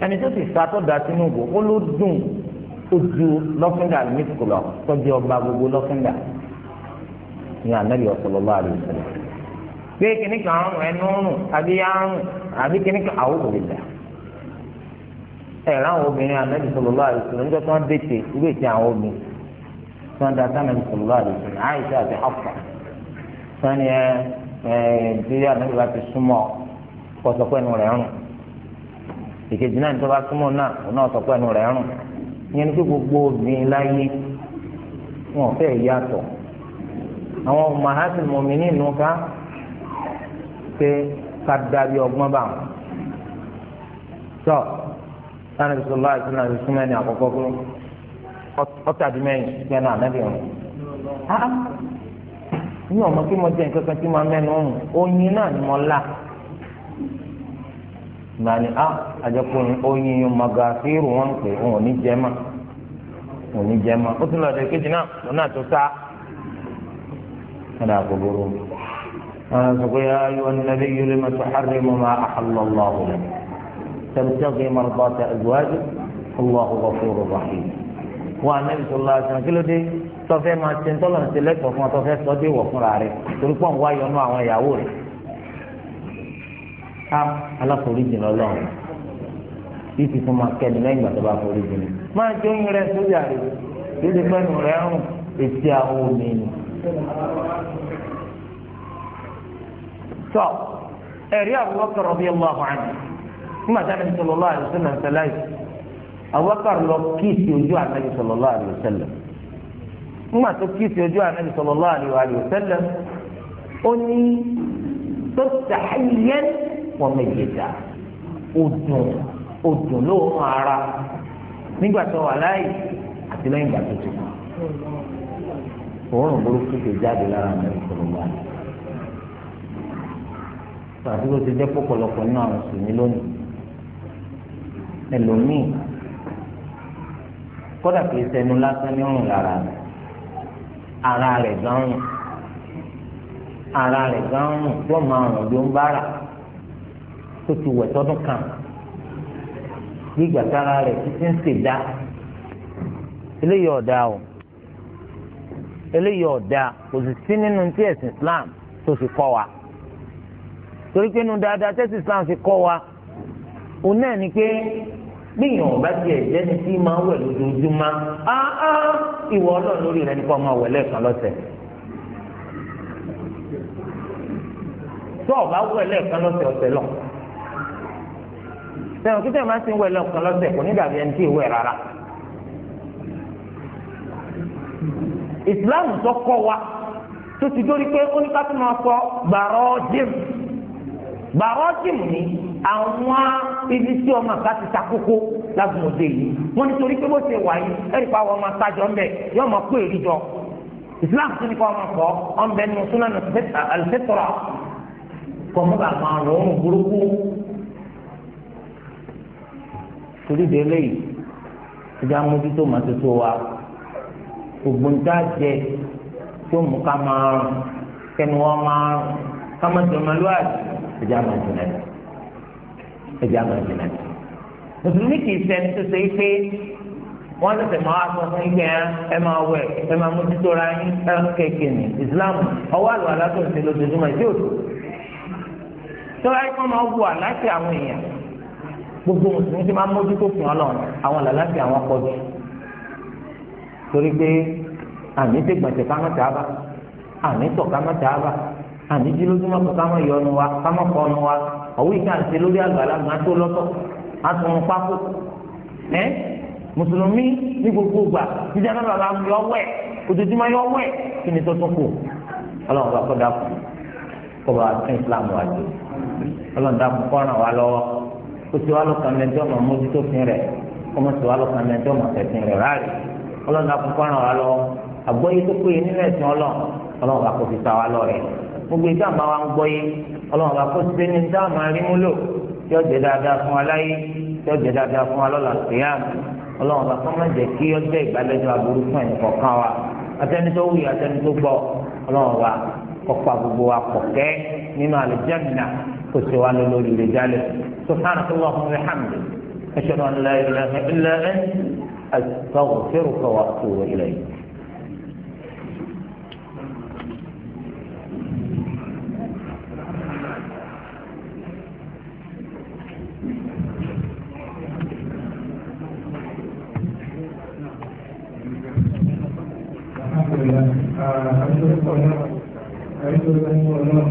ẹni tó sì sá tó da Tinubu ó ló dùn ó ju lọ́fíńdà mísìkù lọ tó jẹ́ ọba gbogbo lọ́fíńdà ní anabi ọ̀sọ̀lọ́lá àdìsílẹ̀ pé kìnnì kan àrùn ẹnu ọrùn àbí àrùn àbí kìnnì kan àwọn òbílà ẹ̀rọ àwọn obìnrin anabi sọ̀lọ́lá àdìsílẹ̀ níjọ́ tó ń dètè irú ètí àwọn obìnrin tó ń da sanabi sọ̀lọ́lá àdìsílẹ̀ àìsí àti ọ̀fà sani ẹ ẹ ti anabi wa ti súnmọ́ kọ́sọ́kọ́ ìkejì náà ní tó bá súnmọ́ náà òun náà sọ pé ẹnu rẹ̀ rùn ìyẹn ní pé gbogbo obìnrin láyé wọn fẹ́ yàtọ̀ àwọn mahasi mọ̀mìnì nù ká pé ká dábí ọgbọ́n bá wọn tọ́ sáà nàbì sọlá àti nàbì súnmọ́ ẹni àkọ́kọ́ kúrò ọ̀tàdínmẹ́yìn pẹ́ náà nàbì rùn ní ọmọ kí mo jẹ nǹkan kan tí mo mẹ́nu ọ̀hún oyin náà ni mo là gbani a ah, àjẹkùnrin oyin magafiru wọn pè wọn ò ní jẹ ma wọn ò ní jẹ ma ó tún lọ sí kejì náà wọn náà tó sá ẹnì àgbògbòrò wọn sọ pé ayé wọn nàbí yorì ma tó xarí mu ma àhàlọ́ lọ́wọ́ rẹ tẹ̀mítẹ́gì mọ̀lọ́bọ̀ tẹ̀ ẹ̀gbọ́dì ọlọ́hu gọ̀fúrú bàhí. wọn anabi sọlá sàn kí ló dé tọ́fẹ́ máa ṣe ń tọ́lọ̀ ń ṣe fúnra rẹ̀ torí pọ̀ ń wáyọ̀ àwọn ìyàwó rẹ̀ á aláforí jìn lọ́lọ́ títí fún máa kẹ́ni lẹ́yìn ìgbà tó bá forí jìn ní. máa jó yín rẹ sójà rẹ títí pẹ́ẹ́nù rẹ ń etí àwọn omi ni. sọ ẹ̀rí Abubakar radiyallahu anhu nígbà tí a nàbí sallallahu alaihi wasallam sẹláì Abubakar lọ kíìsì ojú ànábì sallallahu alaihi wasallam nígbà tó kíìsì ojú ànábì sallallahu alaihi wasallam ó ní tó sàáyẹ́n pọ́nmọ ìjẹta odùn odùn lóòrùn ara nígbà tó wà láàyè àti lẹ́yìn ìgbà tó ti kú òórùn burúkú tó jáde lára mẹ́rin kò ló wà ní. tàbí ló ti jẹ́ pọ̀pọ̀lọpọ̀ nínú àwọn sùnmí lónìí ẹlòmíì kódà kìí sẹnu lásán ní ọrùn lára rẹ̀ ara rẹ̀ gan-an ara rẹ̀ gan-an yóò máa rùn ló ń bára. tó ti wẹ̀ tọdún kan gbígbà sára rẹ̀ títí ń dá eléyìí ọ̀dà o eléyìí ọ̀dà kò sì sí nínú tí ẹ̀sìn Islam tó fi kọ́ wa torí pé inú dáadáa Islam fi kọ́ wa òun náà ni pé gbìyànjú bá tiẹ̀ jẹ́ni tí máa wẹ̀ lójoojúmọ́ áá ìwọ ọlọ́run lórí rẹ nípa ọmọ lọ́sẹ̀. tó o lọ. sẹ́wọ̀n kí sẹ́wọ̀n máa ń sin wẹ̀ lọ́kàn lọ́sẹ̀ kò ní dàbí ẹni tí ì wẹ̀ rárá. ìsìláàmù tó kọ́ wa tó ti dórí pé ó ní ká tó máa sọ gbàrọ́ jìm gbàrọ́ jìm ni àwọn ibi tí ọmọ àká ti ta kókó lágùnmọ̀dé yìí wọ́n nítorí pé bó ṣe wà yìí ẹ̀rí pa àwọn ọmọ àtàjọ ń bẹ̀ yọ ọmọ kó èrì jọ islam tún ní kọ́ ọmọ kọ́ ọmọ bẹ́ẹ̀ ni mo tún náà alifẹ́tọ̀rọ̀ kọ́ mọ́ bàá máa rọ̀ burúkú torí de eléyìí ẹjẹ amójútó máa tuntun wa gbogbo nta jẹ tó mú ká máa rún kẹnu wọn máa rún ká máa jẹ ọmọlúwàbí ẹjẹ amójútó ẹjẹ amójútó mùsùlùmí kì í sẹni tó ṣe é pé wọn tẹsẹ máa sọ fún ìgbẹ ẹ máa wẹ ẹ máa mójútó ra yín ẹ kéèké ní ìsìlámù ọwọ́ àlọ alátọ ìṣèlú ojoojúmọ́ ìdí òtún tó láyé kọ́ máa wù àláṣẹ àwọn èèyàn gbogbo mùsùlùmí ti máa ń mójútó fún Ọlọ́run àwọn làlàáfíà wọn pọ̀ jù torí pé àní tẹ gbọ̀nsẹ̀ ká má tàá bá àní tọ̀ ká má tàá bá àní jí lójúmọ́ kó ká má yọ ọnu wa ká má kọ ọnu wa ọ̀wé ìka àti lórí àgbàlagbà tó lọ́tọ̀ àtúnú pákó ẹ́ mùsùlùmí ní gbogbo gbà jíjẹ́ náà bàbá mi yọ wẹ̀ ojoojúmọ́ yọ wẹ̀ kí ni tó kù Ọlọ́run bá kọ́ dàpọ̀ kọ́ bá tún Islam wájú Ọlọ́run dàpọ̀ kọ́ ràn wá lọ́wọ́ kó tiwa lọ́kàn mẹ́tọ́ mọ̀ mójútó fin rẹ̀ kó mọ̀ tiwa lọ́kàn mẹ́tọ́ mọ̀ tẹ̀sìn rẹ̀ ráàlì ọlọ́run akókó ràn wá lọ àgbọ́yé tó péye nínú ẹ̀sìn ọlọ́run ọlọ́run bá kó fi ta wá lọ rẹ̀ gbogbo ìdá àmà wa ń gbọ́yé ọlọ́run bá kó sí ní ìdá àmà rí múlò tí ó jẹ́ dáadáa fún wa láyé tí ó dáadáa fún wa lọ́la kéyàm ọlọ́run bá kó má kí ọjọ́ ìgbàlejò aburú fún ẹnì kọ́pá gbogbo wa kɔkɛ nínú àlùjáde kò sí wa lórí le jálẹ̀ subhanaka Allahumma wa bihamdik ashhadu an la ilaha illa anta kọ wa atubu ilayk. Gracias. àríkò ìgbàmọ́ ọlọ́run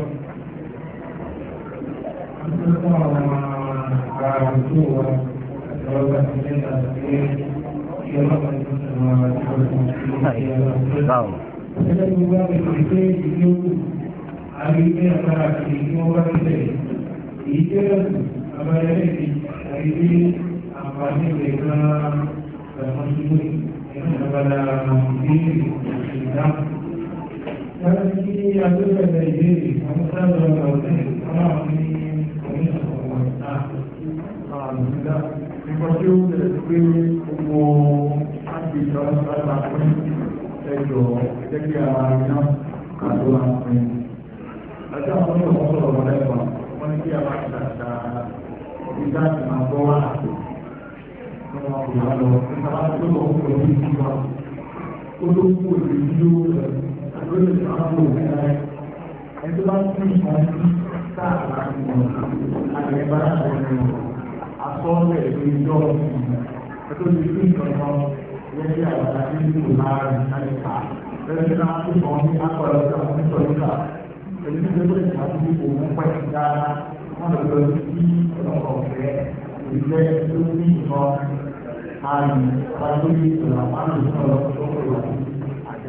àti fún àwọn àrùn wa lọ́gbà tí lè ta sí ìjọba ìjọba ìjọba ìjọba Ẹgbẹ́ ìwé àwọn ìpèsè ìlú àríwé àgbára àti ìlú ọba sílẹ̀. Èyí jẹ́ àbáyọlé ti àríwé àǹfààní rẹ̀ gan-an Wọ́n ti kí agbẹ́gbẹ̀rẹ̀ ìbéèrè àwọn sábà ọ̀gbẹ́ ọlọ́run ní kọ̀míṣọ̀ ọ̀gbọ̀n náà. Àmìlá, nípa tí ó bẹ̀rẹ̀ pé gbogbo àgbèjọ sábà pín ẹjọ́ gẹ́gẹ́ ara yán kàtó àpín. Àti àwọn ọmọ ọmọ sọ̀rọ̀ lẹ́kọ̀ọ́, wọ́n ní kí a máa ṣàṣà ìgbà tí máa bọ́ wá àpò. Wọ́n máa bọ̀ wá lọ, nípa tó lọ kúrò ní ìjọba. Ó tó kúrò ní ìjọba lórí àwọn òmìnira rẹ̀ ẹni bá ń tún ìmọ̀ sí sáàlà ìmọ̀ àgbẹ̀bá àgbẹ̀rẹ̀ àsọ́ọ̀lẹ̀ ìjọ ẹ̀tọ́ ti fi ìkọ̀nà lẹ́yìn àwọn àti ìlú láàrin àyíká lẹ́yìn náà tó kàn ní akọ̀rọ̀ ìjà fún ìtọ́júkà èyí ti tó ti kò mú pẹ́ dáadáa wọ́n lọ lọ sí ọ̀pọ̀ ọ̀fẹ́ ìlẹ́ tó ní ìmọ̀ àyè àti ìlú àwọn àlùfáà lọ́wọ́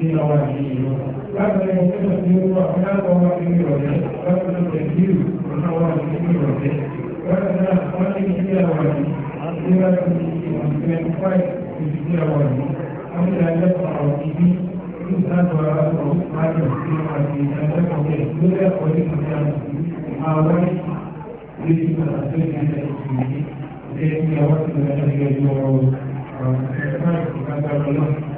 في نواحيه هذا يمكن أن يوضع على نواحيه وجهه هذا التكبير من نواحيه وجهه وهذا أخواني في نواحيه لما يمكن أن يفعل في نواحيه أم لا يقع به إنسان ورأته على المسلمة في أنه يحمل ولكن يحاول ليس أسلم على اسمه لأن يوصل إلى أن يجوع ويحمل هذا الغلط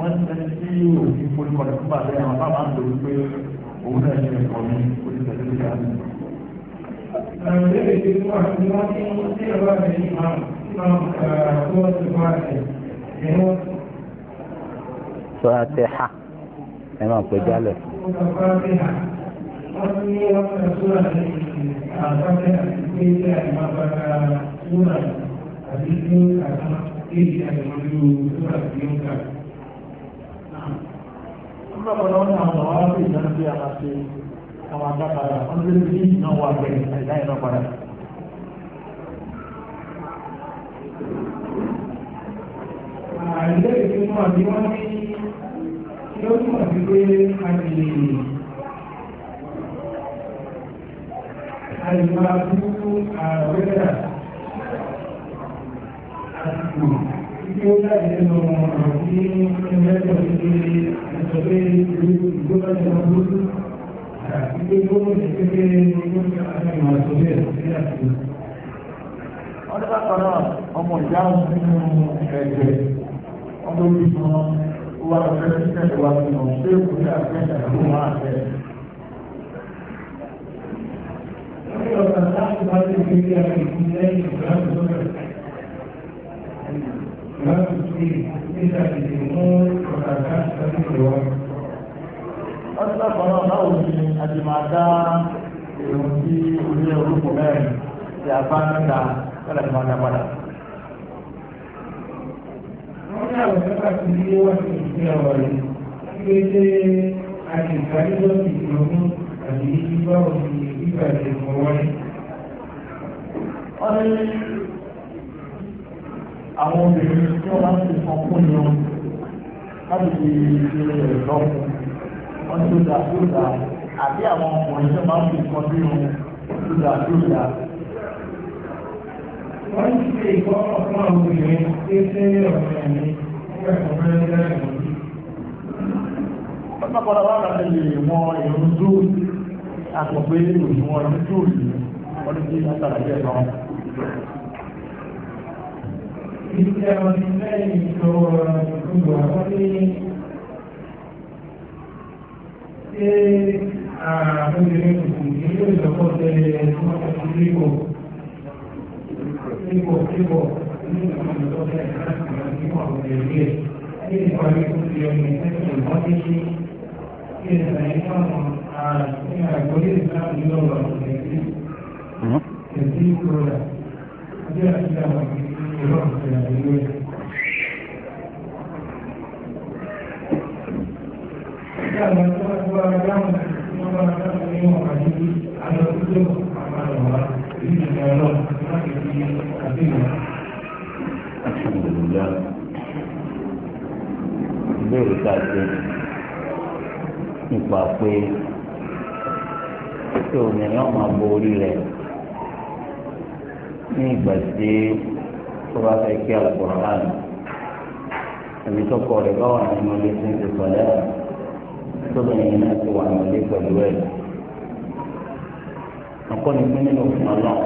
wọ́n ti sẹ́ni tí òfin polúkọ̀lẹ̀ fún bàbá àwọn bá ń lò wípé òun náà ṣe ẹ̀kọ́ ní oníṣẹ́lẹ̀ tó yára. Àwọn ìbéèrè tí wọ́n ti wọ́n ti ń sí ọ̀rọ̀ rẹ̀ ní máa tó uh, wọ́n ti wá rẹ̀ ní wọ́n. Sọ́ra tẹ ha, ẹ máa pè jálẹ̀. Wọ́n ní wọ́n fẹ́ sóra ní àbáfẹ́ uh, àti pé ilé àìmọ́ bá sóra àti pé àtàwọn èdè àìmọ́ lórí sóra tí ó ń kà nígbà pẹ̀lú wọn ní àwọn ọmọ wọn fi ìdáná sí àwọn àti àwọn agbápadà wọn lé ní ìdí náà wà bẹ́ẹ̀ àìdá ìná padà. àìlè ìfimọ́ àti wọ́n ní kí ó túmọ̀ sí pé a ti àìmọ̀ àbúrú àwẹ́dà àti kùrù. Wọ́n bá kọ́ náà ọmọ ìyá nínú ẹ̀jẹ̀ ọmọ ìbímọ wà lọ́sẹ̀ tẹ̀lé wa nínú ṣé kò ní àgbẹ̀dẹ̀ ló máa tẹ̀. Wọ́n yọ̀ ọ̀sán láti bá lè fi ilé ẹ̀jẹ̀ lẹ́yìn ìgbà tó bẹ̀rẹ̀. ما تفيد إذا الأمور وتتحسن الوقت ọ̀sẹ̀ kan náà báwo ni a ti máa dá èrò sí orí orúkọ mẹ́rin tí a bá ń ta kọ́lá ti máa dá padà. wọ́n ní àwọn ọ̀sẹ̀ kan ti yé wọ́n ti fi ọ̀rọ̀ yìí pé ṣé a lè sáré lọ́sì ìrònú àbí báwo ni ìgbà ìṣègùn wọlé. wọ́n ní àwọn obìnrin tí wọ́n bá ti fọn fún ni wọn láti fi ṣe rẹ̀ lọ́kùn wọn tó dà tó dà àbí àwọn ọkùnrin tó máa ń fi nǹkan bí wọn tó dà tó dà. wọ́n ti ṣe ìkọ́kọ̀ fún àwọn obìnrin tí ó ṣe é ọ̀rẹ́ mi fún ẹ̀kọ́ mẹ́rin lẹ́yìn òbí. wọ́n bá padà wá láti lè mọ ìrún dúró àpò pé òṣùwọ̀n ìrún dúró yìí wọ́n ti ṣe àtàlàyé ẹ̀ náà ìṣẹ́ ọdí lẹ́yìn tó gbogbo àwọn ní ṣé àbúrẹ́ òkùnkùn ní yóò lọ́pọ̀ tẹ́lẹ̀ ẹ̀kọ́ ìgbìkò ìgbìkò ìgbìkò الحمد لله ìbéèrè ká ṣe nípa pé tí òmìnira máa bo orí rẹ ní ìgbà tí tó bá fẹ́ kí alùpùpù hàn ẹbí tó kọ rẹ̀ báwọn ọmọ ilé tó ń ti sọ̀lẹ́ tóbìnrin náà ti wà ní ilé pẹ̀lú ẹ̀. akọni fún nínú òfin ọlọ́run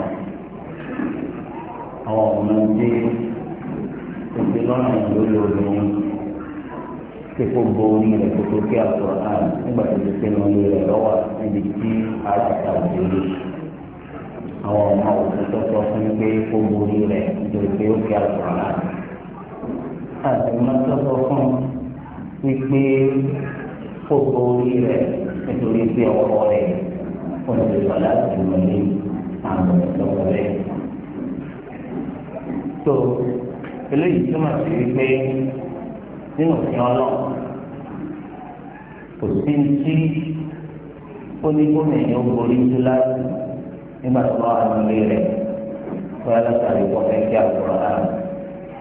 àwọn ọmọ ẹgbẹ́ ìgbé lọ́nà ìlú lóbìnrin tí kò bo orí rẹ̀ tó tó kí alùpùpù nígbà tó ti pinnu orí rẹ̀ lọ́wọ́ níbi tí a ti ta òjò lóṣù àwọn ọmọ òfin tó sọ fún pé kó borí rẹ̀ nítorí pé ó fi àtọ̀ náà. àti máa tọ́sọ fún wípé kó borí rẹ̀ nítorí pé ọkọ rẹ̀ ó ń lè wà láti mọ̀ ní àwọn ìtọ́kọ rẹ̀. tó eléyìí túmọ̀ sí wípé nínú òfin ọlọ́run kò sí ní tí ó ní gómìnà ó borí tó láti nígbà tó bá wà nílé rẹ̀ bóyá látàrí wọ́n fẹ́ kí àwòrán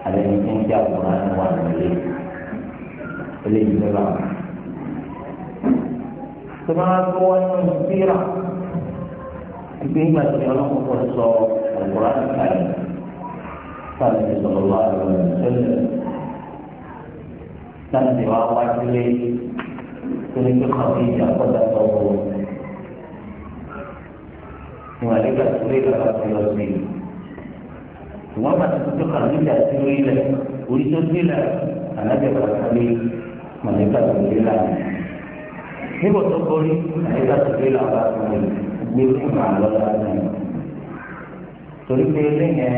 àlẹ́ni tó ń kí àwòrán wà nílé eléyìí ló bá wà. tó bá wà tó wọ́n nínú síra ìgbé ìgbà tó ní ọlọ́kùn kọ́ sọ àwòrán kalẹ̀ sáà ní sọ̀rọ̀ wà lọ́wọ́ sẹ́lẹ̀ láti wá wá sílé tó ní kí ìjà kọ́ta sọ̀rọ̀ fún àdéhà tó lè bàbá tó lọ sí i. ìwọ́n bá ti tó kàn nígbà tí ó ilẹ̀ orí tó dé là ànájẹ bàbá lé màlẹ́kà tó lé là. níbo tó borí àdéhà tó lé là bá tó lè gbé fún màá lọ láti. torí pé lẹ́yìn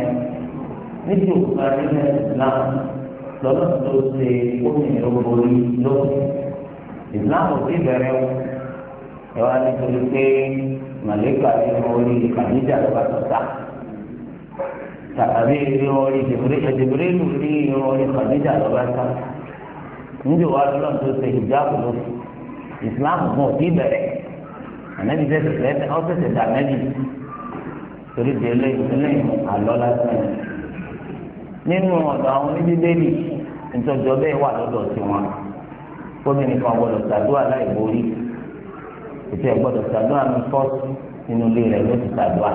níbi òkúta nílẹ̀ náà lọ́dọ̀ tó ṣe omi ló borí lókè. ìsìláàmù ti bẹ̀rẹ̀ ẹ̀wá nítorí pé màlẹ́kà ní orí kàdíjà lọ́ba tọ́ta tàbí orí jìbìrìlù ní orí kàdíjà lọ́ba tọ́ta níbi wàá lọ́nà tó ṣe ìjáàbù ló Islam mọ̀ kí bẹ̀rẹ̀ ànábi tẹ̀sẹ̀ lẹ́sẹ̀ ọ́ tẹ̀sẹ̀ dà mẹ́bí torí di eléyìí àlọ́ lásán nínú ọ̀dọ̀ àwọn oníbíbélì nítorí ọbẹ̀ wà lọ́dọ̀ tiwọn gómìnà kan gbọdọ̀ ṣàdúrà láì borí ètò ẹ̀gbọ́dọ̀ ṣàdúrà mi fọ́ọ̀sì nínú ilé rẹ̀ ló ti ṣàdúrà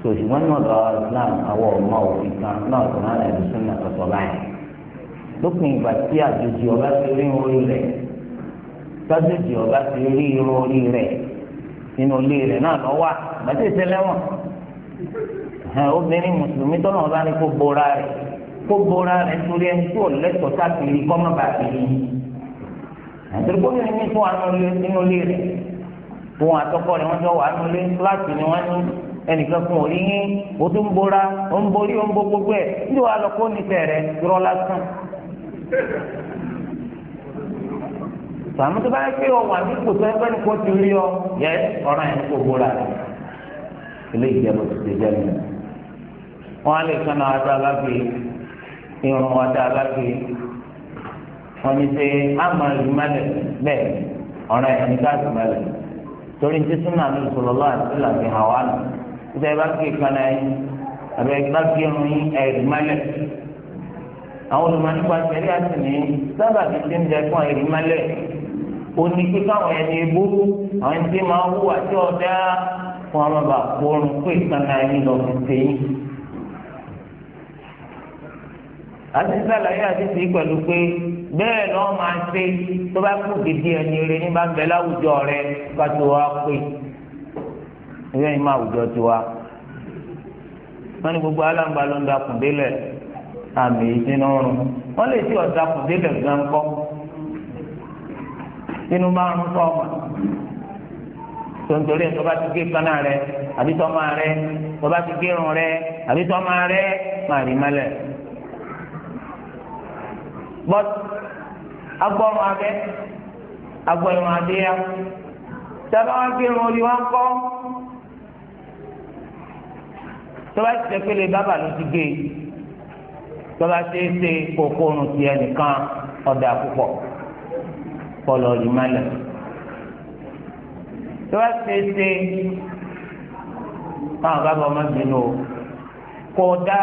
so ṣùgbọ́n náà lọ Islam àwọ̀ ọmọ òfin kan náà tó náà lẹ́nu sínú àtọ̀tọ̀ báyìí lópin ìgbà tí àjòjì ọba ti rí orí rẹ̀ sájòjì ọba ti rí irun orí rẹ̀ nínú ilé rẹ̀ náà lọ wà bàtí ìṣẹlẹ̀wọ̀n obìnrin mùsùlùmí tọ́nà ọba ní kó bora rẹ̀ kó bora rẹ̀ nítorí ẹni tó lẹ́tọ̀ọ́ sáfìrí kọ́mọ́bàbí àtẹ̀lẹ́gbọ́n mi fún wa nínú ilé rẹ̀ òun àtọkọ rẹ̀ wọ́n jọ wà nínú ilé kíláàsì ni wọ́n ní ẹnìkan fún òrí yín o tún bora o ń borí o ń bo gbogbo ẹ̀ níjọ́ wa lọ kó nífẹ̀ rẹ̀ yọrọ lásán. sàmú tó bá yẹ pé ọ wà ní kò tó ẹgbẹ́ nìkan ti rí ọ yẹ ọ̀ràn yẹn kò bora ilé ìjẹun ti ti jẹ́ mi. á lè sọ́nà adá alágbèé irun adá alágbèé wọ́n ní pé a máa lù mọ́lẹ̀ bẹ́ẹ̀ ọ̀rọ̀ ẹ̀ ní ká lù mọ́lẹ̀ torí ní sísúnà ní ìsọlọ́lọ́ àti sílà fi hàn wá nù níta ẹ bá kí ìkànnà yín àbẹ bá kí irun yín ẹ̀ lù mọ́lẹ̀ àwọn olùmọ̀nípa tẹ̀lé àti ní sábà ti ti ń jẹ fún ẹ̀ òní pé káwọn ẹni ebó àwọn ẹni tí máa wù àti ọ̀dá fún àwọn bàbá kórun ìkànnà yín lọ fi tẹ̀yìn àti sàlàyé àti tì í pẹ̀lú pé. bẹ́ẹ̀ ọ máa ṣe tó bá kú gidi ẹni rẹ ní ń bẹ láwùjọ rẹ bá tó wá pé ilé yìí máa wùjọ tó wá. wọ́n ní gbogbo ló ń délẹ̀ àmì ọrùn wọ́n lè ọ̀dà kùn délẹ̀ gan kọ́ inú ń ọmọ tontori ẹ tọba ti gé kaná rẹ àbí rẹ tọba ti rẹ àbí rẹ máa rí but agbọrun abẹ agbọrun adéyà sábà wá kí irun orí wa ń kọ́ tọ́ba ti tẹ́pẹ́lẹ́ bábà ló ti gé tọ́ba ṣe é ṣe kókó orun ti ẹnìkan ọ̀dà púpọ̀ kọlọ̀ ọ̀dì malẹ̀ tọ́ba ṣe é ṣe káwọn bábà ọmọ bínú o kó dá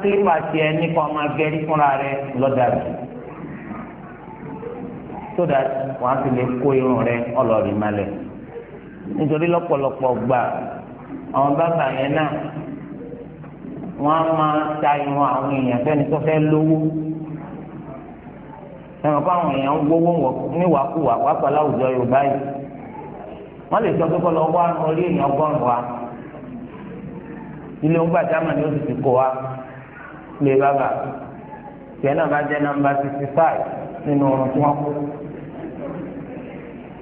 kílípà tiẹ̀ ní kó gẹ́rí fúnra rẹ̀ lọ́dà bíi so that wọ́n á fi lè kó irun rẹ ọlọ́ọ̀rì malẹ̀ nítorí lọ́pọ̀lọpọ̀ gbà àwọn bàbá yẹn náà wọ́n á máa ta irun àwọn èèyàn fẹ́ni tó fẹ́ lówó ẹ̀wọ̀n kó àwọn èèyàn ń gbowó níwàkuwà wàá pàlà àwùjọ Yorùbá yìí wọ́n lè sọ pé kọ́ lọ wá èèyàn ọgọ́rùn wa ilé ńgbà jámà ni ó sì ti kó wa lè bàbà tiẹ̀ náà bá jẹ́ nọ́mbà sixty five nínú ọ̀run tí wọ́n kú.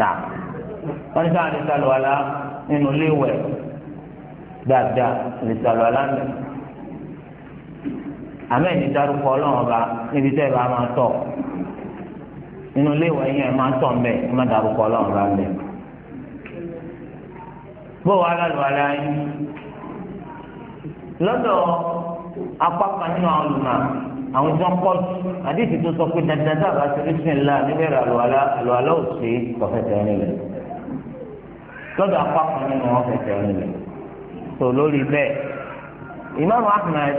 nà wọ́n ní sáà ní sàlùwàlá nínú léwẹ̀ dáadáa ní sàlùwàlá nù àmọ́ ẹni dárúkọ ọlọ́run ọba níbi tẹ́ ẹ bá máa tọ̀ nínú léwẹ̀ yẹn ẹ máa tọ̀ mbẹ́ ẹ má dárúkọ ọlọ́run ọba mbẹ́ bó wàá lálùwàlá yín lọ́dọ̀ apá kan nínú àwọn olùmọ̀ràn àwọn tí wọ́n pọ̀ jù àdéhìí tó sọ pé dandan tá a bá ṣe bismillah níbẹ̀rẹ̀ àlùwàlá àlùwàlá ò sí kọfẹ́tẹ̀ nílẹ̀ lọ́dọ̀ apá kan nínú wọn fẹ̀tẹ̀ nílẹ̀ tó lórí bẹ́ẹ̀ ìmáàmù Ahmad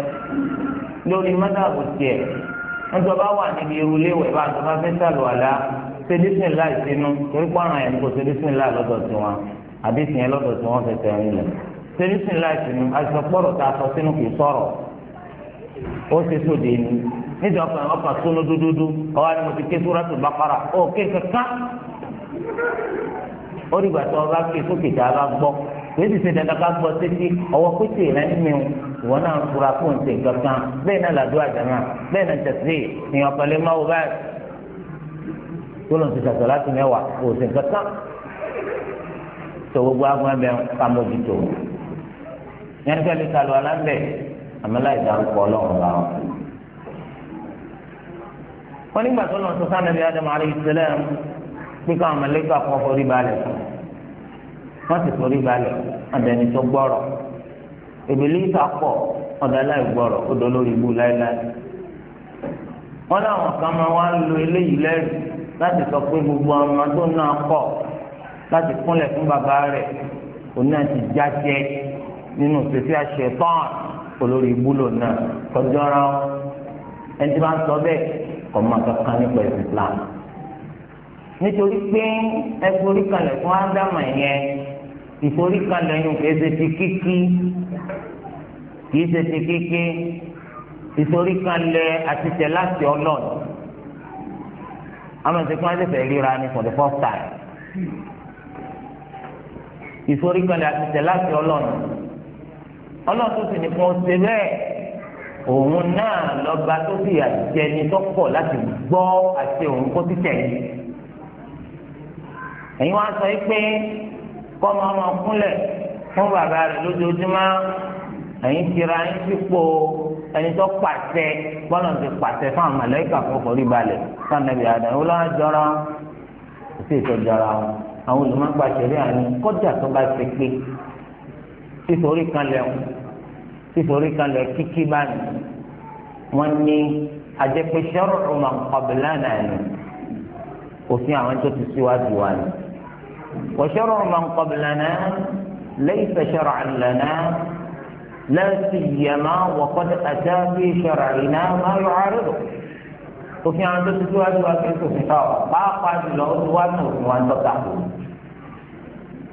lórí mọ́tàbù tiẹ̀ nítorí ọba wà níbi irulé wẹ̀ bá àtọ́ bá fẹ́ sàlùwàlá ṣe bismillah ìsinú torí pọ́nrán ẹ̀ kò ṣe bismillah lọ́dọ̀ tiwọn àdéhìí yẹn lọ́dọ̀ tiwọn fẹ̀tẹ̀ nílẹ̀ ṣe bismillah ìsinú ó ṣe sóde ni níta ọkàn ọkàn sónú dúdúdú ọwọ́ ni mo ti ké sóràtù bàkàrà ó ké kankan ó dìgbà tó ọba ké sókè tá a bá gbọ́ kìí sì ṣe dandan ká gbọ́ sétí ọwọ́ pété rẹ ń mi ìwọ náà fura kó n ṣe kankan bẹ́ẹ̀ náà làdúrà jàmá bẹ́ẹ̀ náà tẹ̀sí èèyàn pẹ̀lú máa wò báyìí tó lọ́n ti ṣàtọ̀ láti mẹ́wàá kò ṣe kankan tó gbogbo agbọn ẹ̀mẹ́ ká mójútó yẹn fẹ́ẹ́ lè kàlù alámbẹ̀ẹ́ àmàláì dárúkọ ọlọ́run bá wọn. wọ́n nígbà tó lọ sọ sanabi adamu alayhi salam pé káwọn mọ̀lẹ́kà kan forí balẹ̀ wọ́n sì forí balẹ̀ abẹni tó gbọ́rọ̀ ìbílẹ̀ ìtàkọ̀ ọ̀dà láì gbọ́rọ̀ ó dọ́ lórí ibú láéláé. wọ́n láwọn kan máa wá lo eléyìí lẹ́rù láti sọ pé gbogbo ọmọ tó náà kọ̀ láti kúnlẹ̀ fún bàbá rẹ̀ òun náà ti jáde nínú ìfẹ́fẹ́ àṣẹ tán olórí ìbúlò náà kọjọ́ra ọ ẹni tí wọ́n sọ bẹ́ẹ̀ kọ́ máa kankan nípa ẹ̀sìn Islam nítorí pé ẹgbórí kalẹ̀ fún ádámà yẹn ìforí kalẹ̀ yìí kìí ṣe ti kíkí kìí ṣe ti kíkí ìforí kalẹ̀ láti ọlọ́ọ̀dù àwọn ìsìnkú ríra ni for the first time ìforí kalẹ̀ àti tẹ̀ láti ọlọ́ọ̀dù ọlọ́run tó sì ní kí wọ́n ṣe bẹ́ẹ̀ òun náà lọ́ba tó sì àjẹni tó pọ̀ láti gbọ́ àti òun kó títẹ̀ yìí ẹ̀yin wá sọ pé kọ́ máa máa kúnlẹ̀ fún bàbá rẹ̀ lójoojúmọ́ ẹ̀yin tira ẹ̀yin sípò ẹni tó pàṣẹ bọ́lá ti pàṣẹ fún àwọn màláíkà fún ọkọ̀ ríbalẹ̀ fún ànábì àdá ó lọ́wọ́ jọra wọn kò sí ìtọ́jọra wọn àwọn olùmọ̀gbàṣẹ́rí àní kọjá tó bá ti pé sísorí kan lẹ́wọ̀n sísorí kan lẹ̀ kíkí báyìí wọ́n ní àjẹpẹ́ shar'u man qablana ni òfin àwọn tó ti síwájú wa ni wa shar'u man qablana laysa shar'an lana la siyyama wa qad ata fi shar'ina ma yu'aridu òfin àwọn tó ti síwájú wa kì í sòfin káwọ pàápàá jùlọ ó ti wá ní òfin wa ń tọ́ka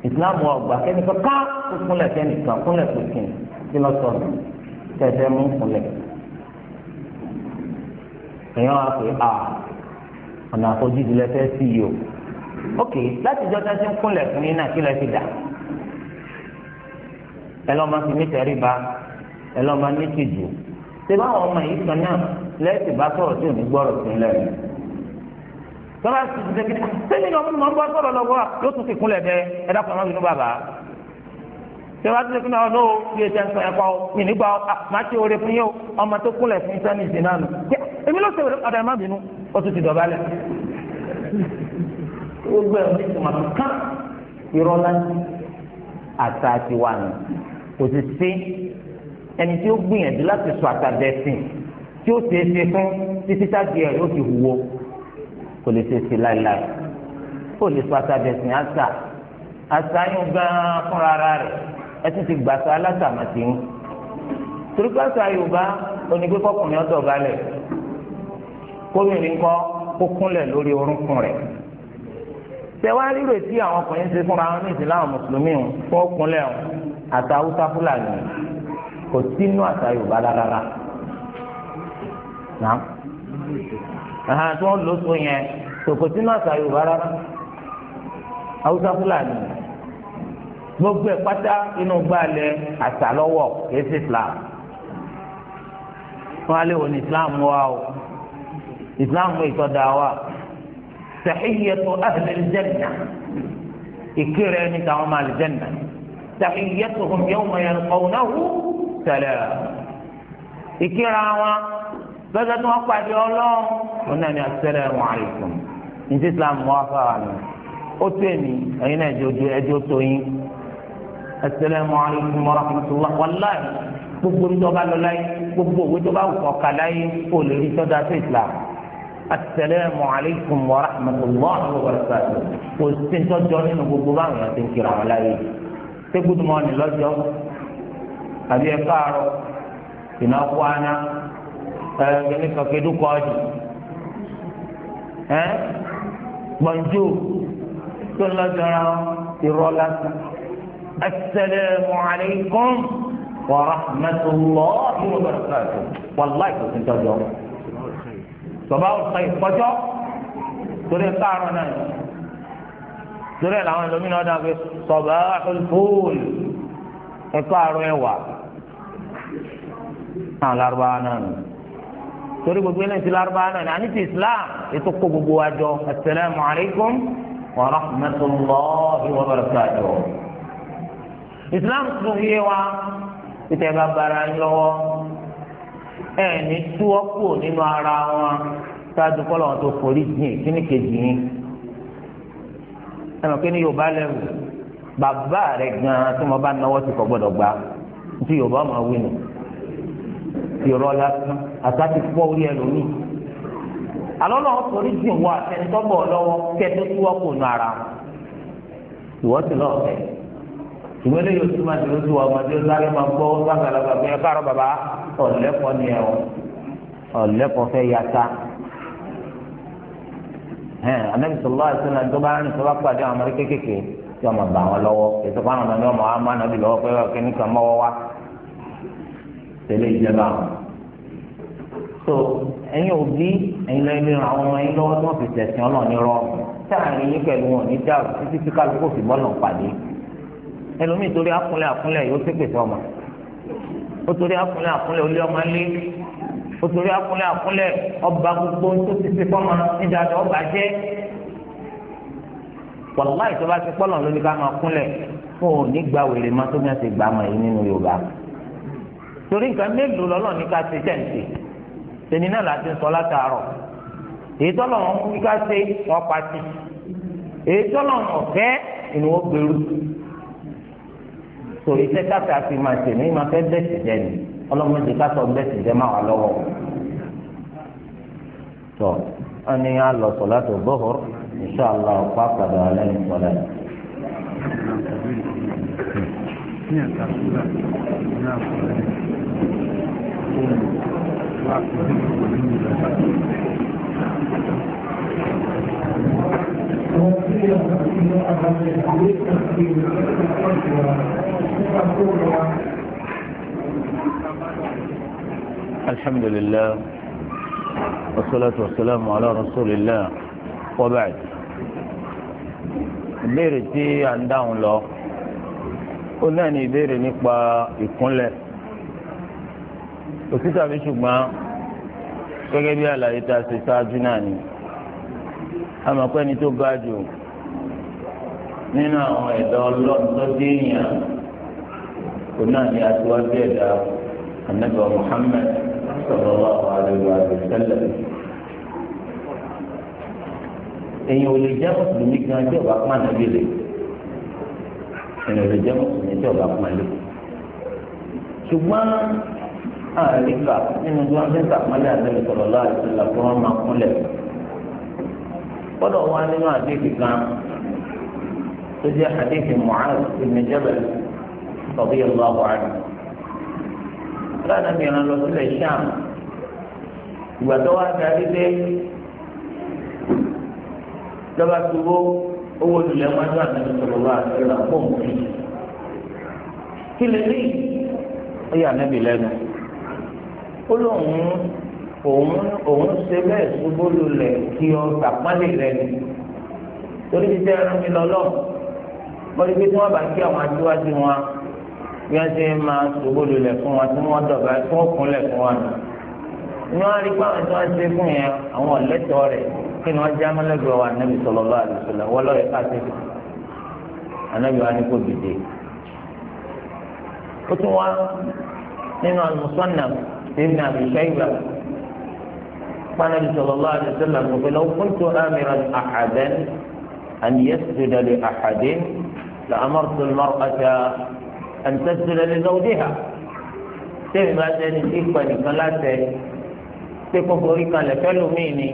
ìsìlámù ọgbà kẹ́nìkan ká kó kúnlẹ̀ kẹ́nìkan kúnlẹ̀ kó kìnnì. kí lọ sọ tẹsẹ mú kulẹ èèyàn á pè á ọ̀nà àfojúdi lẹ fẹ́ sí yìí o ok láti jọ tẹsẹ kúnlẹ̀ fún yín náà kí lẹ ti dà ẹ lọ́ máa fi mí tẹ̀rí ba ẹ lọ́ máa ní tìjú ṣé báwọn ọmọ yìí kan náà lẹ́sì bá sọ̀rọ̀ tí ò ní gbọ́rọ̀ sí lẹ́nu tọ́lá ti ti dẹ́kẹ́ sẹ́yìn ọmọ mi máa ń bá sọ̀rọ̀ lọ́wọ́ yóò tún fi kúnlẹ̀ bẹ́ẹ̀ ẹ dákun ọmọ mi ní bàbá tí wọ́n bá tún ní ọ̀nà o bí ẹ̀jẹ̀ ń sọ ẹ̀kọ́ o mi nígbà ah, máa ṣe oore fún yín o ọmọ tó kúnlẹ̀ fún iṣẹ́ ní ìsìn náà nù. èmi ló ṣe ọ̀dà ẹ̀ má bínú ó tún ti dọ̀bálẹ̀. gbogbo ẹ̀ ní tòmátò kán ìrọ́lá àṣà àti wà nù kò sì sí ẹni tí ó gbìyànjú láti sọ àtàdẹ́sìn tí ó ṣeé ṣe fún títí táàgì ẹ̀ yóò ti wúwo kò lè ṣe sí láéláé kò lè sọ àtàdẹ́sìn àṣà àṣà yóò gan fúnra rẹ̀ ẹ ti ti gbàtọ alásàmàtì ń turukasa yorùbá onígbé kọkùnrin ọdọ balẹ̀ kóbìnrin kọ kó kúnlẹ̀ lórí orúnkún rẹ̀ tẹwárí rè tí àwọn ọkùnrin ṣe fúnra wọn ní ìsìláwọn mùsùlùmí ń fún òkúnlẹ̀ ń àti haúsá fúlàní kò sínú àṣà yorùbá rárá náà ẹ̀hán tí wọ́n lò ó so yẹn kò sínú àṣà yorùbá rárá haúsá fúlàní gbogbo ẹ̀ pátá inú gbalẹ̀ àtàlọ́wọ̀ kìí sí islam wọn alẹ́ wọ ní islam wa o islam wa ìtọ́da wa sàhíyẹtò ahli aljanna ìkírẹ ní táwọn máa aljanna sàhíyẹtò hum yawma yalqawnahu salam ìkírẹ wọn lọ́jọ́ tí wọ́n pàdé ọlọ́run wọn náà ní assalamu alaykum ní islam wa fáwọn àná ó tó èmi ẹ̀yin náà ẹjọ́ tó yín asalaamu alaykum wa rahmatulah wàllayi gbogbo ní tọ́ba lọ láyé gbogbo òwe tọ́ba ọ̀kà láyé kò lè rí sọ́dọ̀ àti islam asalaamu alaykum wa rahmatulah wa barakatuh kò sí tọ́jọ́ nínú gbogbo báwọn yàtọ̀ ń kiri àwọn láyé ṣé good morning lọ́jọ́ àbí ẹ káàárọ̀ ìná kwana ẹ gẹ́gẹ́ kàkẹ́ dúkọ́ ọ̀dì ẹ gbọ̀njú tó lọ́jọ́ ra irọ́ lásán. السلام عليكم ورحمة الله وبركاته والله يقول انت جواب صباح الخير صباح الخير سوري القعر ونعم سوري العوان لمن هذا في صباح الفول القعر ونعم نعم آه، الأربعة نعم سوري قلت لنا في الأربعة نعم يعني في إسلام يتقو ببواجه السلام عليكم ورحمة الله وبركاته islam tún yé wa títẹ bá bara ń lọ́wọ́ ẹ ní tú ọkọ nínú ara wọn ṣáájú kọlọ wọn tó forí jìn kíní kejì yín ẹnì kí ni yorùbá lẹ́rù bàbá rẹ̀ gan-an tí mo bá náwó ti kọ́ gbọ́dọ̀ gbà tí yorùbá máa wí nù yọrọ lásán àtàkì pọ̀ orí ẹlòmíì alọ́ náà sọrí jìn wọ àtẹnitọ́bọ̀ lọ́wọ́ kẹ́ẹ́ tó tú ọkọ nù ara ìwọ́sí lọ́ọ̀fẹ́ ìwé lè yóò túmọ̀ sí ojú ọmọ tí ó sáré máa gbọ́ sàgbàlagbà pé ẹ káàárọ̀ bàbá ọ̀lẹ́kọ̀ọ́ ni ẹ̀ ọ̀lẹ́kọ̀ọ́ fẹ́ yàtá hẹn anabi sọlá ìṣẹ̀lẹ̀ tó bá rìn sọlá pàdé àwọn ọmọdé kékèké tí ọmọ bá wọn lọ́wọ́ ètò fún àwọn ọmọdé ọmọ máa nàbí lọ́wọ́ pé ọkẹ nìkan mọ́wọ́ wa tẹ́lẹ̀ ìjẹba so ẹ̀yin òbí ẹ̀yin lẹ́yìn lẹ́yìn àwọn ọmọ yín lọ́wọ́ tí wọ́n fi tẹ̀sán ọlọ́ọ̀ni rọ sáàrin yín pẹ̀lú wọn ní dáàbò títí ẹlòmíì torí akúnlẹ̀ akúnlẹ̀ yóò ṣépè sọ́mọ ó torí akúnlẹ̀ akúnlẹ̀ ó lé ọmọ lé ó torí akúnlẹ̀ akúnlẹ̀ ọba gbogbo tó ti ṣe fọ́mọ níjà tó ọba jẹ́ wàlúwà ìjọba ti pọ́lọ̀ lórí ká máa kúnlẹ̀ fún òní gba wèrè má tó mìíràn ti gbà mọ́ èyí nínú Yorùbá torí nǹkan mélòó lọ́lọ́ ní ká ṣe tẹ̀sí tẹ̀ni náà láti sọ látàárọ̀ èyí tọ́lọ̀ wọn ní ká ṣe ọ̀pá ti èyí tọ́lọ̀ wọn ọ̀fẹ́ ìnáwó gbèrú tó iṣẹ́ káfíà fi máa ṣe ní máa fẹ́ bẹ́sì jẹ ni ọlọ́mọdé kásọ bẹ́sì jẹ máa wà lọ́wọ́ tó wọn ní á lọ sọ láti bọ́hùr inṣàlá ọ̀pá padà lẹ́yìn sọ̀rọ̀ yìí. Hmm. Thank you. الحمد لله والصلاة والسلام على رسول الله وبعد ìbéèrè tí à ń dáhùn lọ ó náà ní ìbéèrè nípa ìkúnlẹ̀ òtítàbí ṣùgbọ́n gẹ́gẹ́ bí àlàyé tá a ṣe ṣáájú náà ni àmọ́ pé ẹni tó ga jù nínú àwọn ẹ̀dá ọlọ́run tó dé èèyàn kò náà ní aṣíwájú ẹ̀dá Ànábì Muhammad sallallahu alaihi wa sallam. èèyàn ò lè jẹ́ mùsùlùmí gan tí ọba pàmò àbí lè èèyàn ò lè jẹ́ mùsùlùmí tí ọba pàmò lè. ṣùgbọ́n àríkà nínú tí wọ́n fi ń sàpọ́nlé Ànábì sallallahu alaihi wa sallam kí wọ́n máa kọ́dọ̀ wá nínú àdéhùn kan tó jẹ́ àdéhùn Mu'adh ibn Jabal radiyallahu anhu. Láàrín mìíràn lọ sílẹ̀ Ṣáàm ìgbà tó wá darí dé lọ́ba tuwó owó lulẹ̀ wọn ní àná sọ̀rọ̀ wá ìrà pọ̀npì. Kí lè ní? Ó nẹ́bi lẹ́nu. Ó lóun òun òun ṣe bẹ́ẹ̀ ṣubú lulẹ̀ kí ọ sàpọ́nlé rẹ ni torí ti tẹ́ ẹran mi lọ́lọ́ wọ́n ti pé tí wọ́n bá kí àwọn aṣíwájú wọn bí wọ́n ṣe máa ṣubú lulẹ̀ fún wọn tí wọ́n dọ̀bà tí wọ́n kúnlẹ̀ fún wọn ni wọ́n rí pé àwọn tí wọ́n ṣe fún yẹn àwọn ọ̀lẹ́tọ̀ rẹ̀ kí ni wọ́n já mọ́lẹ́gbẹ̀ẹ́ wa nẹ́bi sọ̀rọ̀ lọ́wọ́ àdìsọ̀lẹ̀ wọ́n kpanabi sọlọlọ àdìsẹlẹ àgbẹfẹ lọ kóńtò amìrán àhàdẹn àníyẹsùdàlẹ àhàdẹn làmọrùtò mọrùkàtà àǹtẹsùdàlẹ lọwọdìhà tẹmí bá tẹni tí kpanìkan látẹ tẹ kókòrí kalẹ fẹlùmíì ni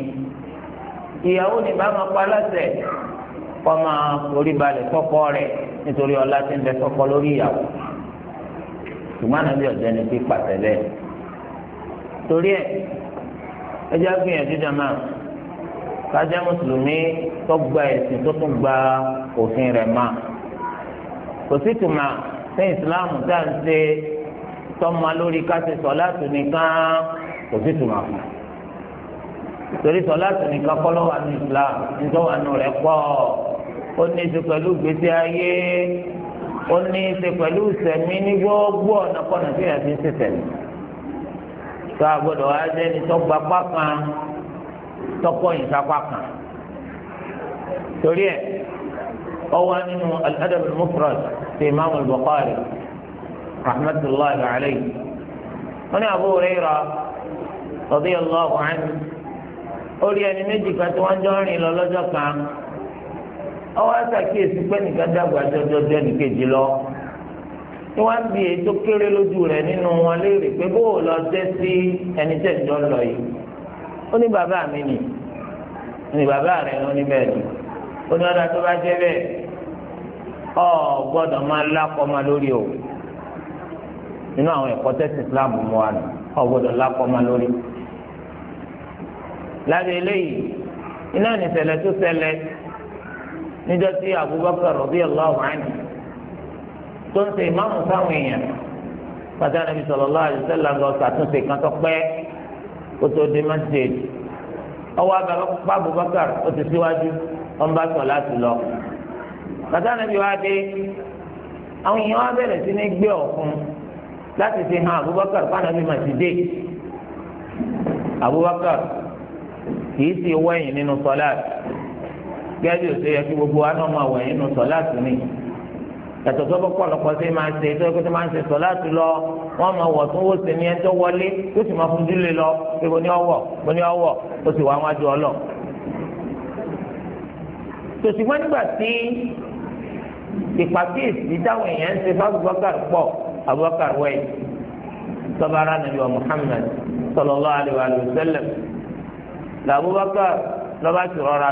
ìyàwó ni bá máa pa látẹ kọ́má orí balẹ̀ sọ́kọ rẹ̀ nítorí ọlá tí ń bẹ sọ́kọ lórí ìyàwó ṣùgbọ́n àná bí ọ̀jẹ̀ ni ti pàtẹ́lẹ̀ torí ẹ̀ ẹjẹ́ gbìyànjú jama kájá mùsùlùmí tó gba ẹ̀sìn tó tún gba òfin rẹ̀ ma kò sí tùmà sí ìsìláàmù tá à ń ṣe tọ́mọ lórí káṣí sọ̀láàtù nìkan kò sí tùmà fún torí sọ̀láàtù nìkan kọ́ lọ́wọ́ àánú ìsìláàmù nítorí àánú rẹ̀ pọ̀ ó ní ṣe pẹ̀lú gbèsè ayé ó ní ṣe pẹ̀lú ìsẹ̀mí ní gbogbo ọ̀nà kọ́nà tí ìyàtí ń ṣe tẹ̀lé tó a gbọ́dọ̀ wá sẹ́ni tó gba pápá tọkọyìn sápá kan torí ẹ ọwọ́ nínú al-adab al-mufrad ti imaamu al-bukhari rahmatulahi alayhi wọn ni abu huraira radiyallahu anhu orí ẹni méjì kan tí wọ́n jọ rìn lọ lọ́jọ́ kan ọwọ́ àtàkì èsì pé nìkan dàgbà jọjọ jẹ́ nìkejì lọ tí wọ́n bí ètò kéré lójú rẹ̀ nínú wọn léèrè pé bó o lọ jẹ́ sí ẹni tẹ̀ ń jọ lọ yìí ó ní bàbá mi nì ní bàbá rẹ̀ ló ní bẹ́ẹ̀ ni ó ní ọ̀dà tó bá jẹ́ bẹ́ẹ̀ ọ gbọ́dọ̀ máa lákọ́ máa lórí o nínú àwọn ẹ̀kọ́ tẹ̀sí Islam mú wa nù ọ gbọ́dọ̀ lákọ́ máa lórí lábẹ́ eléyìí iná nìṣẹ̀lẹ̀ tó ṣẹlẹ̀ níjọ́ tí Abubakar radiyallahu anhu tó ń ṣe ìmáàmù fáwọn èèyàn pàtó ànábi sallallahu alaihi wasallam lọ sàtúnṣe kan tó pẹ́ kó tó dé masjid ọwọ́ abẹ́rẹ́ Abubakar ó ti síwájú wọn bá sọ láti lọ pàtó ànábi wá dé àwọn èèyàn wá bẹ̀rẹ̀ sí ní gbé ọ̀fun láti fi hàn Abubakar fáwọn ànábi dé Abubakar kìí ti wẹ̀yìn nínú sọláàtì gẹ́gẹ́ bí ó ṣe yẹ kí gbogbo wa náà máa wẹ̀yìn nínú sọláàtì nìyí yàtọ̀ tó pọ̀lọpọ̀ sí máa ń ṣe tó yẹ kó máa ń ṣe sọ̀láàtì lọ wọ́n máa wọ̀ tó ń wò sí ní ẹjọ́ wọlé tó sì máa fún dúlé lọ pé mo ní ọwọ́ mo ní ọwọ́ ó sì wá wájú ọlọ. tòṣùgbọ́n nígbà tí ìpàkíyèsí táwọn èèyàn ń ṣe fábùbọ́kàr pọ̀ Abubakar wẹ̀ sọ́bàrà nàbí wa Muhammad sallallahu alaihi wa làbúbọ́kàr lọ́ba sì rọra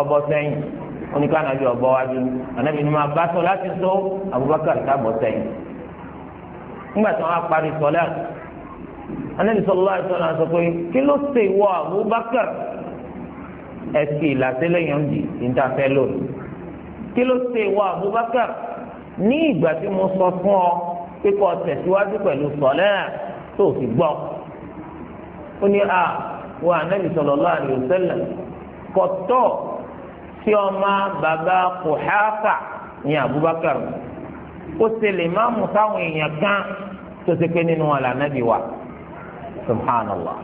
ọbọ̀ sẹ́yìn oníkà anabi ọgbọ wájú anabi ni máa bá sọ láti sọ abubakar kábọ sẹ́yìn nígbà tí wọn parí sọlá anabi sọlọ láti sọlá sọ pé kí ló ṣe wọ abubakar ẹsì ìlàsílẹyìn ọdì ìntàfẹ lónìí kí ló ṣe wọ abubakar ní ìgbà tí mo sọ fún ọ pé kó o sọlá tó fi gbọ́ ó ní a wọ anabi sọlọ láti sọlá kọtọ tí ọmọ bàbá kùháfà ní abubakar ó ṣe lè má mú sáwọn èèyàn kan tó ṣe pé nínú wọn lànàbí wa subhanallah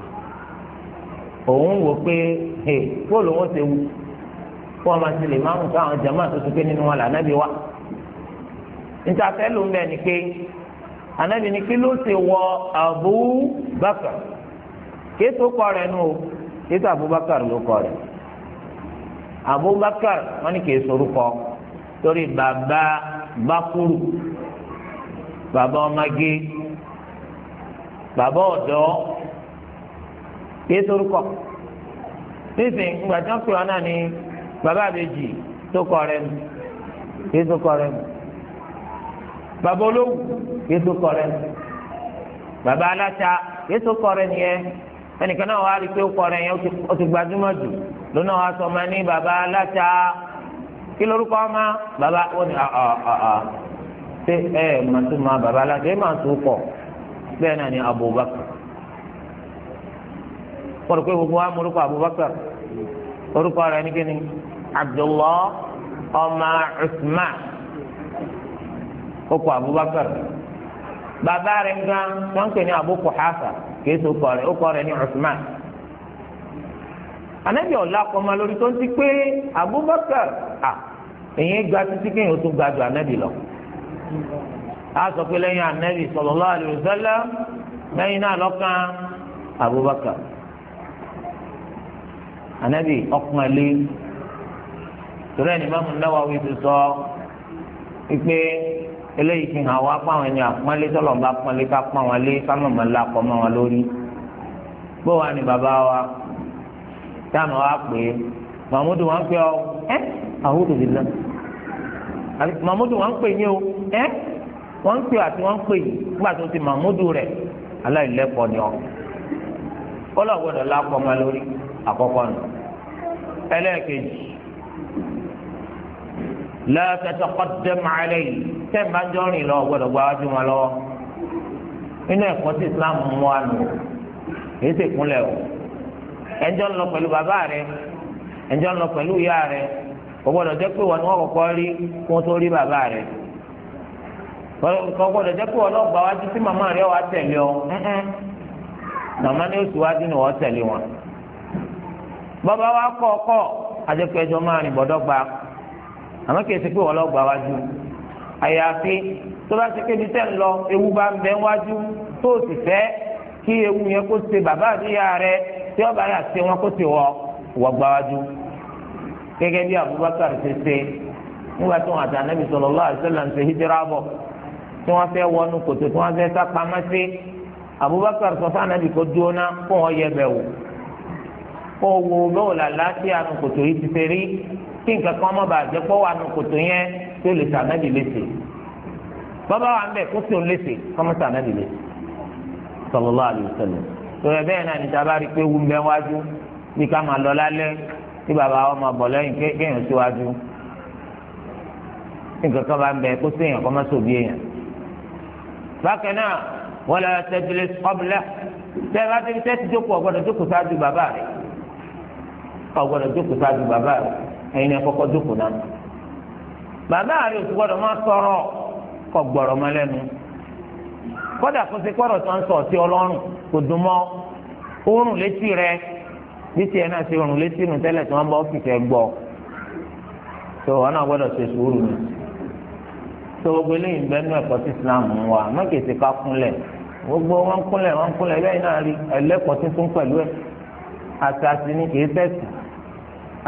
òun wò pé he bóòlù wọn ṣe wù kó ọmọ ṣe lè má mú sáwọn jama tó ṣe pé nínú wọn lànàbí wa níta fẹ́ ń bẹ̀ ni pé ànábì ni kí ló ṣe wọ abubakar kí ètò kọ rẹ̀ nù o kí ètò abubakar ló kọ rẹ̀ abubakar wọn ni kìí sorúkọ torí bàbá bakuru bàbá ọmọge bàbá ọdọ kìí sorúkọ nísìnyí gbàtí wọn pè wọn náà ní bàbá àbèjì tó kọ rẹ mu kìí tó kọ rẹ mu bàbá olówù kìí tó kọ rẹ mu bàbá aláta kìí tó kọ rẹ nìyẹn ẹnìkan náà wàá rí i pé ó kọrin yẹn ó ti gbajúmọ̀ jù lónà wàá sọ ọmọ ní baba aláta kí lorúkọ ọmọ baba ó ní ọ̀ọ̀ ṣé ẹ máa tún máa baba aláta ẹ máa tún kọ bẹ́ẹ̀ náà ni Abubakar kọ́ni pé gbogbo wa mú orúkọ Abubakar orúkọ rẹ̀ ní kíni Abdullah ọmọ Usman ó kọ Abubakar baba rẹ̀ ń gan wọ́n ń pè ní Abu Kuhafa kìí so kọ rẹ̀ ó kọ rẹ̀ ní Usman anabi ọ̀la kọ́má lórí tó ń ti pé Abubakar à èyàn gba títí kéèyàn tó gba ju anabi lọ a sọ pé lẹ́yìn anabi sallallahu alaihi wasallam lẹ́yìn náà lọ́kàn Abubakar anabi ọkùnrin lé torí ẹni bá mu náwó àwọn ètò sọ pé eléyìí fi hàn wá fún àwọn ẹni àpọ́nlé tọ́lọ̀ ń bá pọ́nlé ká pọ́n wọn lé sámọ̀ ńlá pọ́ mọ́ wọn lórí. bó wa ni bàbá wa táwọn wa pè é mahmudu wọn pè ọ ẹ àwùjọ ti lọ mahmudu wọn pè yín o ẹ wọn pè àti wọn pè yín nígbà tó ti mahmudu rẹ aláìlẹ́kọ̀ọ́ ni ọ kọ́lọ̀ gbọ́dọ̀ lápọ̀ mọ́ lórí àkọ́kọ́ nù ẹlẹ́ẹ̀kejì la tataqaddam alayhi tẹ́ǹbà ń jọrìn lọ gbọ́dọ̀ gba wájú wọn lọ. inú ẹ̀kọ́ sí islam mú wa nù èyí sì kúnlẹ̀ o. ẹnjọ́ ń lọ pẹ̀lú bàbá rẹ ẹnjọ́ ń lọ pẹ̀lú ìyá rẹ kò gbọ́dọ̀ jẹ́ pé wọn ni wọ́n kọ́kọ́ rí kó tó rí bàbá rẹ. kò gbọ́dọ̀ jẹ́ pé wọn náà gba wájú sí màmá rẹ wàá tẹ̀lé ọ màmá ni ó sì wájú ni wọ́n tẹ̀lé wọn. bàbá wa kọ́ ọkọ́ àjẹpẹ́jọ máa rìn bọ́dọ́ gba àmọ́ kìí ṣe pé wọ́n lọ gbà wájú àyàfi tó bá ṣe kébi tẹ́ ń lọ ewu bá ń bẹ wájú tó o sì fẹ́ kí ewu yẹn kó ṣe bàbá àdúyà rẹ tí ọba yà ṣe wọn kó ṣe wọ wọ́n gbà wájú gẹ́gẹ́ bí Abubakar ṣe ṣe nígbà tí wọn àti anabi sallallahu alaihi wasallam ń ṣe hijira bọ̀ tí wọ́n fẹ́ wọnú kòtò tí wọ́n fẹ́ sá pamọ́ sí Abubakar sọ fún anabi kó dúró ná kó yẹ bẹ̀ wò kó wo bẹ́ẹ̀ wò kí nǹkan kan má bàa jẹ́ pọ́ wà nù kòtò yẹn tó lè sànàbì léṣe bàbá wa ń bẹ̀ kó tó léṣe kọ́mọ́ sànàbì léṣe sallallahu alaihi wasallam tọ́lẹ̀ bẹ́ẹ̀ náà níta bá rí pé wú bẹ́ẹ̀ wájú bí ká máa lọ lálẹ́ tí bàbá wa máa bọ̀ lẹ́yìn kéèyàn síwájú nǹkan kan bá ń bẹ kó séèyàn kọ́ má sòbí èèyàn. bákan náà wala tajlis qabla tẹ́ ẹ bá tẹ́lẹ̀ tẹ́tí jókòó ọ̀gbọ́dọ̀ jókòó sáájú jókòó sáájú bàbá rẹ̀ ẹ̀yin náà kọ́kọ́ náà bàbá rẹ òtún gbọ́dọ̀ máa sọ̀rọ̀ kọ gbọrọ mọ lẹ́nu kódà kó ṣe sọ ọtí kò dùn oorun létí rẹ bí náà ṣe oorun létí nù tẹ́lẹ̀ tí wọ́n bá ẹ tó wọn náà ṣe bẹ Islam ń wà ká gbogbo wọn wọn náà rí tuntun àti àti ní kì í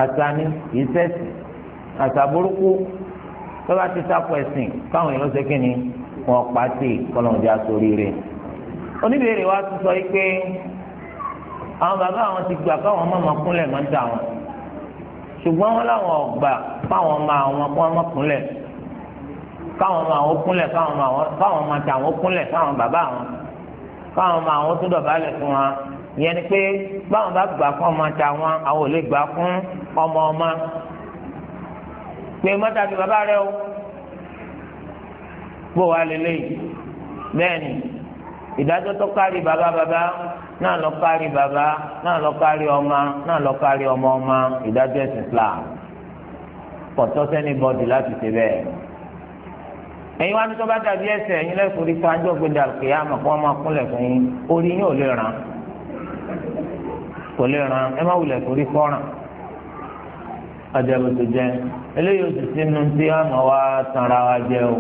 àtàní ìsẹ́sì àṣà burúkú tó bá ti sáko ẹ̀sìn káwọn èèyàn ṣe kíni wọn pàtì kọlọ̀ọ̀dì àsórí rẹ̀. oníbèrè wa ti sọ pé àwọn bàbá àwọn ti gbà káwọn mọ̀mọ́ kúnlẹ̀ máa ń dà wọn ṣùgbọ́n wọn láwọn ọ̀gbà káwọn ọmọ àwọn kó wọn kúnlẹ̀ káwọn ọmọ àwọn kúnlẹ̀ káwọn ọmọ àwọn káwọn ọmọ tàwọn kúnlẹ̀ káwọn bàbá àwọn káwọn ọmọ àwọn tó dọ̀bálẹ̀ fún wọn ìyẹn ni pé báwọn bá gbà fún ọmọ tàwọn àwọn ò lè gbà fún ọmọ ọmọ pé mọ́tà bí bàbá rẹ o bó wa lélẹ̀ yìí bẹ́ẹ̀ ni ìdájọ́ tó kárí bàbá bàbá náà lọ kárí bàbá náà lọ kárí ọmọ náà lọ kárí ọmọ ọmọ ìdájọ́ ẹ̀sìn Islam kọ̀tọ́ sẹ́ni bọ́dì láti ṣe bẹ́ẹ̀ ẹ̀yin wá ní tó bá dàbí ẹsẹ̀ ẹ̀yin lẹ́kùnrin fún ajọ́ gbẹdẹ àlùkìyà àmọ́ kó wọ́n máa kúnlẹ̀ fún yín orí yín ò lè ràn án kò lè ràn ẹ má wulẹ̀ torí kọ́ràn adẹ́rù tó jẹ eléyìí oṣù sínú tí a mọ̀ wá tanra wa jẹ o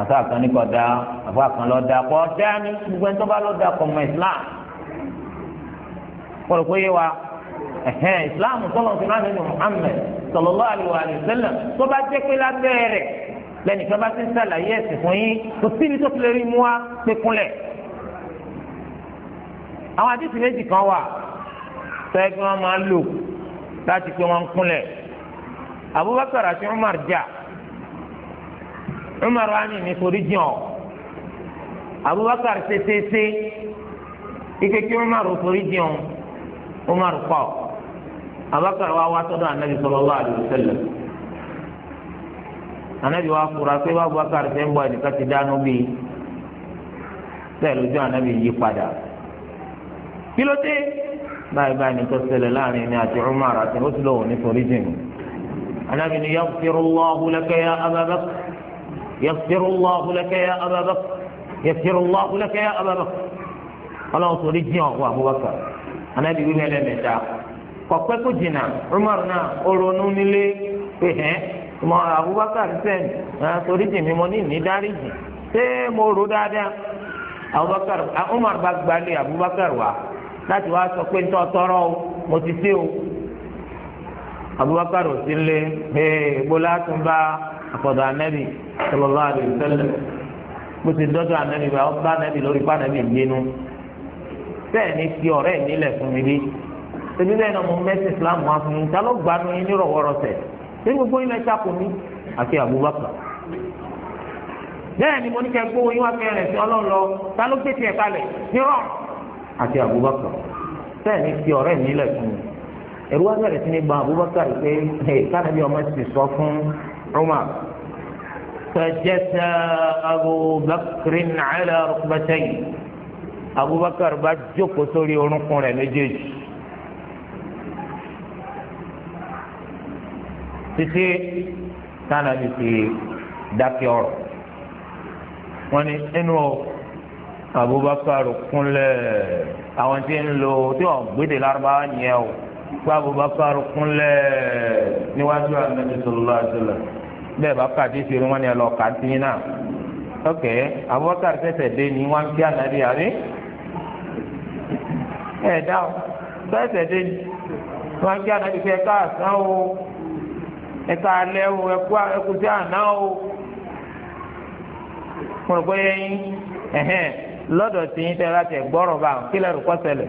àfa kan ní kò dá àfa kan lọ dá kọ́ dá ní gbogbo ẹni tó bá lọ dá kọ́ mọ́ Islam kọ́ ló pé yé wa ẹ̀hẹ́n Islam sọlọ sí náà nínú Muhammad sallallahu alaihi wa sallam tó bá jẹ́ pé lábẹ́ rẹ̀ lẹ́nìkan bá ti ń sàlàyé ẹ̀sìn fún yín kò sí ibi tó fi lè rí mú wa pé kúnlẹ̀ àwọn àdìsí méjì kan wà sẹ́yìn kí wọ́n máa lò láti pé wọ́n ń kúnlẹ̀ Abubakar àti Umar jà Umar wa ní nítorí jìn ọ́ Abubakar ṣeṣeṣe ike kí Umar torí jìn ọ́ Umar kọ́ Abubakar wa wá sọ́dọ̀ anabi sallallahu alaihi wasallam anabi wa fura pé Abubakar ṣe ń bọ̀ ẹnìkan ti dáná bíi bẹ́ẹ̀ lójú anabi yí padà kí ló dé báyìí báyìí nìkan ṣẹlẹ̀ láàrin ní àti Umar àti ó ti lọ́wọ́ nítorí jìnnì anábì ni yaghfirullahu laka ya Aba Bakr yaghfirullahu laka ya Aba Bakr yaghfirullahu laka ya Aba Bakr ọlọ́run sọ̀rọ̀ jìn ọ̀wọ́ Abubakar anábì wí mẹ́lẹ̀ mẹ́ta kọ̀pẹ́ kò jìnnà Umar náà ó ronú nílé pé hẹ́n mọ Abubakar sẹ́ni sọ̀rọ̀ jìn mi mo ní ní dáríjì ṣé mo rò dáadáa Abubakar Umar bá gbalẹ̀ Abubakar wá. láti wá sọ pé tọrọ o Abubakar ò sí lé ee ebola tún bá àfọ̀dọ̀ anabi sallallahu alaihi wasallam bó ti dọ́jọ́ anebi bá ọba anebi lórí pa bẹ́ẹ̀ ni fi ọ̀rẹ́ mi lẹ̀ fún mi bí ebi bẹ́ẹ̀ náà mo mẹ́sì islam wá fún mi ta ló gbanú ní rọ̀wọ́rọ̀sẹ̀ ṣé gbogbo Abubakar bẹ́ẹ̀ ni mo ní kẹ́ yín wá sí àti Abubakar sẹ́ẹ̀ni fi ọ̀rẹ́ mi lẹ̀ fún mi ẹ̀rú wá bẹ̀rẹ̀ sí ní gba Abubakar pé kánàbí ọmọ ti sọ fún Umar fẹjẹsẹ Abubakar nàìjíríà rúkúbẹsẹyìn Abubakar bá jókòó sórí orúnkún rẹ̀ méjèèjì. títí kánàbí ti dákẹ́ ọ̀rọ̀ wọ́n ní inú ọ̀rọ̀ abubakar kúnlẹ̀ àwọn tí ń lo tí wọ́n gbéde lárúbáwá nìyẹn o pé abubakar kúnlẹ̀ níwájú anabi sallallahu alaihi wasallam bẹ́ẹ̀ bá pàdé ìṣòro wọn ni ẹ lọ kà á ti yín náà ok abubakar tẹsẹ̀ dé ní wọn kí anabi àrí ẹ dá o tẹsẹ̀ dé ní wọn kí anabi fẹ ká àsán o ẹ ká alẹ́ o ẹ kú ẹkú sí àná o mo rò pé ẹ̀hẹ́n. lọ́dọ̀ tí yín tẹ́ láti gbọ́rọ̀ bá wọn kílẹ̀ rẹ̀ kọ́sẹ̀lẹ̀.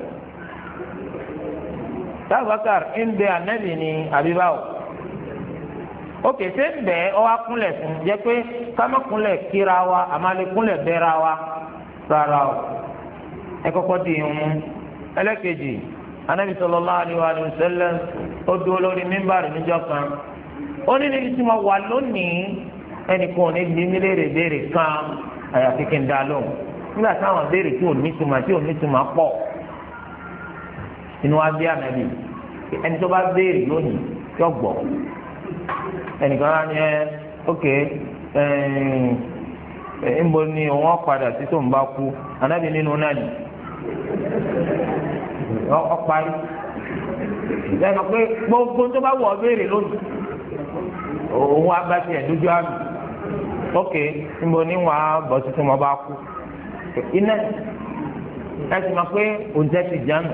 tábàkàr ń bẹ ànábì ní àbíbáwò ó kété ń bẹ ọ wá kúnlẹ̀ fún jẹ́ pé kámẹ́kúnlẹ̀ kíra wa àmàlẹ́kúnlẹ̀ bẹ́ra wa rárá o ẹ kọ́kọ́ di ìhun mú ẹlẹ́kejì ànábì sallallahu alaihi wa sallam ó dúró lórí mímbàrì níjọ́ kan ó ní níbi tí mo wà lónìí ò ní kan àyàfi kí n dá lóhùn. nígbà táwọn béèrè tí ò ní tí ò ní pọ̀ inú wa bí ànábì ẹni tó bá béèrè lónìí yọ gbọ́ ẹnìkan á ní ẹ ok ẹ ń bọ ní òun ọ̀padà tí tó ń bá kú ànábì nínú náà ni ọ̀parí lẹ́nu pé gbogbo tó bá wọ̀ béèrè lónìí òun abá tiẹ̀ àmì ok bọ̀ bá kú. iná ẹ sì máa pé oúnjẹ ti jà nù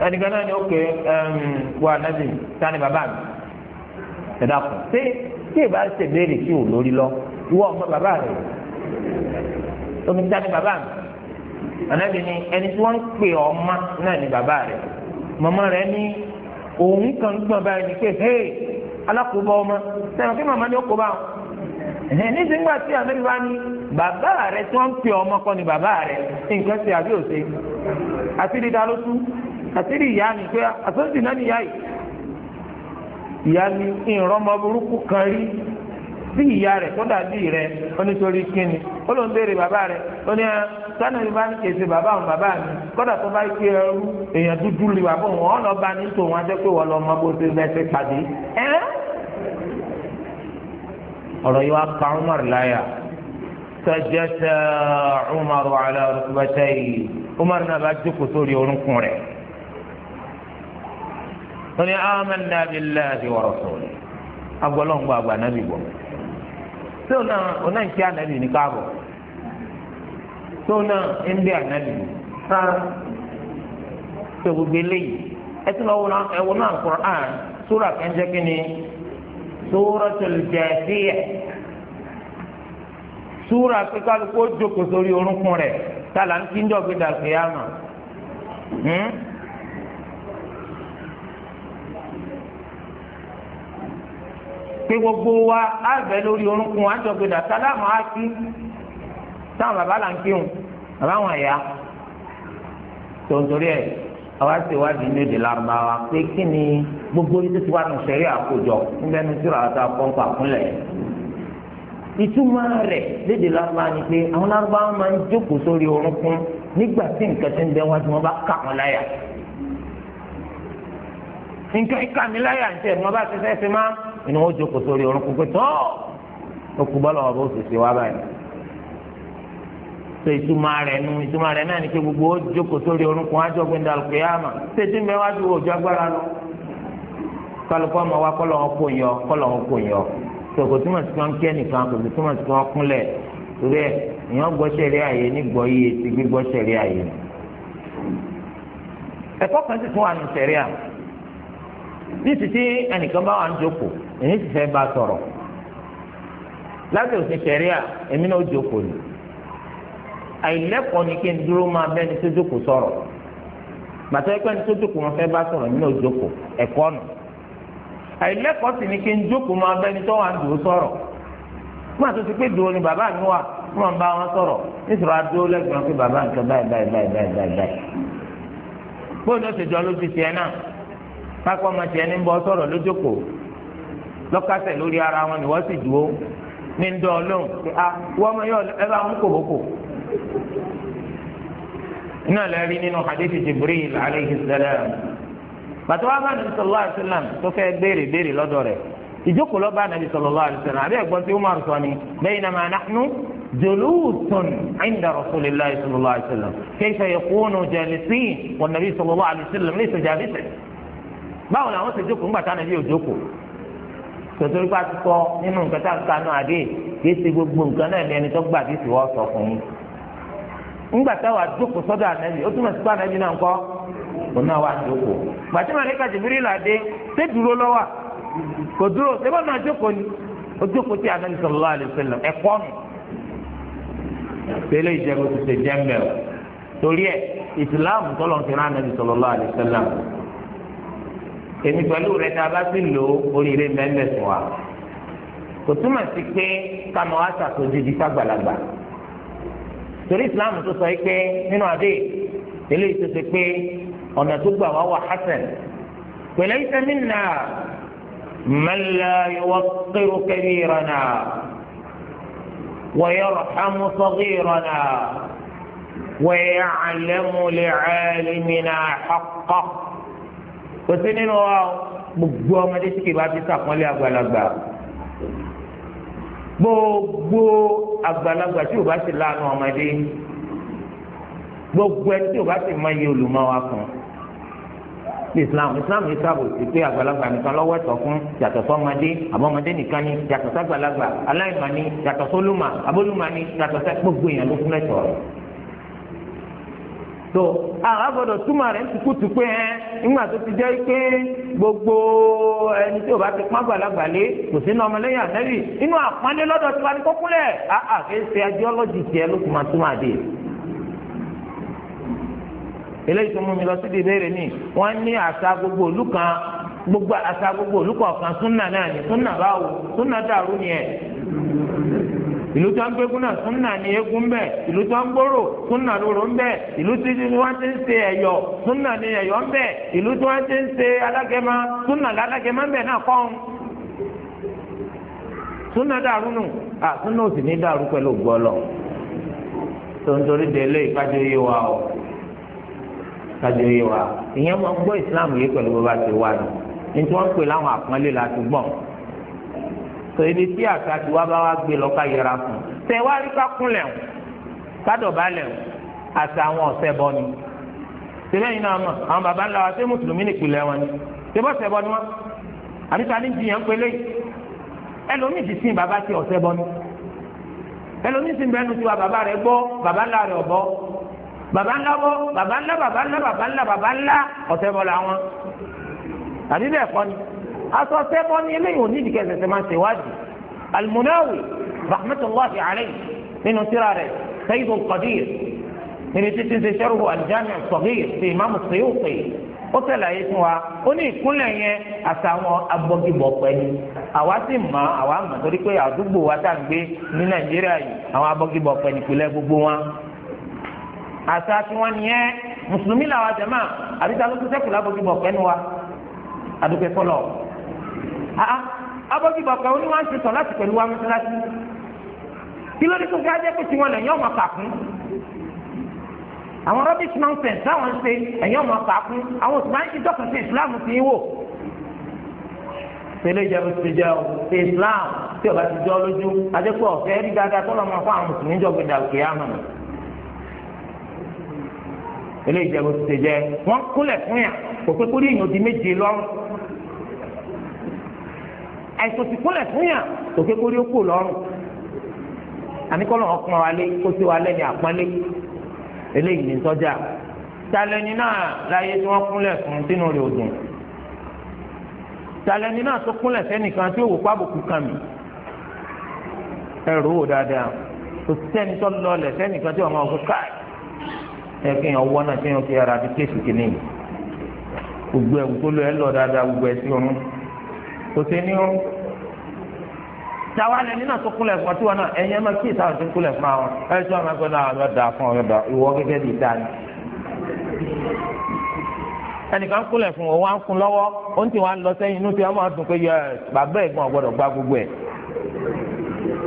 ẹnìkan náà ni ó pè é wà nábì tani bàbá mi ẹ dàpọ̀ ṣé tí ìbá ṣe béèrè tí ò lórí lọ ìwọ ọmọ bàbá rẹ omi tani bàbá mi ànábì ni ẹni tí wọ́n ń pè ọmọ náà ni bàbá rẹ màmá rẹ ní òun kan gbọ̀n báyìí ni pé hey alákòóbá ọmọ sẹ́wọ̀n kí màmá ni ó kó bá nígbà tí àmẹ́rì bá ní bàbá rẹ tí wọ́n pè ọmọ kọ́ ni bàbá rẹ nǹkan ṣe àbí òṣè àtìrí da ló tú àtìrí ìyá mi pé àtúntì náà níyà yìí ìyá mi ìrànmọ́ burúkú kan rí sí ìyá rẹ tó dàbí rẹ ó nítorí kíni ó ló ń béèrè bàbá rẹ ó ní sani ah, mi bá ní kèsè bàbá òun bàbá mi kódà tó bá gbé ẹrú èèyàn dúdú lè wà fún wọn ọ lọ bá ní tòun ajẹ́ pé wọ́n lọ mọ bó ṣe bẹ́ẹ̀ ṣe pàdé ẹ́ ọ̀rọ̀ yìí wá ka Umar láyà sọjọ́sẹ̀ Umar ala rukbatayhi Umar náà bá jókòó sórí orúnkún rẹ̀ wọ́n ní amanna billahi wa rasulihi agbọ́lọ́ngbọ́ àgbà nábì bọ̀ tó náà ọ̀nà ìṣe ànábì ní káàbọ̀ tó náà ń ànábì rárá tó gbogbo eléyìí ẹ ti lọ́wọ́ ẹ̀wọ̀n náà Qur'an sura kẹ́ńjẹ́ kínní suratul Jathiyah súra pé kálukú ó jókòó sórí orúnkún rẹ̀ tálà ń kí ń jọ̀gbé dàgbéyàmà hmm? pé gbogbo wa á bẹ lórí orúnkún wa ń jọ̀gbé dàgbéyàmà táwọn bàbá là ń kírun bàbá wọn yá tòǹtòrí ẹ̀ àwa ṣe ìwádìí ní èdè Lárúbáwá pé kí ni gbogbo títí wà nù sẹ́rí àkójọ níbẹ̀ ní tíra àti àkọ́ńpà kúnlẹ̀ ìtumọ̀ rẹ̀ lédè Lárúbáwá ni pé àwọn Lárúbáwá máa ń jókòó sórí orúnkún nígbà tí nǹkan ti ń bẹ wájú wọn bá kà wọn láyà nǹkan ìka mi láyà ń tẹ̀ wọn bá ti fẹ́ fi má inú jókòó sórí orúnkún pé tọ́ ó bọ́lá wọn bó wá báyìí ṣe ìtumọ̀ rẹ̀ nu ìtumọ̀ rẹ̀ náà ní kí gbogbo ó jókòó sórí orúnkún ájọgbìn dàlùkù yá mà ṣe tí mbẹ́ wájú òjò agbára lọ. kálukú ọmọ wa kọ́ lọ́wọ́ kò yọ kọ́ lọ́wọ́ kò yọ tó kò túmọ̀ sí wọn kí ẹnìkan kò sì túmọ̀ sí wọn kúnlẹ̀ torí ẹ̀ èèyàn gbọ́ sẹ̀rí àyè ní gbọ́ iye ti gbígbọ́ sẹ̀rí àyè. ẹ̀kọ́ kan sì tún wà ní sẹ̀rí à ní títí ẹnìkan bá wà ń jókòó èyí sì fẹ́ bá sọ̀rọ̀ láti òsì sẹ̀rí à èmi náà jókòó àìlẹ́kọ̀ọ́ ni kí n dúró máa bẹ́ ẹni tó jókòó sọ̀rọ̀ gbàtọ́ ẹgbẹ́ ẹni tó jókòó wọn fẹ́ bá sọ̀rọ̀ nínú òjókòó ẹ̀kọ́ nù àìlẹ́kọ̀ọ́ sì ni kí n jókòó máa bẹ́ ẹni tó wà ń dúró sọ̀rọ̀ máa tó ti pé dùn ni bàbá mi wà tí wọn bá wọn sọ̀rọ̀ nítorí adó lẹgbẹrún pé bàbá nǹkan báyìí báyìí báyìí báyìí báyìí báyìí. bóun ló ṣe jọ lójú tiẹ̀ náà pápá a wọn ọmọ ah, yóò ẹ iná lẹ́rí nínú hadith jibril alayhi salam bàtà wà bá nàbì sallallahu alayhi salam tó fẹ́ béèrè béèrè lọ́dọ̀ rẹ̀ ìjókòó lọ́ba nàbì sallallahu alayhi salam àbí ẹ̀gbọ́n tí umar sọ ni baynama nahnu julusun inda rasulillahi sallallahu alayhi salam kayfa yakunu jalisin wan nabi sallallahu alayhi salam laysa jalisan báwo làwọn ṣe jókòó ńgbà tánàbí ò jókòó tòtòrí pa ti kọ nínú nǹkan tá a kanu àdé ńgbà táwa jókòó sọ́dọ̀ ànábì ó túmọ̀ sí pé ànábì náà ń kọ́ òun náà wà jókòó gbàtí màlẹ́kà Jibril làdé ṣé dúró lọ́wọ́ kò dúró ṣé bọ́ọ̀ náà jókòó ni o jókòó tí ànábì sallallahu alaihi wasallam ẹ̀kọ́ nù tẹ́lẹ̀ ìjẹ́bù ti ṣe jẹ́mbẹ̀ o torí ẹ̀ islam tọ́lọ̀ ń fẹ́ràn ànábì sallallahu alaihi wasallam èmi pẹ̀lú rẹ̀ tá a bá sì lò oríire mẹ́mẹ́sùn wa kò túmọ̀ sí pé ká máa wá ṣàtòjì di sàgbàlagbà torí islam tó sọ pé nínú adé eléyìí tó ṣe pé ọ̀nà tó gbà wá wà hasan pẹ̀lẹ́ ìsẹ́mínà mẹ́lẹ́ ìwọ kéwò kẹ́bí ìrànà wọ́yọ̀rọ̀ hàmú sọ́gí ìrànà wọ́yẹ̀ àlẹ́mú lè ẹ́lẹ́mìnà àkọ́ kò sí nínú wa gbogbo ọmọdé tí kì bá ti sàkọ́lé àgbàlagbà gbogbo àgbàlagbà tí o bá ti lanu ọmọdé gbogbo ẹni tí o bá ti mọ iye olùmọ wa fún islam islam yìí sábò sí pé àgbàlagbà nìkan lọ́wọ́ ẹ̀tọ́ fún yàtọ̀ sọ́mọdé àbọ̀mọdé nìkan ni yàtọ̀ sàgbàlagbà aláìmọ̀ ni yàtọ̀ sólùmọ̀ abólùmọ̀ ni yàtọ̀ sẹ́ gbogbo èèyàn ló fún ẹ̀tọ́ rẹ̀. tó àwọn agbọ́dọ̀ tụmarị rẹ̀ tukutukpe hẹn nígbà tó ti jẹ́ gbogbo ẹni tí o bá ti pọn àgbàlagbà kò sínú ọmọlẹ́yìn àtẹbí inú àpọnlé lọ́dọ̀ tí wàá ní kókó lẹ àà kẹsẹ adiọlọjì tiẹ ló ni ìlú tó ń gbégún náà súnà ní eégún bẹ ìlú tí ń gbòòrò súnà lóró ń bẹ ìlú tí wọn ti ń se ẹ̀yọ̀ súnà ní ẹ̀yọ̀ ń ìlú tí wọn ti ń alágẹmọ súnà ń náà kọ́ ọ́n súnà dàrú nù à súnà ní dàrú pẹ̀lú gbọ́lọ̀ tó ń torí ìkájọ yé wa ìkájọ yé wa tí pè láwọn àpọ́nlé tó ibi tí àṣà tí wàá bá wá gbé lọ ká yẹra fún tẹ wá rí ká kúnlẹ̀ o ká àṣà àwọn ọ̀sẹ̀ bọ ni tẹ́lẹ̀ yìí náà mọ̀ àwọn baba ńlá wa ṣé mùsùlùmí nìpìlẹ̀ wọn ni ṣé bọ́sẹ̀ bọ ni wọn àbí ta ni jiyàn ń ẹlòmíì ti sin baba ti ọ̀sẹ̀ bọ ni ẹlòmíì ti bẹnu tiwa baba rẹ gbọ́ baba ńlá rẹ ọ̀bọ baba ńlá bọ baba ńlá baba ńlá baba ńlá baba ńlá ọ̀sẹ̀ bọ làwọn àbí bẹ́ẹ̀ kọ́ ni aṣọ sẹ́bọ́ ni eléyìí ò ní ìdíkẹ́ ẹ̀sẹ̀ máa ṣèwádìí almunawi rahmatulahi alayhi nínú tírà rẹ̀ sayidu qadir nínú títí ṣe sẹ́rù aljami sọ̀gír ti imaamu sèyóòtì ó ṣàlàyé fún wa ó ní ìkúnlẹ̀ yẹn àtàwọn agbọ́gibọ̀ pẹ̀lú àwa sì mọ̀ àwa mọ̀ torí pé àdúgbò wa tá à ń gbé ní nàìjíríà yìí àwọn agbọ́gibọ̀ pẹ̀lú ìpìlẹ̀ gbogbo wọn àṣà tiwọn nìyẹn mùsùlùmí làwọn àjẹmọ́ àbí ló tún sẹ́kù lábọ́gibọ̀ pẹ̀lú wa adúgbò fọlọ́ Ah, ah. abọ́gibọ̀ kan oní wọn ti sọ láti pẹ̀lú wa mọ́sálásí kí ló dé tó fi ajẹ́ pé tiwọn lẹ́yìn ọmọ kà fún àwọn rubbish nonsense táwọn ń ṣe ẹ̀yìn ọmọ kà fún àwọn òṣùpá ń ṣe dọ́kàn sí Islam ti ń wò tẹ́lẹ̀ ìjẹun ti jẹ o ti Islam tí o bá ti jọ lójú ajẹ́ pé ọ̀fẹ́ rí dáadáa tó lọ́ máa fún àwọn mùsùlùmí jọ gbẹdà òkè àmọ́ tẹ́lẹ̀ ìjẹun ti jẹ wọ́n kúnlẹ̀ fún yà kò pé ìyàn di méje lọ́rùn àìsàn ti kúnlẹ̀ fún yàn kò ké kórí ó kù lọ́rùn àníkọ́nà ọkùn wa lé kó sí wa lẹ́ni àpọ́nlé eléyìí ní tọ́jà talẹ́ni náà láyé tí wọ́n kúnlẹ̀ fún sínú rẹ̀ òdùn talẹ́ni náà tó kúnlẹ̀ sẹ́nìkan tí òwò pàbùkù kàn mí ẹrù wò dáadáa kò sẹ́ni tó lọlẹ̀ sẹ́nìkan tí wọ́n máa ẹ kí èèyàn wọ́n náà kí èèyàn kí ara ti kéèsì kìíní gbogbo ẹ̀ kò sí ní o tàwa lẹni náà tó kúnlẹ̀ fún ọtí wọn náà ẹ̀yin ẹ̀ máa kí ìtàwọn tó kúnlẹ̀ fún àwọn ẹ̀ tí wọ́n máa gbé náà yọ da fún ọyọ da ìwọ gẹ́gẹ́ bí ìta ni. ẹnìkan kúnlẹ̀ fún wọn wọn á kún lọ́wọ́ ó ń tì wọn lọ sẹ́yìn inú tí wọ́n máa dùn pé yẹ bàbá ẹ̀gbọ́n ọ̀gbọ́dọ̀ gbá gbogbo ẹ̀.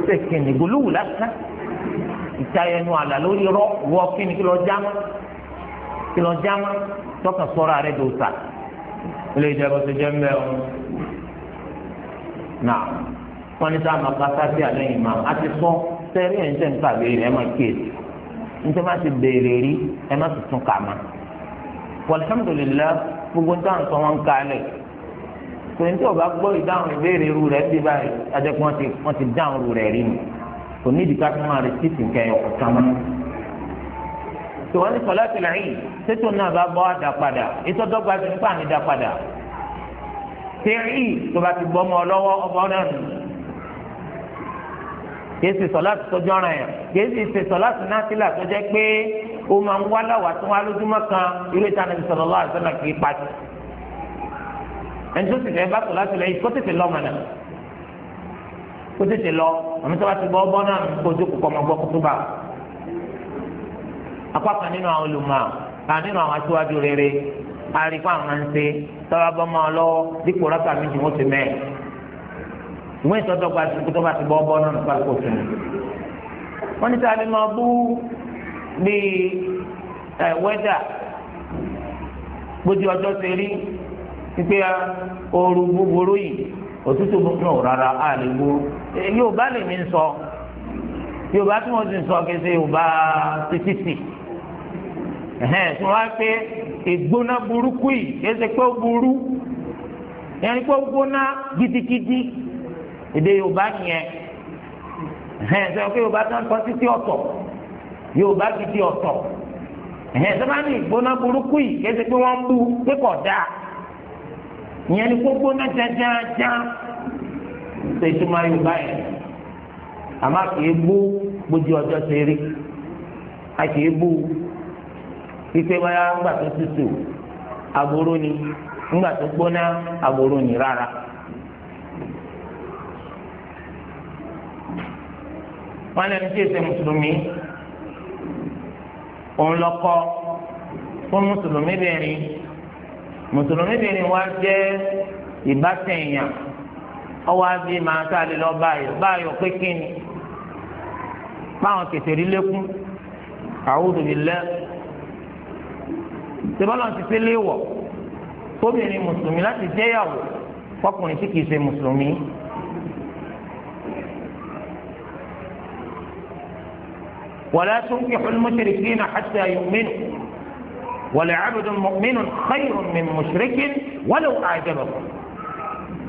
ṣé kìnnì gbólóhùn lásán ìtayẹnu àlà lórí rọ wọ kíni kí lọ jámá kí lọ jámá náà wọ́n ní sáà máa pátá sí àlẹ́yìn máa a ti sọ sẹ́rí ẹ̀ ń tẹ̀ ń pàgbé rẹ̀ ẹ̀ máa kéèsì nítorí wọ́n ti béèrè rí ẹ̀ má tuntun kà má. alhamdulilayi gbogbo táwọn sọ wọn kálẹ̀ tòun tí o bá gbọ́ ìdáhùn ìbéèrè irú rẹ̀ bí báyìí ajẹ́kùn wọn ti dáhùn irú rẹ̀ rí ni kò ní ìdíkà tó máa retí tìǹkẹ́ ọ̀kan mọ́ tòun ní sọlá tìlẹ̀ yìí tètò náà bá bọ́ àdá padà ètò ọdọ́gba ti ń pàmì dá padà tẹ́rì tó bá ti gbọ́mọ lọ́wọ́ ọba náà nù. kìí ṣe sọ̀láàtì tó jọ́ra yẹn kìí ṣe sọ̀láàtì násìlà tó jẹ́ pé ó máa ń wá láwà tó wá lójúmọ́ kan irú ìta nàbí sallallahu alaihi wasallam kìí pàṣẹ. ẹni tó sì fẹ́ bá sọ̀láàtì lẹ́yìn kó tètè lọ́ mọ̀nà kó tètè lọ àmì tó bá ti gbọ́ ọbọ̀ náà kó jókòó ọmọ gbọ́ kó bá. apá kan nínú àwọn olùmọ̀ àríkọ́ àwọn ń ṣe tọ́wọ́ bọ́ máa lọ́wọ́ dípò rákà méjì wọ́n ti mẹ́ẹ̀. ìwé ìtọ́jọ́ gba ti tó bá ti bọ́ bọ́ náà nípa kò sí. wọ́n ní sábẹ́ máa bú bíi wẹ́dà gbójú ọjọ́ ṣe rí pípé ooru búburú yìí òtútù náà rárá a lè gbó yóò bá lè mí sọ yóò bá tí wọ́n ti sọ kí ṣe yóò bá títí sí. ẹ̀hẹ́n tí wọ́n á pé ìgbóná burúkú yìí kéde pé ó burú yẹn pé ó gbóná gidigidi èdè Yorùbá nìyẹn ẹ̀hẹ́n sọ pé Yorùbá tó ń tọ́ títí ọ̀tọ̀ Yorùbá gidi ọ̀tọ̀ ẹ̀hẹ́n sọ ní ìgbóná burúkú yìí pé bu kò pé ó gbóná ṣe ìtumọ̀ Yorùbá yẹn kì í ọjọ́ í pípé báyà ńgbà tó tutù aburú ni ńgbà tó gbóná aburú ni rárá. wọn lẹnu tí èsè mùsùlùmí òun lọkọ fún mùsùlùmí bìnrin mùsùlùmí bìnrin wa jẹ ìbátan èèyàn ọwọ abí máa lọ báyọ báyọ pé báwọn kẹsẹ̀ rí lékún a'udhu billah tẹ́bọ́lọ́ ti fi léèwọ̀ obìnrin mùsùlùmí láti jẹ́yàwó fọkùnrin tí kìí ṣe mùsùlùmí. ولا تنكحوا المشركين حتى يؤمنوا ولعبد مؤمن خير من مشرك ولو أعجبكم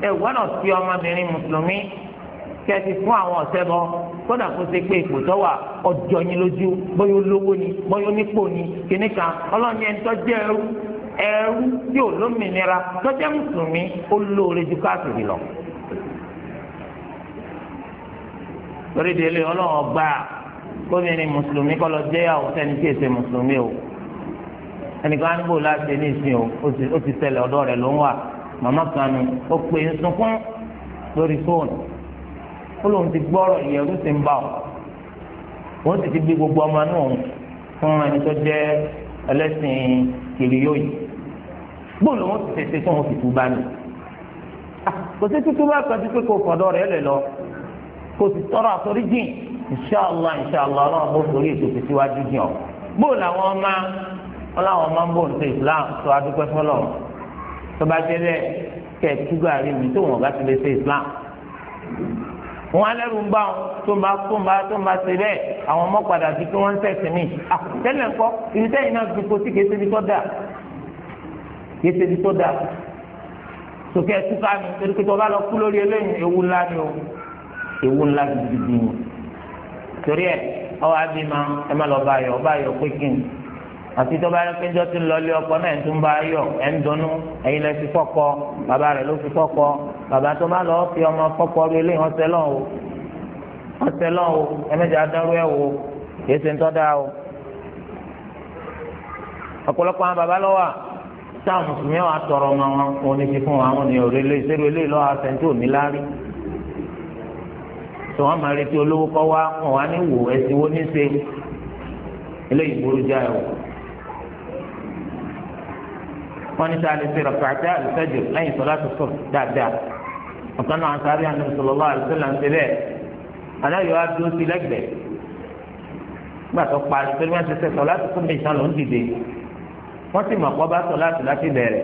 ẹ wọ́n lọ sí ọmọbìnrin mùsùlùmí kẹ́ ẹ ti fún àwọn ọ̀sẹ́ bọ́ kódà kó ṣe pé ipò tọ́wà ọjọ́ yín lójú bóyá olówó ni bóyá onípò ni kíní kan ọlọ́run yẹn tó jẹ́ ẹrú ẹrú tí ò lómìnira tó jẹ́ mùsùlùmí ó lóore ju káàkiri lọ. lórí délé ọlọ́run ọgbà gómìnà mùsùlùmí kọ́ lọ jẹ́ àwọn sẹ́ni tí èsè mùsùlùmí o ẹnìkan á láti ní ìsìn o ó ti tẹ̀lé ọ̀dọ́ rẹ̀ ló ń wà màmá kanu ó pè é sunkún lórí fóònù kólóhùn ti gbọ́rọ̀ ìyẹ̀rú ti ń bà ọ́ wọ́n sì ti gbé gbogbo ọmọ náà fún ẹni tó jẹ́ ẹlẹ́sìn kiri yóò yìí bóòlù wọn ti tẹ̀sẹ̀ tí wọn fi tú bá mi kò sí tútú bá kan tí pé kò kọ̀dọ̀ rẹ̀ lẹ̀ lọ kò sì tọrọ àforíjì inṣàlá inṣàlá ọlọ́run bó torí ètò fi síwájú jìn ọ́ bóòlù àwọn ọmọ wọn ọmọ ń bò ń Islam tó a fọlọ́ tó bá jẹ́ bẹ́ẹ̀ kẹ́ẹ̀túgbà rí mi tó wọn bá ti lè ṣe Islam wọn alẹ́rù ń bá wọn tó ń bá tó ń bá tó ń bá ṣe bẹ́ẹ̀ àwọn ọmọ padà di pé wọ́n ń sẹ̀sìn mí. àtẹlẹ ah, ńkọ ibi tẹ́yìn náà fi kó sí kéṣe bí tó dà kéṣe bí tó dà sókè ẹtúkà mi torí pé tó bá lọ kú lórí eléyìí ewu ńlá ni o ewu ńlá gidigidi ni torí ẹ ọ wá bí ma ẹ má lọ bá yọ ọ bá yọ pé kí ni àti tó bá yẹ pé njọ́ ti ń lọ ilé ọkọ náà ń tún bá yọ ẹ̀ ń dunnú ẹ̀yin lẹ fi fọ́kọ bàbá rẹ̀ ló fi fọ́kọ bàbá tó má lọ fi ọmọ fọ́kọ rẹ̀ lé ọ̀sẹ̀ lọ́n o ọ̀sẹ̀ lọ́n o ẹ̀mẹ́jọ adọ́rú ẹ̀ wò kìí ṣe ń tọ́ da o. ọ̀pọ̀lọpọ̀ àwọn bàbá lọ́wọ́ táwọn mùsùlùmí wa tọrọ ọmọ wọn òun ní ti fún wọn àwọn ènìyàn òrèlè ìṣerú eléyìí lọ́wọ́ àṣẹǹtì òní láárí tí wọ́n máa retí olówó kọ́ wá wọn wá ní ẹ̀sìn wo ní í ṣe eléyìí burú jáì o wọ́n ní sáà lè ṣe rọ̀kàtà àlùfẹ́jù lẹ́yìn sọlá tó sọ dáadáa ọ̀kan náà sábì ànábì sallallahu alaihi wasallam ń ṣe bẹ́ẹ̀ aláyọ̀ wá dúró sí lẹ́gbẹ̀ẹ́ nígbà tó parí pé wọ́n ti ṣe sọlá tó fún mi ìṣàn ló ń dìde wọ́n sì mọ̀ kọ́ bá sọlá tó láti bẹ̀rẹ̀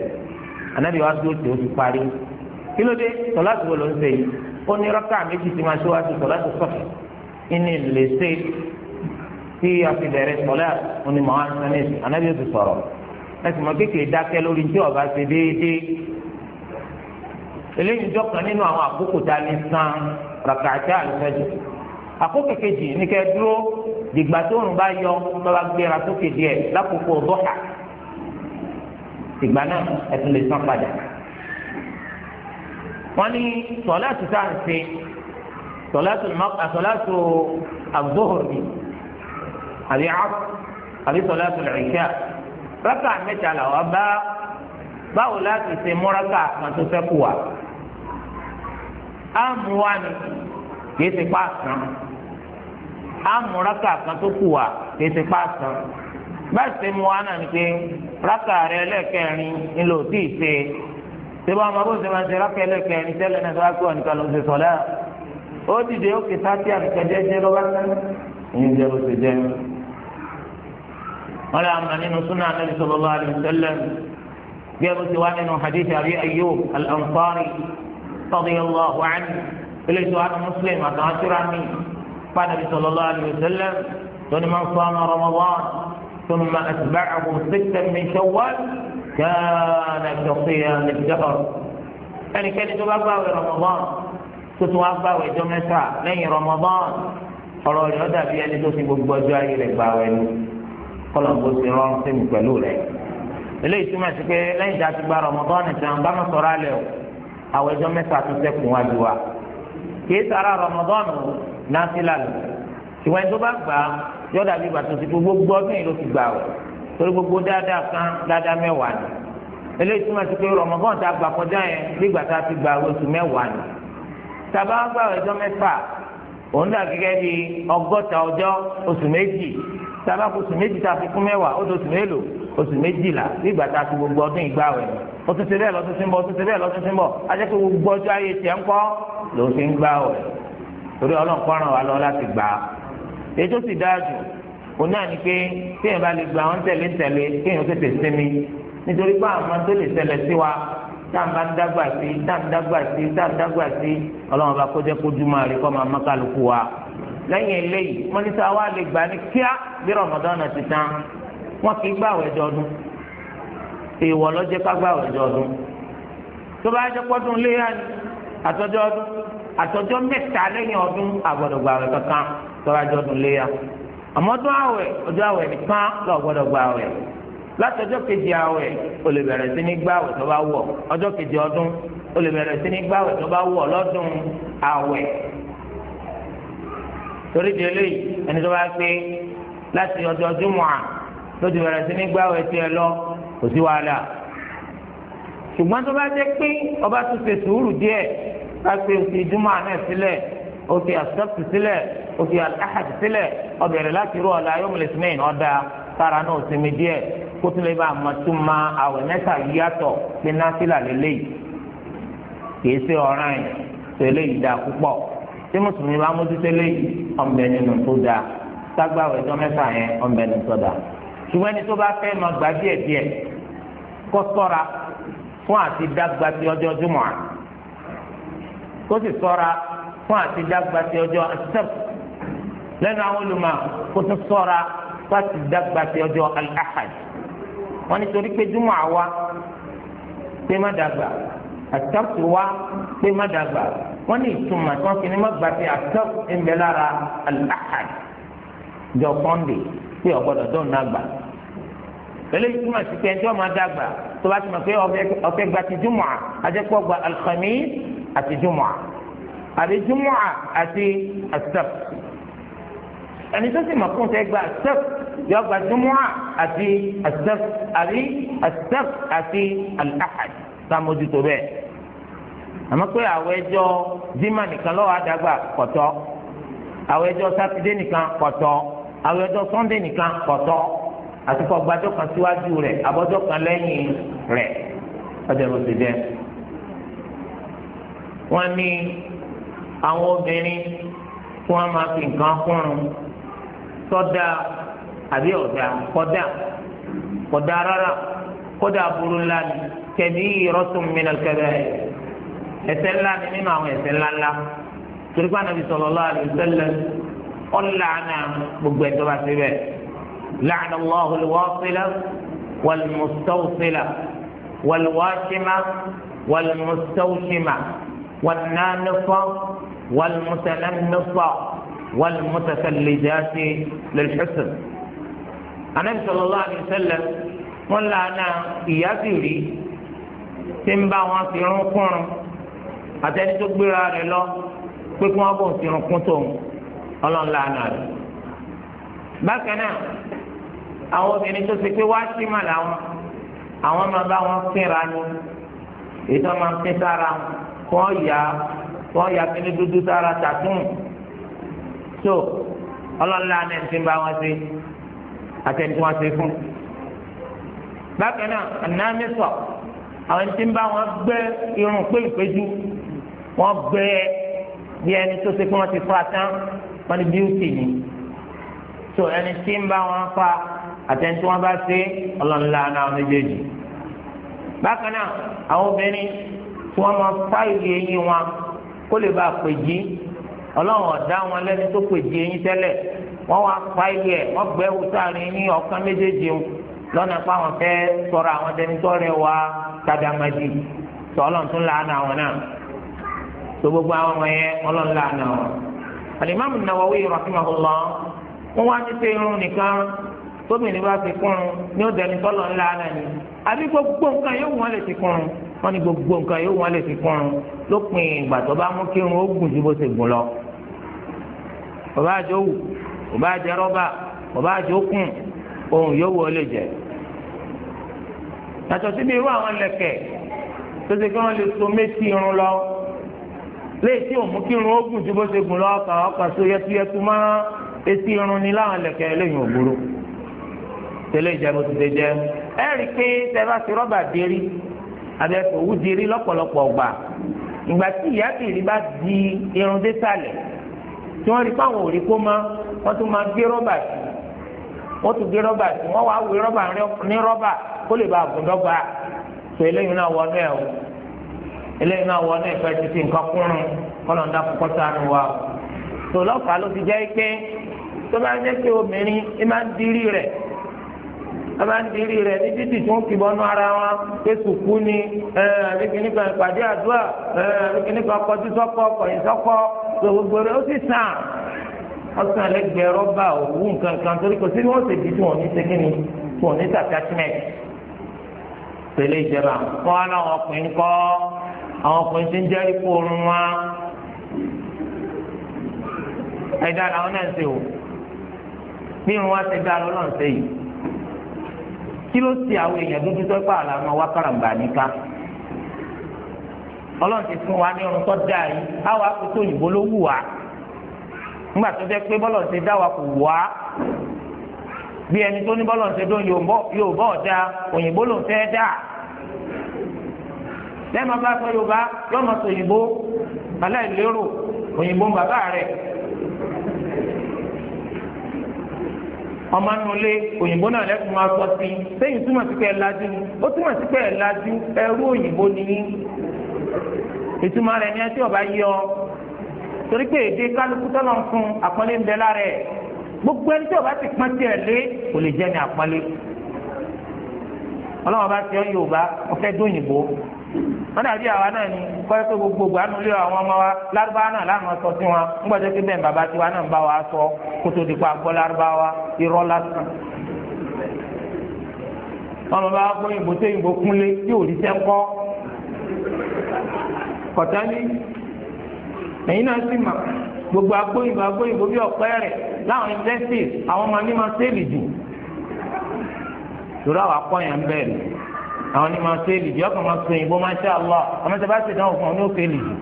ànábì wá dúró sí ó ti parí kí ló dé sọlá tó ló ń ṣe yìí ó ní rọ́kà méjì tí máa ṣíwájú sọlá tó ìní lè ṣe tí a fi bẹ̀rẹ̀ sọlá onímọ̀ ẹsìn mọ kékeré dákẹ́ lórí tí ọba ṣe déédéé eléyìí jọkàn nínú àwọn àkókò tá a ní san ràkàtà àlùfẹ́jọ àkókò kejì ní kẹ́ dúró dìgbà tó ń bá yọ lọ́ba gbéra sókè díẹ̀ lákòókò dọ́kà ìgbà náà ẹtún lè san padà wọ́n ní sọ̀láàtù tá à ń ṣe sọ̀láàtù àsọ̀láàtù àgbóhùn mi àbí àbí sọ̀láàtù ìṣá rákà la làwọn ba báwo láti ṣe múrákà kan tó fẹ́ kù wá á mú wá ni kì í ṣe pa àsán á mú rákà kan tó kù wá kì í ṣe pa àsán bá ṣe mú wá náà ni pé rákà rẹ lẹ́ẹ̀kẹrin ni lò tí ì ṣe ṣé bá ọmọ bó ṣe máa ṣe rákà ẹlẹ́ẹ̀kẹrin tẹ́lẹ̀ náà tó wá pé ló ń ṣe sọ̀lá ó dìde ó kì í sá sí àbíkẹ́jẹ́ jẹ́ lọ́wọ́ sẹ́yìn ìyẹn jẹ́ ló ṣe jẹ́ ولا أن سنة النبي صلى الله عليه وسلم في سواء من حديث أبي أيوب الأنصاري رضي الله عنه إلى سؤال مسلم أتأثر عني قال النبي صلى الله عليه وسلم ثم يعني من صام رمضان ثم أتبعه ستا من شوال كان كصيام الدهر يعني كان يتوقف رمضان تتوقف ويتم نسعى لي رمضان فلو يهدى في أن تصيب الجاهل باوي kọlọ̀ǹgbò ti rọrùn sí mi pẹ̀lú rẹ̀ eléyìí túmọ̀ sí pé lẹ́yìn tí a ti gba Ramadan nìkan bá mọ̀ sọ̀rọ̀ alẹ́ o àwọn ẹjọ́ mẹ́ta tó sẹ́kùn wá ju wa kìí sara Ramadan násìlá lò ìwọ̀n tó bá gbà á yọ̀dà bíbà tó ti gbogbo ọdún yìí ló ti gbà o torí gbogbo dáadáa kan dáadáa mẹ́wàá ni eléyìí túmọ̀ sí pé Ramadan tá a gbà kọjá yẹn nígbà tá a ti gba oṣù mẹ́wàá ni tàbá gbà ọjọ́ mẹ́fà òun dà gẹ́gẹ́ bí ọgọ́ta ọjọ́ oṣù méjì sábà kó oṣù méjì tá a fi kún mẹ́wàá ó dóṣù mélòó oṣù méjìlá nígbà tá a fi gbogbo ọdún ìgbà wẹ̀ ó tún ṣe bẹ́ẹ̀ lọ́tún sí ń bọ̀ ó tún ṣe bẹ́ẹ̀ lọ́tún sí ń bọ̀ á jẹ́ pé gbogbo ọjọ́ ayé tiẹ̀ ń kọ́ ló fi ń gbà wẹ̀ torí ọlọ́nkọ́ràn wa lọ láti gbà á ètò sì dáàjù òun náà ni pé téèyàn bá lè gbà wọn tẹ̀lé tẹ̀lé kéèyàn tètè sinmi nítorí pé àwọn tó lè ṣẹlẹ̀ sí wa táǹbà ń dágbà sí táǹdàgbà sí táǹdàgbà sí ọlọ́run bá kó kójú máa rí kọ́ máa mọ́kàlùkù wa lẹ́yìn eléyìí wọ́n ní sọ àwa lè gbà ní kíá bí Ramadan ti tán wọ́n kì í gbààwẹ̀ jọdún èèwọ̀ ló jẹ́ ká gbààwẹ̀ jọdún tó bá jẹ́ pọ́dún léyà ni àtọ́jọ́ ọdún àtọ́jọ́ mẹ́ta lẹ́yìn ọdún àgbọ̀dọ̀ gbààwẹ̀ kankan tó bá jẹ́ ọdún léyà àmọ́ ọdún àwẹ̀ ọdún àwẹ̀ nìkan ló gbọ́dọ̀ gbààwẹ̀ látọjọ́ kejì àwẹ̀ o lè bẹ̀rẹ̀ sí ní gbààwẹ̀ tó bá wọ̀ ọjọ́ kejì ọdún o lè bẹ̀rẹ̀ sí ní gbààwẹ̀ tó bá wọ̀ lọ́dún àwẹ̀ torí di eléyìí ẹni tó bá pé láti ọjọ́ júmọ̀à ló ti bẹ̀rẹ̀ sí ní gbáwé tiẹ̀ lọ kò sí wàhálà ṣùgbọ́n tó bá jẹ́ pé ọba tún ṣe sùúrù díẹ̀ bá pé o ti júmọ̀à náà sílẹ̀ o ti àṣọ́ọ̀tì sílẹ̀ o ti àṣàṣì sílẹ̀ ọbẹ̀rẹ̀ láti rú ọ̀la yóò múlẹ̀ sínú ìnáda sára náà sinmi díẹ̀ kó tún lè bá a mọ̀ tún ma àwẹ̀ mẹ́ta yíyàtọ̀ pé náà sílà lélẹ́yìí kì í ṣe ọ̀ràn ẹ̀ tó eléyìí dáa púpọ̀ tí mùsùlùmí bá mójútó léyìí ọ̀nbẹ nínú tó dáa ságbáwò ẹjọ́ mẹ́fà yẹn ọ̀nbẹ nínú tó dáa ṣùgbọ́n ẹni tó bá fẹ́ máa gbà díẹ̀ díẹ̀ kó sọ́ra fún àti dágba ti ọjọ́ jùmọ̀ à kó sì sọ́ra fún àti dágba ti ọjọ́ sẹ́p lẹ́nu àwọn olùmọ̀ kó tún sọ́ra fún àti dágba ti ọjọ́ al-ahad wọn nítorí pé jùmọ̀ àwa pé má dàgbà àti sẹ́p wa pé má dàgbà wọ́n ní ìtumọ̀ tí wọ́n fi ní má gba ti àtọ́ ẹ̀ńbẹ́ lára al-ahad jọ sunday pé ọ̀gbọ́dọ̀ dọ́ọ̀ náà gbà eléyìí túmọ̀ sí pé ẹjọ́ máa dàgbà tó bá ti mọ̀ pé ọ̀fẹ́ gba ti júmọ̀ àjẹpọ̀ gba al-khamis àti júmọ̀ àbí júmọ̀ àti asaf ẹni tó sì mọ̀ fún fẹ́ gba asaf yọ gba júmọ̀ àti asaf àbí asaf àti al-ahad sàmójútó bẹ́ẹ̀ àmọ́ pé àwọn ẹjọ́ jimá nìkan lọ́wọ́ àdàgbà kọ̀tọ́ àwọn ẹjọ́ sátidé nìkan kọ̀tọ́ àwọn ẹjọ́ sọ́ndé nìkan kọ̀tọ́ àtikọ̀ gbàjọ́ kan síwájú rẹ̀ abọ́jọ́ kan lẹ́yìn rẹ̀ ọjọ́ ló ti jẹ́. wọ́n ní àwọn obìnrin tí wọ́n máa fi nǹkan kúrun sọ́dà àbí ọ̀dà kọ́dà kọ́dà rárá kọ́dà burú ńlá ni kẹ̀mí ìrọ́sùn mi nà ẹ̀ṣẹ̀ ńlá ni nínú àwọn ẹ̀ṣẹ̀ ńlá ńlá torí pé anabi sallallahu alaihi wasallam ọlànà gbogbo ẹ̀tọ́ bá ti bẹ la'ana Allahu al-wasila wal-mustawsila wal-washima wal-mustawshima wan-nanifa wal-mutanannifa wal-mutakallijati lil ìyá sì rí tí ń bá wọn fi rún kúrun àtẹni tó gbéra rẹ̀ lọ pé kí wọn bò ń tirun kún tóun ọlọ́nla àná rẹ̀. bákan náà àwọn obìnrin tó ṣe pé wá sí mà láwọn àwọn máa bá wọn fínra ni èyí tó máa fín sára wọn yà wọn yà kíní dúdú sára tàtún tó ọlọ́nla àná ti ń bá wọn ṣe àtẹni tí wọn ṣe fún. bákan náà àná mi sọ àwọn tí ń bá wọn gbé irun pé ìpéjú. wọ́n gbé bí ẹni tó ṣe pé wọ́n ti fa tán wọ́n ní bíútì ni so ẹni tí ń bá wọn fa àtẹni bá ṣe ọlọ́nla náà méjèèjì bákan náà àwọn obìnrin tí wọ́n máa fáìlì eyín wọn kó lè bá a pè jí ọlọ́run ọ̀dá wọn lẹ́ni tó pè jí tẹ́lẹ̀ wá ọ̀kan méjèèjì o lọ́nà àwọn fẹ́ sọ̀rọ̀ àwọn tún làánà àwọn náà. tó gbogbo àwọn ọmọ yẹn ọlọ́ọ̀lá àná wọn. alimami Nawawi rahimahullah wọn wá ní pé irun nìkan tóbìnrin bá ti kúrun ní ọ̀dẹ̀ni tọ́lọ̀ ńlá náà ni àbí gbogbo nǹkan yóò wọ́n lè ti kúrun wọ́n ní gbogbo nǹkan yóò wọ́n lè ti kúrun lópin ìgbà tó bá mú kírun ó gùn ju bó ṣe gùn lọ. bàbá àjọ wù bàbá àjẹ rọ́bà bàbá àjọ kùn ohun yóò wọ lè yàtọ̀ síbi irú àwọn lẹ̀kẹ̀ tó ṣe kí wọ́n lè so méjì irun lọ léyìí tí òun kírun ó ogun ju bó ṣe gùn lọ́ọ̀kan ọkàn sí yẹtúyẹtú mọ́ etí irun ni láwọn lẹ̀kẹ́ eléyìí ògbóró tẹ́lẹ̀ ìjẹun ti ṣe ẹ rí i pé tẹ́lá ti rọ́bà dérí àbẹ òwú lọ́pọ̀lọpọ̀ gbà ìgbà tí ìyá kiri bá di irun dé sàlẹ̀ tí wọ́n rí fáwọn òrí kó mọ́ wọ́n tún máa gbé sí wọ́n tún gbé rọba sí wọ́n wá wé ní eléyìí náà wọ náà ìfẹ́ títí nǹkan kúrún kọ́nà ńdá kọ́kọ́ sánú wa tòlọ́kà ló ti jẹ́ pé tó bá jẹ́ pé obìnrin ẹ máa ń dirí rẹ̀ ẹ máa ń dirí rẹ̀ ní títì tó ń kìbọnú ara wọn pé sùkú ni àbí kìíní kan ìpàdé àdúrà àbí kìíní kan kọjú sọ́kọ́ kọ̀yìn sọ́kọ́ gbogbo rẹ̀ ó sì sàn ọ̀sán lẹ́gbẹ̀ẹ́ rọ́bà òwú nǹkan kan torí kò sí ni wọ́n ṣe di tí wọ́n ní ṣe kíni tí wọ́n ní sàtàtìmẹ̀tì tẹ̀lé ìjẹba wọn náà ọkùnrin kọ́ àwọn ọkùnrin ti ń jẹ́rí kó oorun wá ẹ̀dá làwọn náà ń ṣe o bí irun wá ṣe dá lọ́nà ṣe yìí kí ló ti àwọn èèyàn dúdú tó pa àlà wá kàràǹgbà níka ọlọ́run ti fún wa ní irun tó dáa yìí àwọn akótó òyìnbó ló wù wá nígbà tó jẹ́ pé bọ́lọ̀ ti dá wa kò wù wá bí ẹni tó ní bọ́lọ̀ ti dún yóò bọ́ ọ̀dà òyìnbó ló fẹ́ dáa lẹ́nu ọba sọ yorùbá yóò mọ̀ sọ òyìnbó aláìlérò òyìnbó bàbá rẹ̀ ọmọ nulẹ̀ òyìnbó náà lẹ́kùn máa sọ sí sẹ́yìn túmọ̀ sí pé ẹ̀ lajú ó túmọ̀ sí pé ẹ̀ lajú ẹrú òyìnbó nìyí ìtumọ̀ rẹ̀ ni ẹ tí ọba yí ọ torí pé èdè kálukú tọ́lọ̀ ń fún àpọ́nlé ń bẹ lára ẹ̀ gbogbo ẹni tí ọba ti pọ́n tiẹ̀ lé kò lè jẹ́ ní àpọ́nlé ọlọ́wọ́n bá ti ọ Yorùbá ọ̀fẹ́ dóyìnbó wọn dàbí àwa náà ni kọ́yọ́ gbogbo àánú lé àwọn ọmọ wa lárúbáwá náà láwọn sọ sí wọn ń gbọ́dọ̀ pé bẹ́ẹ̀ bàbá tiwa náà ń bá wa sọ kótó dípò àgbọ̀ lárúbáwá irọ́ lásán ọmọ bá wá ìbò tó ìbò kúnlé tí ò rí sẹ́ kọ́ gbogbo agbóyìnbó agbóyìnbó bí ọ̀pẹ́ rẹ̀ láwọn àwọn ọmọ ní sẹ́ẹ̀lì jù àwọn ní máa sẹ́ẹ̀lì jù ọkàn máa sọ òyìnbó máa ṣe àlọ́ àmọ́ tẹ bá ṣe dáhùn fún ọ ní òkèlì jù.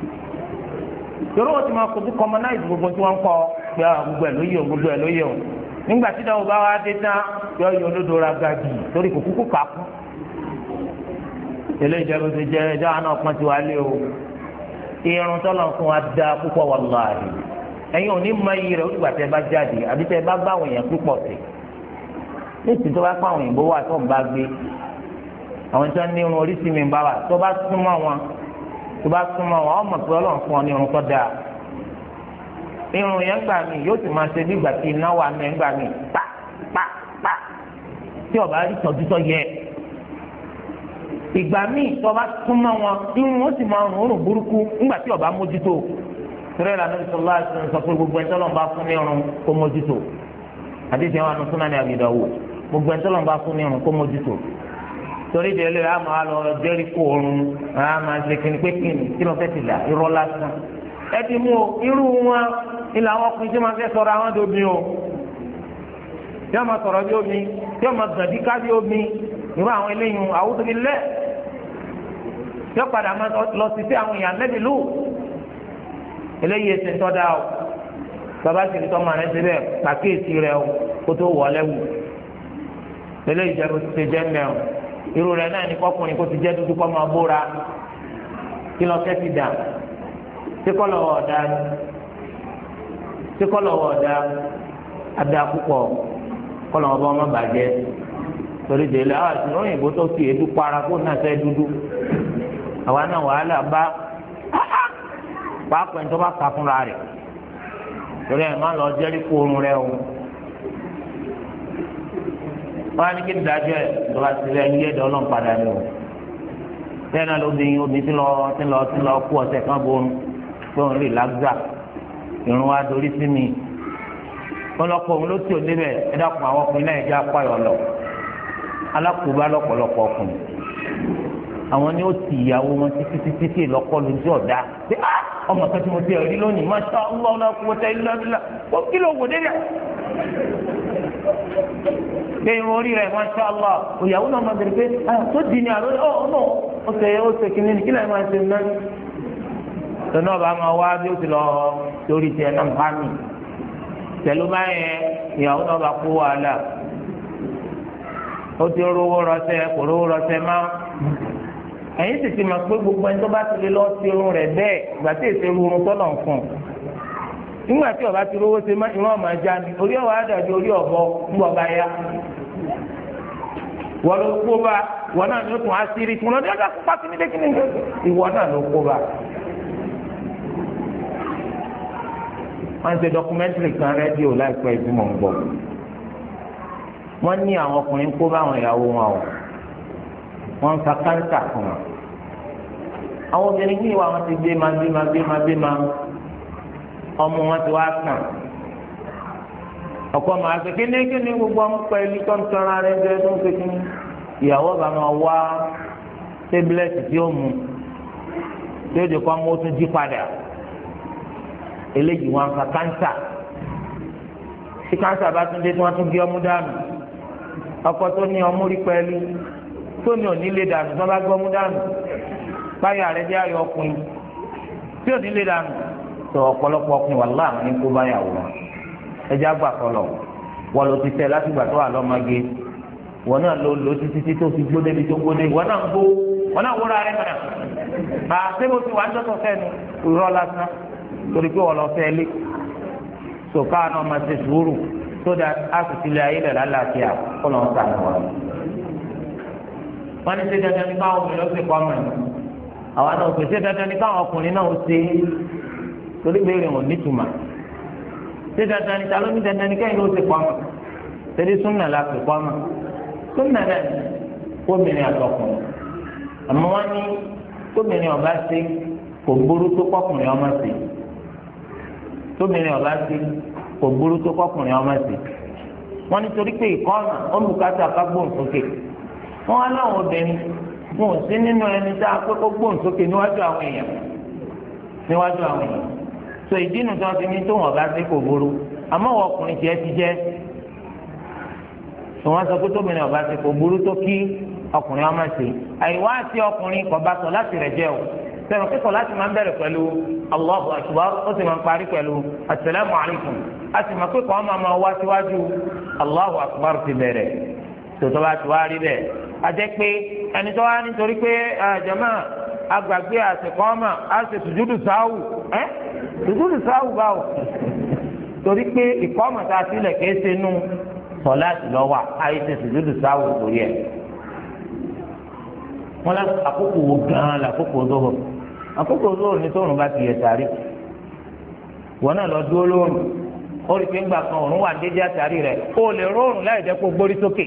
torí wọn ti máa kojú kọmọnáìsì gbogbo tí wọ́n ń kọ pé ah, gbogbo ẹ̀ ló yẹ gbogbo ẹ̀ ló yẹ o nígbà tí dáhùn bá wá dé tán yọ yọ olódò ra gàdì torí kò kúkú kàkú. ilé ìjọba ti jẹ ẹjọ́ àná ọ̀pọ̀ ti wá lé o irun tọ́lọ̀ fún wa da púpọ̀ wàlláhì ẹ̀yin ò ní mọ iyì rẹ̀ ó dìgbà tẹ́ bá jáde àbí tẹ́ bá bá àwọn èèyàn púpọ̀ sí ní ìsìn tó bá pàwọn òyìnbó wà tó ń bá gbé àwọn tí wọ́n ní irun oríṣi mi bá wa tó bá súnmọ́ wọn tó bá súnmọ́ wọn ọmọ pé Ọlọ́run fún ọ ní irun tó dáa irun yẹn gbà mí yóò sì máa ṣe bí ìgbà tí iná wà mí gbà mí pa pa pa tí ọba rí tọ́jú tó yẹ ìgbà míì tó bá súnmọ́ wọn irun ó sì máa rùn rùn burúkú nígbà tí ọba mójútó torí ìlànà ìṣọlá ìṣọlá sọ pé gbogbo ẹjọ́ lọ́n bá fún ní irun kó mójútó àdéhùn àwọn àna súnmọ́ ní àgbèdàwò gbogbo ẹjọ́ lọ́n fún ní irun kó mójútó torí de ẹlẹ́yà máa lọ jẹ́rí kó oorun àá máa ṣe kíni pé kíni kí ló fẹ́ ti là irọ́ lásán ẹ ti mú o irú wọn ni làwọn ọkùnrin tí wọn fẹ́ sọ̀rọ̀ àwọn domi o yóò máa sọ̀rọ̀ bí omi yóò máa gbàdí ká bí omi irú àwọn eléyìí àwùjọ mi lẹ̀ yóò padà máa lọ sí sí àwọn èèyàn lẹ́bi lù eléyìí ẹsẹ̀ tọ́ da o bàbá sì tọ́ máa rẹ síbẹ̀ pàkíyèsí rẹ o kó tó wọ̀ ọ́ lẹ́wù eléyìí irú rẹ̀ náà ní kọkùnrin kó ti jẹ́ dúdú kọ́ máa bóra kí lọ kẹ́ ti dà tí kọ́ lọ́wọ́ ọ̀dà tí kọ́ lọ́wọ́ ọ̀dà adá púpọ̀ kọ́ lọ́wọ́ bá ọmọ bàjẹ́ torí délé àwọn ah, àti lóyìnbó tó fi èédú para kó náà fẹ́ dúdú àwa náà wàhálà bá ah, ah, pàápàá ní tó bá kà fúnra rẹ̀ torí ẹ̀ má lọ jẹ́rí kó oorun rẹ̀ o wọn á ní kí dájọ́ ẹ̀ tó bá ti rẹ̀ ẹ̀yìn ẹ̀dọ́ ọlọ́run padà ni o bẹ́ẹ̀ lóbìnrin obìnrin tí lọ tí lọ tí lọ kú ọ̀sẹ̀ kan borun tó ń rìláxà irun wa dorí sí mi ọlọ́pọ̀ òun ló tí ò débẹ̀ ẹ dákun àwọn ọkùnrin náà ẹ̀jẹ̀ apáyọ̀ lọ alákòóbá lọ́pọ̀lọpọ̀ ọkùnrin àwọn ni ó ti ìyàwó wọn títí títí tí ìlọ́kọ́lu tí ọ̀dá pé á ah, ọmọ kan tí mo ti rí lónìí masha Allah la quwwata illa billah kí ló wò délẹ̀ lẹ́yìn orí rẹ̀ masha Allah òyàwó náà máa bẹ̀rẹ̀ pé ah, tó di ni àrò ọ ọ ó ṣe ó ṣe kìnìún ní kílẹ̀ máa ṣe ń náà. tọ́nà ọba máa wá bí ó ti lọ torí tiẹ̀ náà bá mi pẹ̀lú báyẹn ìyàwó náà bá kó wàhálà ó ti rówó rọṣẹ kò rówó rọṣẹ má ẹ̀yìn sì ti máa pé gbogbo ẹni tó bá ti lè lọ́ọ́ ti irun rẹ̀ bẹ́ẹ̀ ìgbà tí èsè irun tọ́nà fún un nígbà tí ọba ti rówó ṣe ìran ọmọ ajá ni orí ọwọ́ àdàjọ orí ọbọ ńgbọ bá yá wọ́n ló kó bá wọ́n náà ló tún àṣírí tí wọ́n lọ́dún ẹ̀ka kó pàṣẹ nílé kíni ìwọ náà ló kó bá. wọ́n ṣe dọkumẹ́ntìrì kan rẹ́díò láìpẹ́ ìbímọ ń bọ̀ wọ́n ní àwọn ọkùnrin kó bá àwọn ìyàwó wọn o wọ́n ń fa káńtà fún wọn. àwọn obìnrin ní ìwà wọn ti gbé máa gbé máa gbé máa gbé máa ọmọ wọn ti wá sàn ọkọ màá sọ kíni kíni gbogbo ọmọ pẹ̀lú tó ń tọrọ ara ẹgbẹ tó ń pè kíni ìyàwó bá máa wá tébìlẹ̀tì tí ó mu tí ó di kọ́ mọ́ tún jí padà eléyìí wọn fa kánsà tí kánsà bá tún dé tí wọn tún gé ọmú dànù ọkọ tó ní ọmú rí pẹ̀lú tó ní òní lè dànù tó bá gbé ọmú dànù báyọ̀ àrẹ́jẹ́ ayọ̀ ọkùnrin tí òní lè dànù tó ọ̀pọ̀lọpọ̀ ọkùnrin wà láàmú ní kó báyàwó wọn ẹjẹ àgbà kọlọ wọn ló ti tẹ láti gbà tó wà lọ́mọge wọn náà ló lò títí tó fi gbódé bí tó gbódé wọn náà ń gbó wọn náà wúra rẹ padà àti mo ti wà ń dọ́tọ̀ sẹ́nu irọ́ lásán torí pé wọn lọ fẹ́ lé sòkà náà máa ṣe sùúrù tó da asùsílẹ̀ ayé lẹ̀ lálàáfíà kó lọ́n sànù wọn. wọ́n ní ṣe dandan ní káwọn obìnrin ó ṣe kọ́ ọmọ yìí àwọn náà kò ṣe dandan ní káwọn ọkùnrin náà ó ṣe é. torí béèrè wọn nítumà ṣé dandan ni ta ló dandan ni kẹ́hìn ló ti pọ́ tẹ́lẹ̀ la fi pọ́ mọ́ náà kóbìnrin àtọkùnrin àmọ́ wọn ní kóbìnrin ọba ṣe kò burú tó kọkùnrin ọmọ ṣe tóbìnrin ọba ṣe kò burú tó kọkùnrin ọmọ ṣe wọn nítorí pé ìkọ́nà ó ń bùkátà ká gbóǹsókè láwọn obìnrin wọn ò sí nínú ẹni tá a so ìdínú tí wọn fi ní tó wọn bá sí kò burú àmọ́ wọn ọkùnrin tiẹ̀ ti jẹ tí wọn sọ pé tóbìnrin ọba sí kò burú tó kí ọkùnrin ọmọ sí àìwá àti ọkùnrin kò bá sọ láti rẹ jẹ o sẹwọn kíkọ láti máa ń bẹ̀rẹ̀ pẹ̀lú Allahu akbar ó sì máa ń parí pẹ̀lú asalaamu alaykum a sì máa pé ọmọ ọmọ wá síwájú Allahu akbar ti bẹ̀rẹ̀ tòótọ́ bá ti wá rí bẹ́ẹ̀ a jẹ́ pé ẹni tó wá nítorí pé ah, jama agbàgbé àsìkò ọmọ àsìkò jùdù sáwù ẹ́ ìdúró sáwù bá o torí pé ìkọ́mọ̀tà sílẹ̀ kìí ṣe nú sọláàtì lọ́wọ́ àìsè ìdúró sáwù torí ẹ̀ wọn lọ àkókò wo gan-an làkókò lóhùn àkókò lóhùn ní tóorùn bá ti yẹ sàrí wọn náà lọ dúró lóhùn ó rí i pé ńgbà kan òórùn wà déédéé àtàrí rẹ ó lè róòrùn láì jẹ́ kó gbórí sókè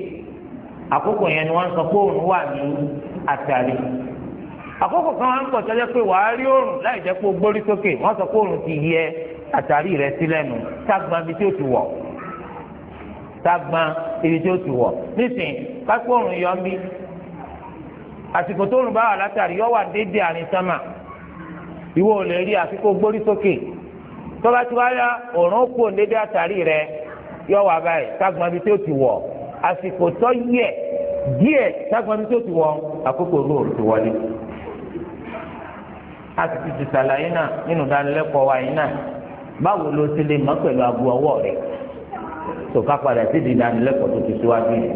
àkókò yẹn ni wọ́n sọ pé òórùn wà ní àtàrí àkókò kan wà ń pọ̀ sọ́jọ́ pé wàá rí oòrùn láì jẹ́ pé o gbórí sókè wọ́n sọ pé oòrùn ti yẹ àtàrí rẹ sílẹ̀ nù tágbọn ibi tí ó ti wọ̀ tágbọn ibi tí ó ti wọ̀ nísìnyí kápẹ́ oòrùn yọ ń bí àsìkò tó oòrùn bá wà látàrí yọ wà déédéé àárín sánmà ìwọ ò lè rí àfi kó gbórí sókè tó bá ti wá yá oòrùn ó kúrò déédéé àtàrí rẹ yọ wà báyìí tágbọn ibi tí ó ti wọ̀ àsìkò tó yẹ díẹ̀ tágbọn ibi tí ó ti wọ̀ àkókò olóòrùn ti wọlé a sì ti ṣàlàyé náà nínú ìdánilẹ́kọ̀ọ́ wa yìí náà báwo ló ti lè mọ́ pẹ̀lú abu ọwọ́ rẹ̀ tó ká padà sí ìdánilẹ́kọ̀ọ́ tó ti síwájú yìí.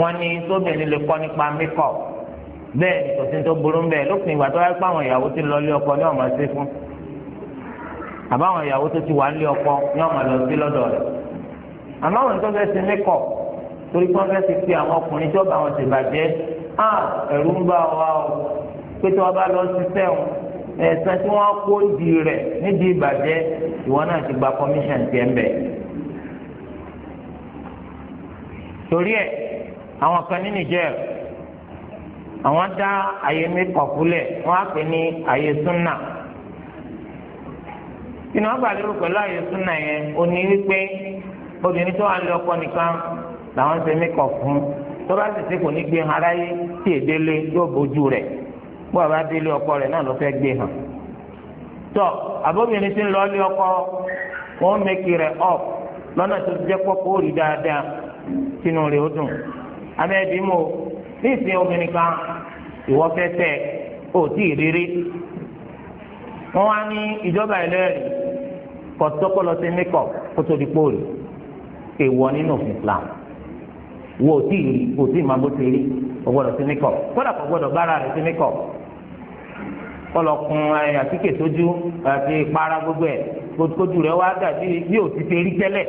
wọ́n ní sóbìnrin lè kọ́ nípa míkọ̀ bẹ́ẹ̀ ni kò sí tó burú bẹ́ẹ̀ lópin ìgbà tó wáyé pé àwọn ìyàwó ti lọ lé ọkọ ní ọ̀mọ̀ sí fún àbáwọn ìyàwó tó ti wà lé ọkọ ní ọ̀mọ̀ lọ sí lọ́dọ̀ rẹ̀ àbáwọn tó fẹ́ sí míkọ̀ torí pé wọ́n fẹ́ ti pe àwọn ọkùnrin tó bá wọn ti bàjẹ́ ah, ẹ̀rù ń bá wa o pé tí wọ́n bá lọ ṣiṣẹ́ wọn ẹ̀sán tí wọ́n kó di rẹ̀ nídìí ìbàjẹ́ ìwọ náà ti gba commission tiẹ̀ ń bẹ̀. torí ẹ̀ àwọn kan ní Niger àwọn dá àyè mi kọ̀kúlẹ̀ wọ́n á pè ní àyè súnà inú agbàlérò pẹ̀lú àyè súnà yẹn ò ní wípé obìnrin tó wà lé ọkọ nìkan làwọn ṣe mí kọ̀ fún tó bá sì ṣe kò ní gbé aráyé tí èdè lé yóò bójú rẹ̀ bó àbá délé ọkọ rẹ̀ náà ló fẹ́ gbé hàn tọ abóbìnrin ti ń lọ ilé ọkọ wọn mẹkì rẹ ọp lọ́nà tó ti jẹ pọpọ òrì dáadáa sínú rẹ̀ ó dùn amẹbí mo ní ìsìn obìnrin kan ìwọ fẹ́ tẹ ò tí ì rírí wọn wá ní ìjọba ẹlẹ́rìí kọtọkọlọ sí mẹkọ kó tó di pòòrì èèwọ̀ nínú òfin Islam wo ò tí ì rí kò tí ì máa bó ti rí ọgbọ́dọ̀ sí mẹkọ kódà kò gbọ́dọ̀ bára rẹ̀ sí mẹkọ kọlọkùn eh, àtìkè tójú àti ìpara gbogbo ẹ̀ kójú rẹ̀ wá dàbí bí ò ti ṣe rí tẹ́lẹ̀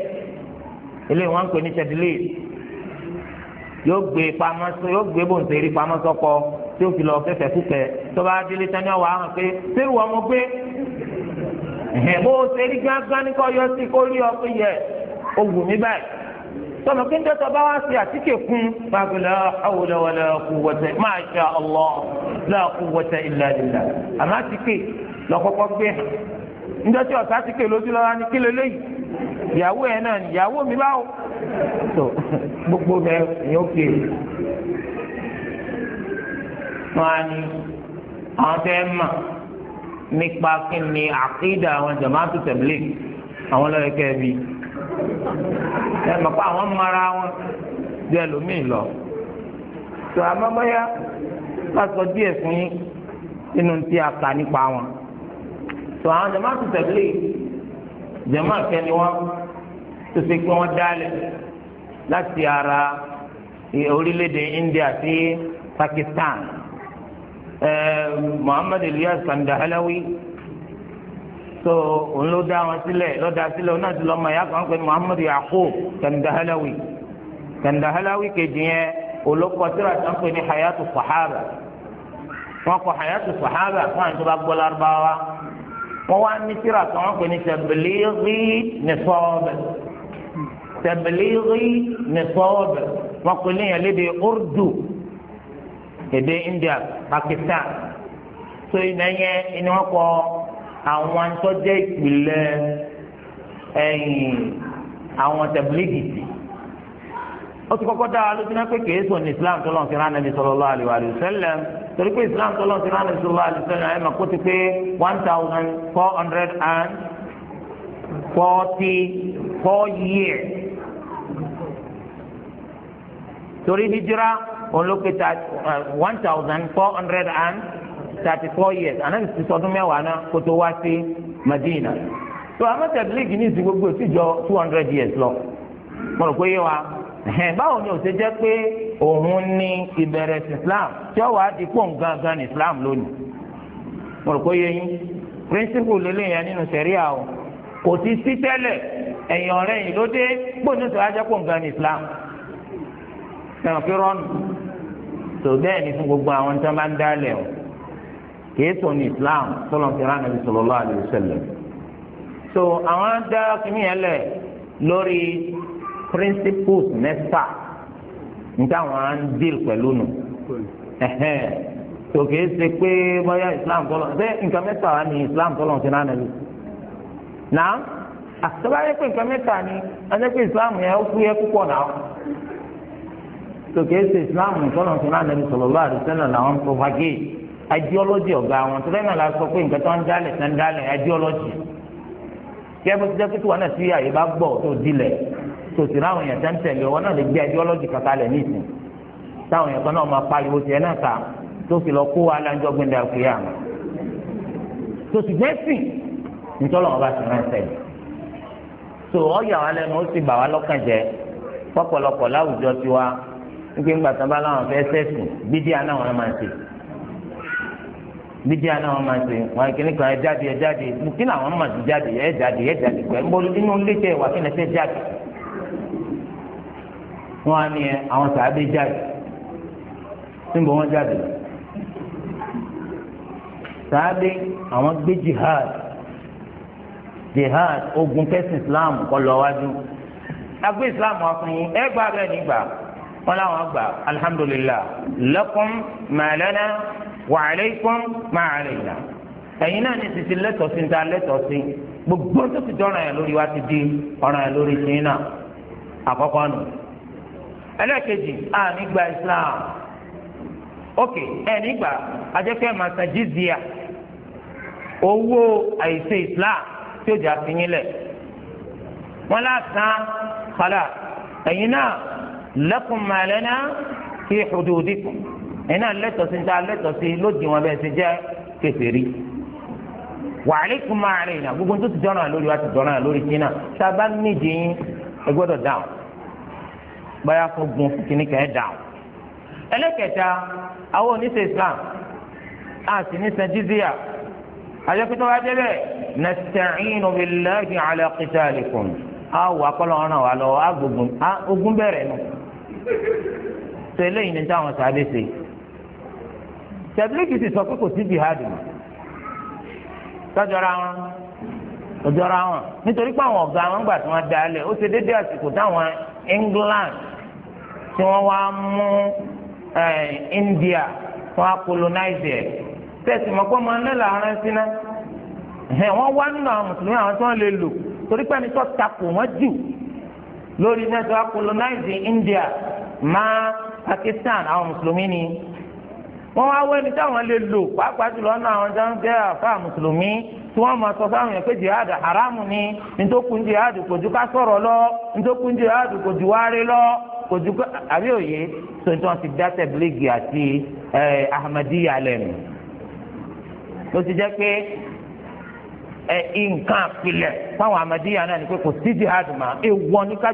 eléyìí wọ́n ń pè ní ṣẹdílé yóò gbé pamọ́ yóò gbé bòǹtẹ̀ rí pamọ́ sọ́kọ tí ó fi lọ fẹ́fẹ́ fúkẹ́ tó bá délé tani ọ̀wọ́ àwọn pé sẹ́rù ọmọ gbé bó ṣe rí gángan ní kọ́ yọ sí kó rí ọ pé yẹ ó wù mí báyìí tọmọ kí n tẹ́tọ̀ bá wá sí àtíkè kún báàgì la hawla wala quwwata ma sha Allah la quwwata illa billah àmọ́ àtíkè lọ́kọ́kọ́ gbé hàn níjọ́ tí ọ̀sán àtíkè lójú lọ́wọ́ ni kí lélẹ́yìí ìyàwó ẹ̀ náà ìyàwó mi báwo tó gbogbo bẹ ìyóò kéré wọn á ní àwọn tẹ́ ẹ mà nípa kí ni àkídà àwọn jamaatu tabligh àwọn lọ́yẹ̀kẹ́ bíi. ẹ mọ̀ pé àwọn mara wọn bí ẹlòmíì lọ tó àmọ́ bóyá bá sọ díẹ̀ fún yín nínú tí a nípa wọn tó àwọn jàmáà tó tẹ̀lé jàmáà kẹ́ni wọn tó ṣe dálẹ̀ láti ara orílẹ̀-èdè India sí Pakistan ẹ̀ Muhammad Kandahalawi. so òun ló dá wọn sílẹ̀ ló dá sílẹ̀ òun náà ti lọ ọmọ ìyá kan pé Muhammad Yaqub Kandahalawi Kandahalawi kejì yẹn olókọ tíra tán pé ní hayatu sahaba wọn kọ hayatu sahaba fún àwọn tó bá gbọ́ lárúbáwá wọn wá ní tíra kan wọn pè ní tẹ̀bílíìrì nìsọ́ọ̀bẹ̀ tẹ̀bílíìrì nìsọ́ọ̀bẹ̀ wọn pè ní yẹn lédè urdu èdè India Pakistan so ìnáyẹn ni wọn kọ àwọn àtọ́jẹ́ ìpìlẹ̀ ẹ̀yìn àwọn tẹ̀blígì sí ó ti kọ́kọ́ dára lójú náà pé kìí sùn ní islam tó lọ́n ti rán ẹni sallallahu alaihi wa sallam torí pé islam tó lọ́n ti rán ẹni sallallahu alaihi wa sallam ẹ̀ máa kó ti pé one thousand four hundred and forty four years torí hijira òun ló pé uh, one thousand four hundred and. thirty four years anabi ti sọdún mẹ́wàá náà kó tó wá sí Madina so amẹ́tẹ̀d league ní ìsìn gbogbo jọ two hundred years lọ mo rò pé yé wa báwo ni Islam tí di pọ̀ Islam lónìí mo rò pé yé yín principle lélẹ́yìn nínú sẹ̀ríà o kò ti sí tẹ́lẹ̀ ẹ̀yìn ọ̀rẹ́ yìí ló Islam ẹ̀rọ kí rọ́ọ̀nù tó gbogbo àwọn tí wọ́n bá ń kìí ní islam tọ́lọ̀ ti rán nàbí sallallahu alaihi wasallam. so àwọn dá kìíní yẹn lẹ̀ lórí principles mẹ́fà níta àwọn ń deal pẹ̀lú nù. so kìí ṣe pé bóyá islam tọ́lọ̀ ṣé nǹkan mẹ́fà wà ní islam tọ́lọ̀ ti rán nàbí. náà àtọ́lá yẹ pé nǹkan mẹ́fà ni ẹni pé islam yẹn ó fúyẹ́ púpọ̀ náà so kìí ṣe islam tọ́lọ̀ ti rán nàbí sallallahu alaihi wasallam làwọn propagate ideology ọ̀gá wọn tó lẹ́yìn náà la sọ pé nǹkan tó ń dálẹ̀ tó ń dálẹ̀ ideology kí ẹ bó ti jẹ́ pé tiwọn náà sí àyè bá gbọ́ tó dilẹ̀ tó sì ráwọn èèyàn tẹ́ wọn náà lè gbé ideology kàkà lẹ̀ nísìn táwọn èèyàn kan náà máa pariwo tiẹ̀ náà kà tó fi lọ kó wa lájọ́ gbẹ̀ndẹ̀ àkúyà tó sì gbẹ́sìn nítorí wọn bá ti ránṣẹ́ yìí so ọyà wa lẹ́nu ó sì bà wá lọ́kàn jẹ́ pọ̀pọ̀lọpọ̀ láwùjọ tiwa nígbà tí wọn bá láwọn fẹẹ sẹsìn gbídíà náà wọn máa ń ṣe bíbí àná wọn máa ṣe wọn kìíní kan ẹ jáde ẹ jáde kí ni àwọn máa ti jáde ẹ jáde ẹ jáde pẹ nbọ inú ilé tẹ wà kí ni ẹ jáde wọn á ní ẹ àwọn sàádé jáde níbo wọn jáde sàádé àwọn gbé jihad jihad ogun kẹsì islam kọ lọ wájú agbé islam wà ẹ gbà bẹ́ẹ̀ nígbà wọn làwọn gbà alihamudulilayi lakum màlẹ́nà wa alaykum ma alayna ẹ̀yin náà ní títí lẹ́tọ̀ọ́ sí níta lẹ́tọ̀ọ́ sí gbogbo tó ti dọ́ràn yẹn lórí wa ti di ọ̀ràn yẹn lórí sí náà àkọ́kọ́ nù. ẹlẹ́kejì àmì gba islam ok ẹ̀ní gbà ajẹ́kẹ́ máa san jizya owó àìsè islam tí jà sí lẹ̀ wọ́n lásán kọ́lá ẹ̀yin náà lakum ma lana fi hududikum ẹ̀yin náà lẹ́tọ̀ọ́ sí níta lẹ́tọ̀ọ́ sí lódì wọn bẹ́ẹ̀ ṣe jẹ́ kèfèrí wàhálì kún máa rìn náà gbogbo tó ti dọ́nà lórí wa ti dọ́nà lórí kí náà tá a bá níjì yín ẹ gbọ́dọ̀ dáhùn báyà fún gun kìíní kẹ́ ẹ dáhùn. ẹlẹ́kẹta àwọn oníṣẹ́ Islam a sì jizya àjọpítọ́ wa débẹ̀ nasta'inu billahi ala qitalikum a wà kọ́lọ́ wa lọ a ogun bẹ̀rẹ̀ nù tẹ́lẹ̀ yìí ni táwọn sábẹ́ sèé. tẹ̀blígì ti sọ pé kò sí jihadi mọ́ tọ́jọ́ra wọn tọ́jọ́ra wọn nítorí pé àwọn ọ̀gá wọn gbà tí wọ́n ó England tí wọ́n India wọ́n á colonize ẹ̀ tẹ̀sí mọ́ pé ọmọ ńlẹ́ làárẹ̀ síná wọ́n wá nínú àwọn mùsùlùmí àwọn tí wọ́n lè lò torí pé ẹni tó takò wọ́n jù lórí India má Pakistan àwọn mùsùlùmí ni. wọ́n wá wẹ́ni táwọn lè lò pàápàá jùlọ náà àwọn tó ń jẹ́ mùsùlùmí tí wọ́n máa sọ sáwọn yẹn pé jihad haramu ni ntòkùn jihad kò ju ká sọ̀rọ̀ lọ ntòkùn jihad kò ju wárí lọ kò ju àbí òye tó ń tí ti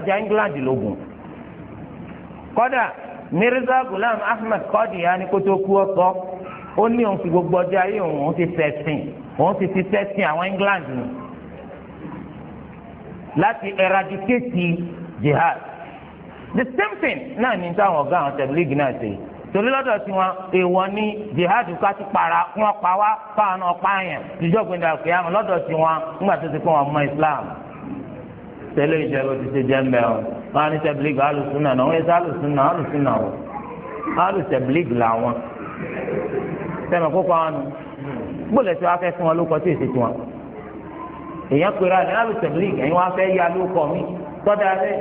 dá England lógun mirza gulam ahmed kọ́dìyà ni kótó kú ọ̀tọ̀ ó ní òun fi gbogbo ọjọ́ ayé òun ti sẹ̀sìn òun ti ti sẹ́sìn àwọn England ni láti eradicate jihad the same thing náà ní táwọn ọ̀gá àwọn tẹ̀blígì náà ṣe torí lọ́dọ̀ sí wọn èèwọ̀ ní jihad ká ti para wọn pa wá fáwọn ọ̀pá yẹn ìjọba ìdàgbé àwọn lọ́dọ̀ sí wọn nígbà tó ti kọ́ wọn mọ Islam tẹ́lẹ̀ ìjọba ti ṣe jẹ́ mbẹ́ o wọ́n á ní tẹ̀blígì alùsùnà náà wọ́n yẹ sẹ́ alùsùnà alùsùnà o alùtẹ̀blígì làwọn sẹ́mi kókó àwọn nù gbọ́dọ̀ tí wọ́n fẹ́ fún wọn ló kọ́ sí èsì tiwọn èèyàn pera ní alùtẹ̀blígì ẹ̀yin wọ́n fẹ́ yá ló kọ́ mi tọ́ da bẹ́ẹ̀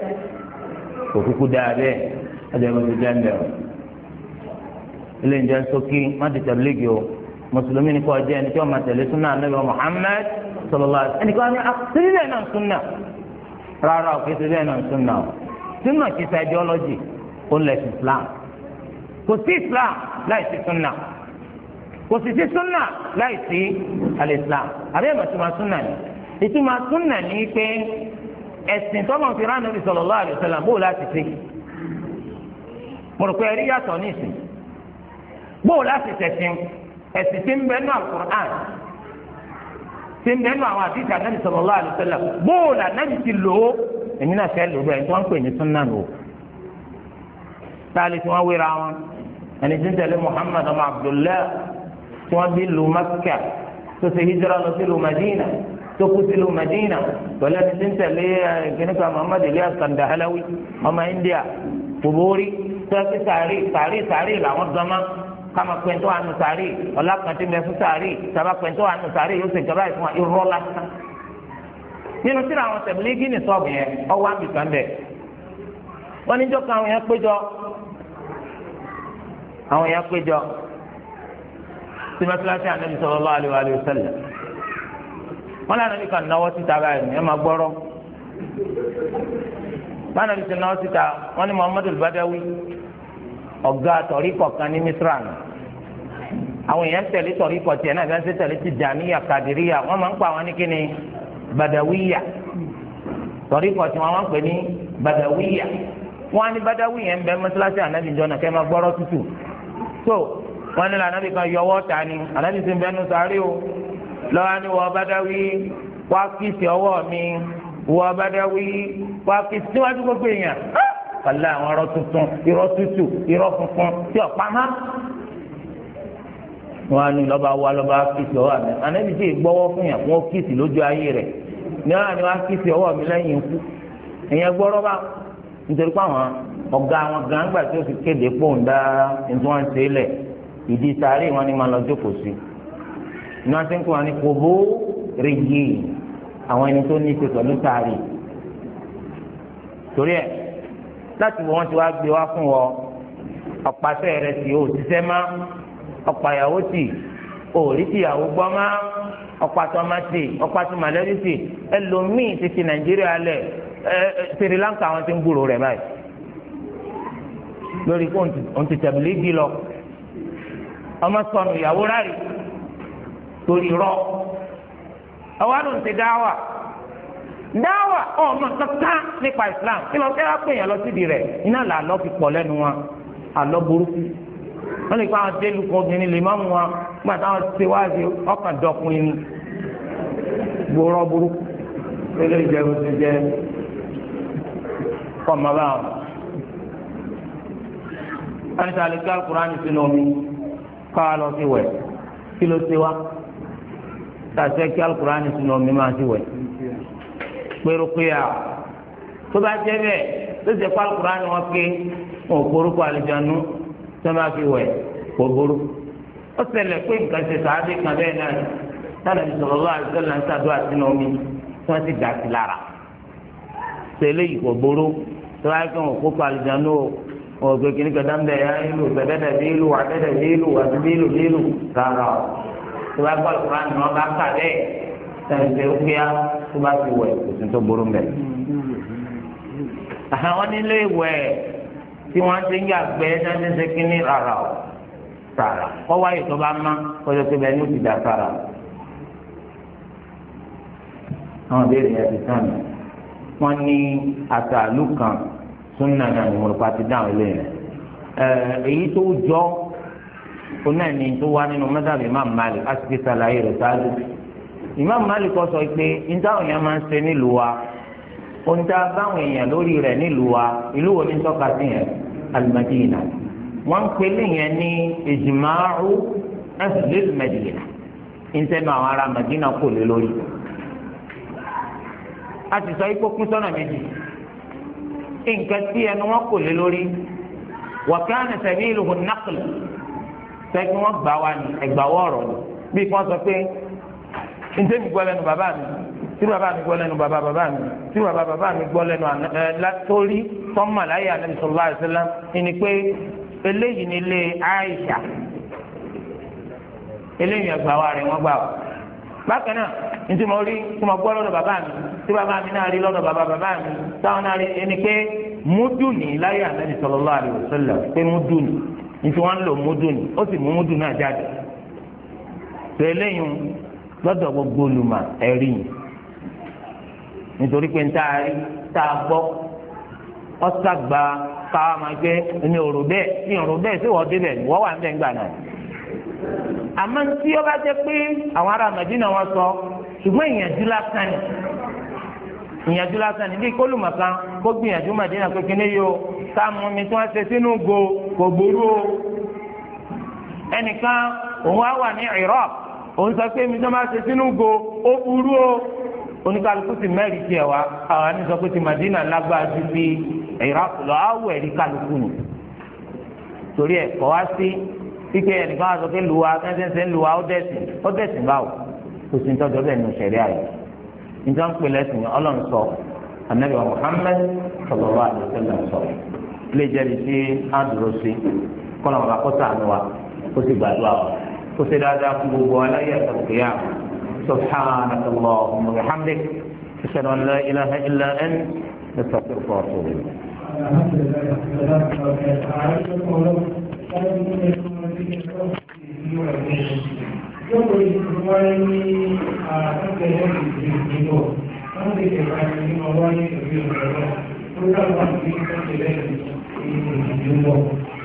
kò kúkú da bẹ́ẹ̀ ìjọba ti jẹ́ mbẹ́ o ilé ìjọ sókí má ti tẹ̀blígì o mùsùlùmí ni kò jẹ́ ẹni tí wọ́n máa tẹ̀lé súnà rárá o ṣe bẹ́ẹ̀ náà sunna o sunna ideology ó islam kò sí islam láì sí sunna kò sì sí sunna láì sí àbẹ́ ìmọ̀túnmá sunna ni ìtumá sunna ni pé ẹ̀sìn tọ́lọ̀ fi rán Ànábì sallallahu láti ṣe ẹ̀rí yàtọ̀ ní ìsìn ṣe ń bẹ́ẹ̀ nù àwọn àdìsí ànábì sallallahu alaihi wasallam bóòlù ànábì ti lò ó èmi náà fẹ́ lò ó bẹ́ẹ̀ tí wọ́n ń pè ní súnà nù. táàlì tí wọ́n wéra wọn ẹni tí ń tẹ̀lé Muhammad ọmọ Abdullah tí wọ́n bí lu Makkah tó ṣe hijira lọ sí lu Madina tó kú sí lu Madina pẹ̀lú ẹni tí ń tẹ̀lé kìnnìkan Muhammad Ilyas Kandahalawi ọmọ India tòbórí tó ṣe sàárì sàárì sàárì làwọn dọ́mọ́ kama pẹ̀ntọ́ àánú sàárì ọ̀la kàntí mẹ́ fún sàárì sábà pẹ̀ntọ́ àánú sàárì yóò ṣe ìjọba ìfún wa irọ́ lásán. nínú síra àwọn tẹ̀mílígì ní sọ́ọ̀bù yẹn ọwọ́ àbí kan bẹ̀. wọ́n níjọ́ kan àwọn yẹn péjọ àwọn yẹn péjọ sí mẹ́tíláṣí ànábi sallallahu alaihi wa sallam. wọ́n lànà bí náwó síta báyìí ẹ máa gbọ́rọ́. báyìí náà ọ̀gá tọ̀ríkọ̀ kan ní Misra nù àwọn èèyàn tẹ̀lé tọ̀ríkọ̀ tiẹ̀ náà fẹ́ẹ́ tẹ̀lé ti dàníyà kàdíríyà wọ́n máa ń pa àwọn ní kíni badawiya tọ̀ríkọ̀ tí wọ́n máa ń pè ní badawiya wọ́n á ní badawiya ń bẹ mọ́sálásí ànábì jọ́nà kẹ́ máa gbọ́rọ́ tútù so wọ́n ní ànábì kan yọ ọwọ́ ta ni ànábì sì ń bẹnu sáré o lọ́wọ́ ni wọ́n badawi wá kìsì ọwọ́ mi wọ́n badawi wá kìsì síwájú gbogbo èèyàn á pẹ̀lú àwọn irọ́ tuntun irọ́ tútù irọ́ funfun tí ọ̀pá má. wọn á ní lọ́ba wa lọ́ba kìsì ọwọ́ mi ànábi tí gbọ́wọ́ fún yàn wọn kìsì lójú ayé rẹ̀ ní wọn ni wọn kìsì ọwọ́ mi lẹ́yìn ikú ẹ̀yẹn gbọ́rọ́ bá nítorí pé àwọn ọ̀gá àwọn gàǹgbà tó fi kéde pòǹda nítorí wọn ṣe é lẹ̀ ìdí sáré wọn ni máa lọ jókòó sí ní wọn ti ń kó wọn ní kòbó rèyí àwọn ẹni tó ní ìpè pẹ̀lú sáré torí ẹ̀ láti wọ́n ti wá gbé wá fún ọ ọ̀pàṣẹ rẹ sì ò ṣiṣẹ́ má ọ̀pàyàwó sì ò rí tìyàwó gbọ́ má ọ̀pàtọ́mátì ọ̀pàtọ́màlẹ́rìsì ẹlòmíì ti fi nàìjíríà lẹ̀ ẹ Sri Lanka wọn ti ń gbúrò rẹ̀ báyìí lórí kó òun ti tẹ̀lé igi lọ ọmọ sọnù ìyàwó rárí torí rọ ọwọ́ àdùn ti dá wà dáwà ọmọ kankan nípa islam kí lọ fẹ́ẹ́ pè yàn lọ síbi rẹ̀ iná là lọ́ fi pọ̀ lẹ́nu wọn àlọ́ burúkú wọ́n lè pa àwọn délu kan obìnrin lè má mú wọn nígbà táwọn ṣe wá sí ọkàn dọkùnrin ni gbòòrò burúkú lórí ìjẹun ti jẹ kọ́mọ báwọn. wọ́n ti àlè kí alukur'an sínú omi kọ́ àlọ́ sí wẹ̀ kí ló ṣe wá tàṣẹ kí alukur'an sínú omi máa ti wẹ̀ pérúkúyà tó bá jẹ́ bẹ́ẹ̀ tó ṣe pa alukur'an ni wọ́n ké wọn ò borúkọ àlùjánu tó bá fi wẹ̀ kó ború. ó ṣẹlẹ̀ pé nǹkan ṣe sàádé kan bẹ́ẹ̀ náà tánà ìṣòro àlùsọ̀lá ń ṣàdúrà sínú omi tí wọ́n ti dà sí lára. ṣẹlẹ̀ yìí kò ború tó bá kí wọn kókó àlùjánu o wọn ò gbé kíní kan dáńbẹ̀ ya ìlú bẹ̀dẹ̀dẹ̀ bí ìlú wà bẹ̀dẹ̀ bí ìlú wà bí ìlú bí ìlú rárá tó bá gbọ́ alukur'an ni wọ́n bá kà bẹ́ẹ̀ ẹgbẹ́ wíyá tó bá ti wẹ̀ kò sí tó burú mbẹ̀. àwọn nílé ìwẹ̀ tí wọ́n ti ń yàgbẹ́ dájú ṣe kínní rárá o rárá kọ́ wáyé tó bá má kọjá tó bẹ ní òsì dá sára. àwọn ìbéèrè yẹn ti sànù wọ́n ní àtàlù kan súnà náà ní ti dáhùn ilé èyí tó jọ tó wá nínú máa ń malè ti sàlàyé sáájú. Imam Malik sọ pé nítawọn yẹn máa ń ṣe nílùú wa oníta báwọn èèyàn lórí rẹ̀ nílùú wa ìlú wo ní tọ́ka sí yẹn Al-Madina wọ́n ń pè léyìn ní ìjìmáàrú ahlil Madina ìtẹnu àwọn ará Madina kò lé lórí a ti sọ ikú kún sọ́nà méjì nǹkan tí ẹnu wọn kò lé lórí wa kana sabiluhu naql sẹ́gun wọn gbà wá ní ẹgbàwọ́ ọ̀rọ̀ bí wọ́n sọ ǹjẹ́ mi gbọ́ lẹ́nu bàbá mi tí bàbá mi gbọ́ lẹ́nu bàbá bàbá mi tí bàbá bàbá mi gbọ́ lẹ́nu látọ́rí tọ́mà láyé Ànábì sallallahu alaihi wasallam ni pé eléyìí ni ilé Aisha eléyìí ẹgbà wa rẹ̀ wọ́n gbà o. bákan náà ntí mo rí tí mo gbọ́ lọ́dọ̀ bàbá mi tí bàbá mi náà rí lọ́dọ̀ bàbá bàbá mi táwọn náà rí ẹni pé múdùnì láyé Ànábì sallallahu pé múdùnì ntí ń lò múdùnì ó sì mú múdùnì náà jáde. tẹ̀léyìn lọ́dọ̀ gbogbo olùmọ̀ ẹ̀rí yìí nítorí pé tá a rí tá a gbọ́ ọ̀sàgbà káwa máa gbé ní òrò bẹ́ẹ̀ ní òrò bẹ́ẹ̀ sí wọ́n débẹ̀ wọ́n wà ń bẹ̀ ń gbà náà àmọ́ tí ó bá jẹ́ pé àwọn ará Màdínà wọn sọ ṣùgbọ́n ìyànjú lásán ni ìyànjú lásán ni bí kólùmọ̀kan kó gbìyànjú Màdínà pé yìí o ká mú mi tí wọ́n ṣe sínú go kò burú o ẹnìkan òun á wà ní Iraq òun sọ pé mi tó máa ṣe sínú go ó burú o oníkàlùkù ti mẹ́rin tiẹ̀ wá àwọn àti sọ pé ti Madina lágbára ju ti Iraq lọ àwọ̀ ẹ̀rí kàlùkù nù torí ẹ̀ kọ́ wá sí kíkẹ́ ẹnìkan wá sọ pé lùwà kẹ́sẹ̀nsẹ̀ ń lùwà ó dẹ̀sìn ó dẹ̀sìn báwò kò sí nítorí ọbẹ̀ nù sẹ̀rí àyè nítorí pé lẹ́sìn ọlọ́run sọ anabi Muhammad sallallahu alaihi wasallam sọ ilé ìjẹ́rìí sí àdúró sí kọ́nà ọ̀bà kọ́sà àánú wa ó sì gbàdúrà wa. وسي دادا كبوب ولا القيامة سبحانك اللهم وبحمدك أشهد أن لا إله إلا أنت نستغفرك وأتوب إليك.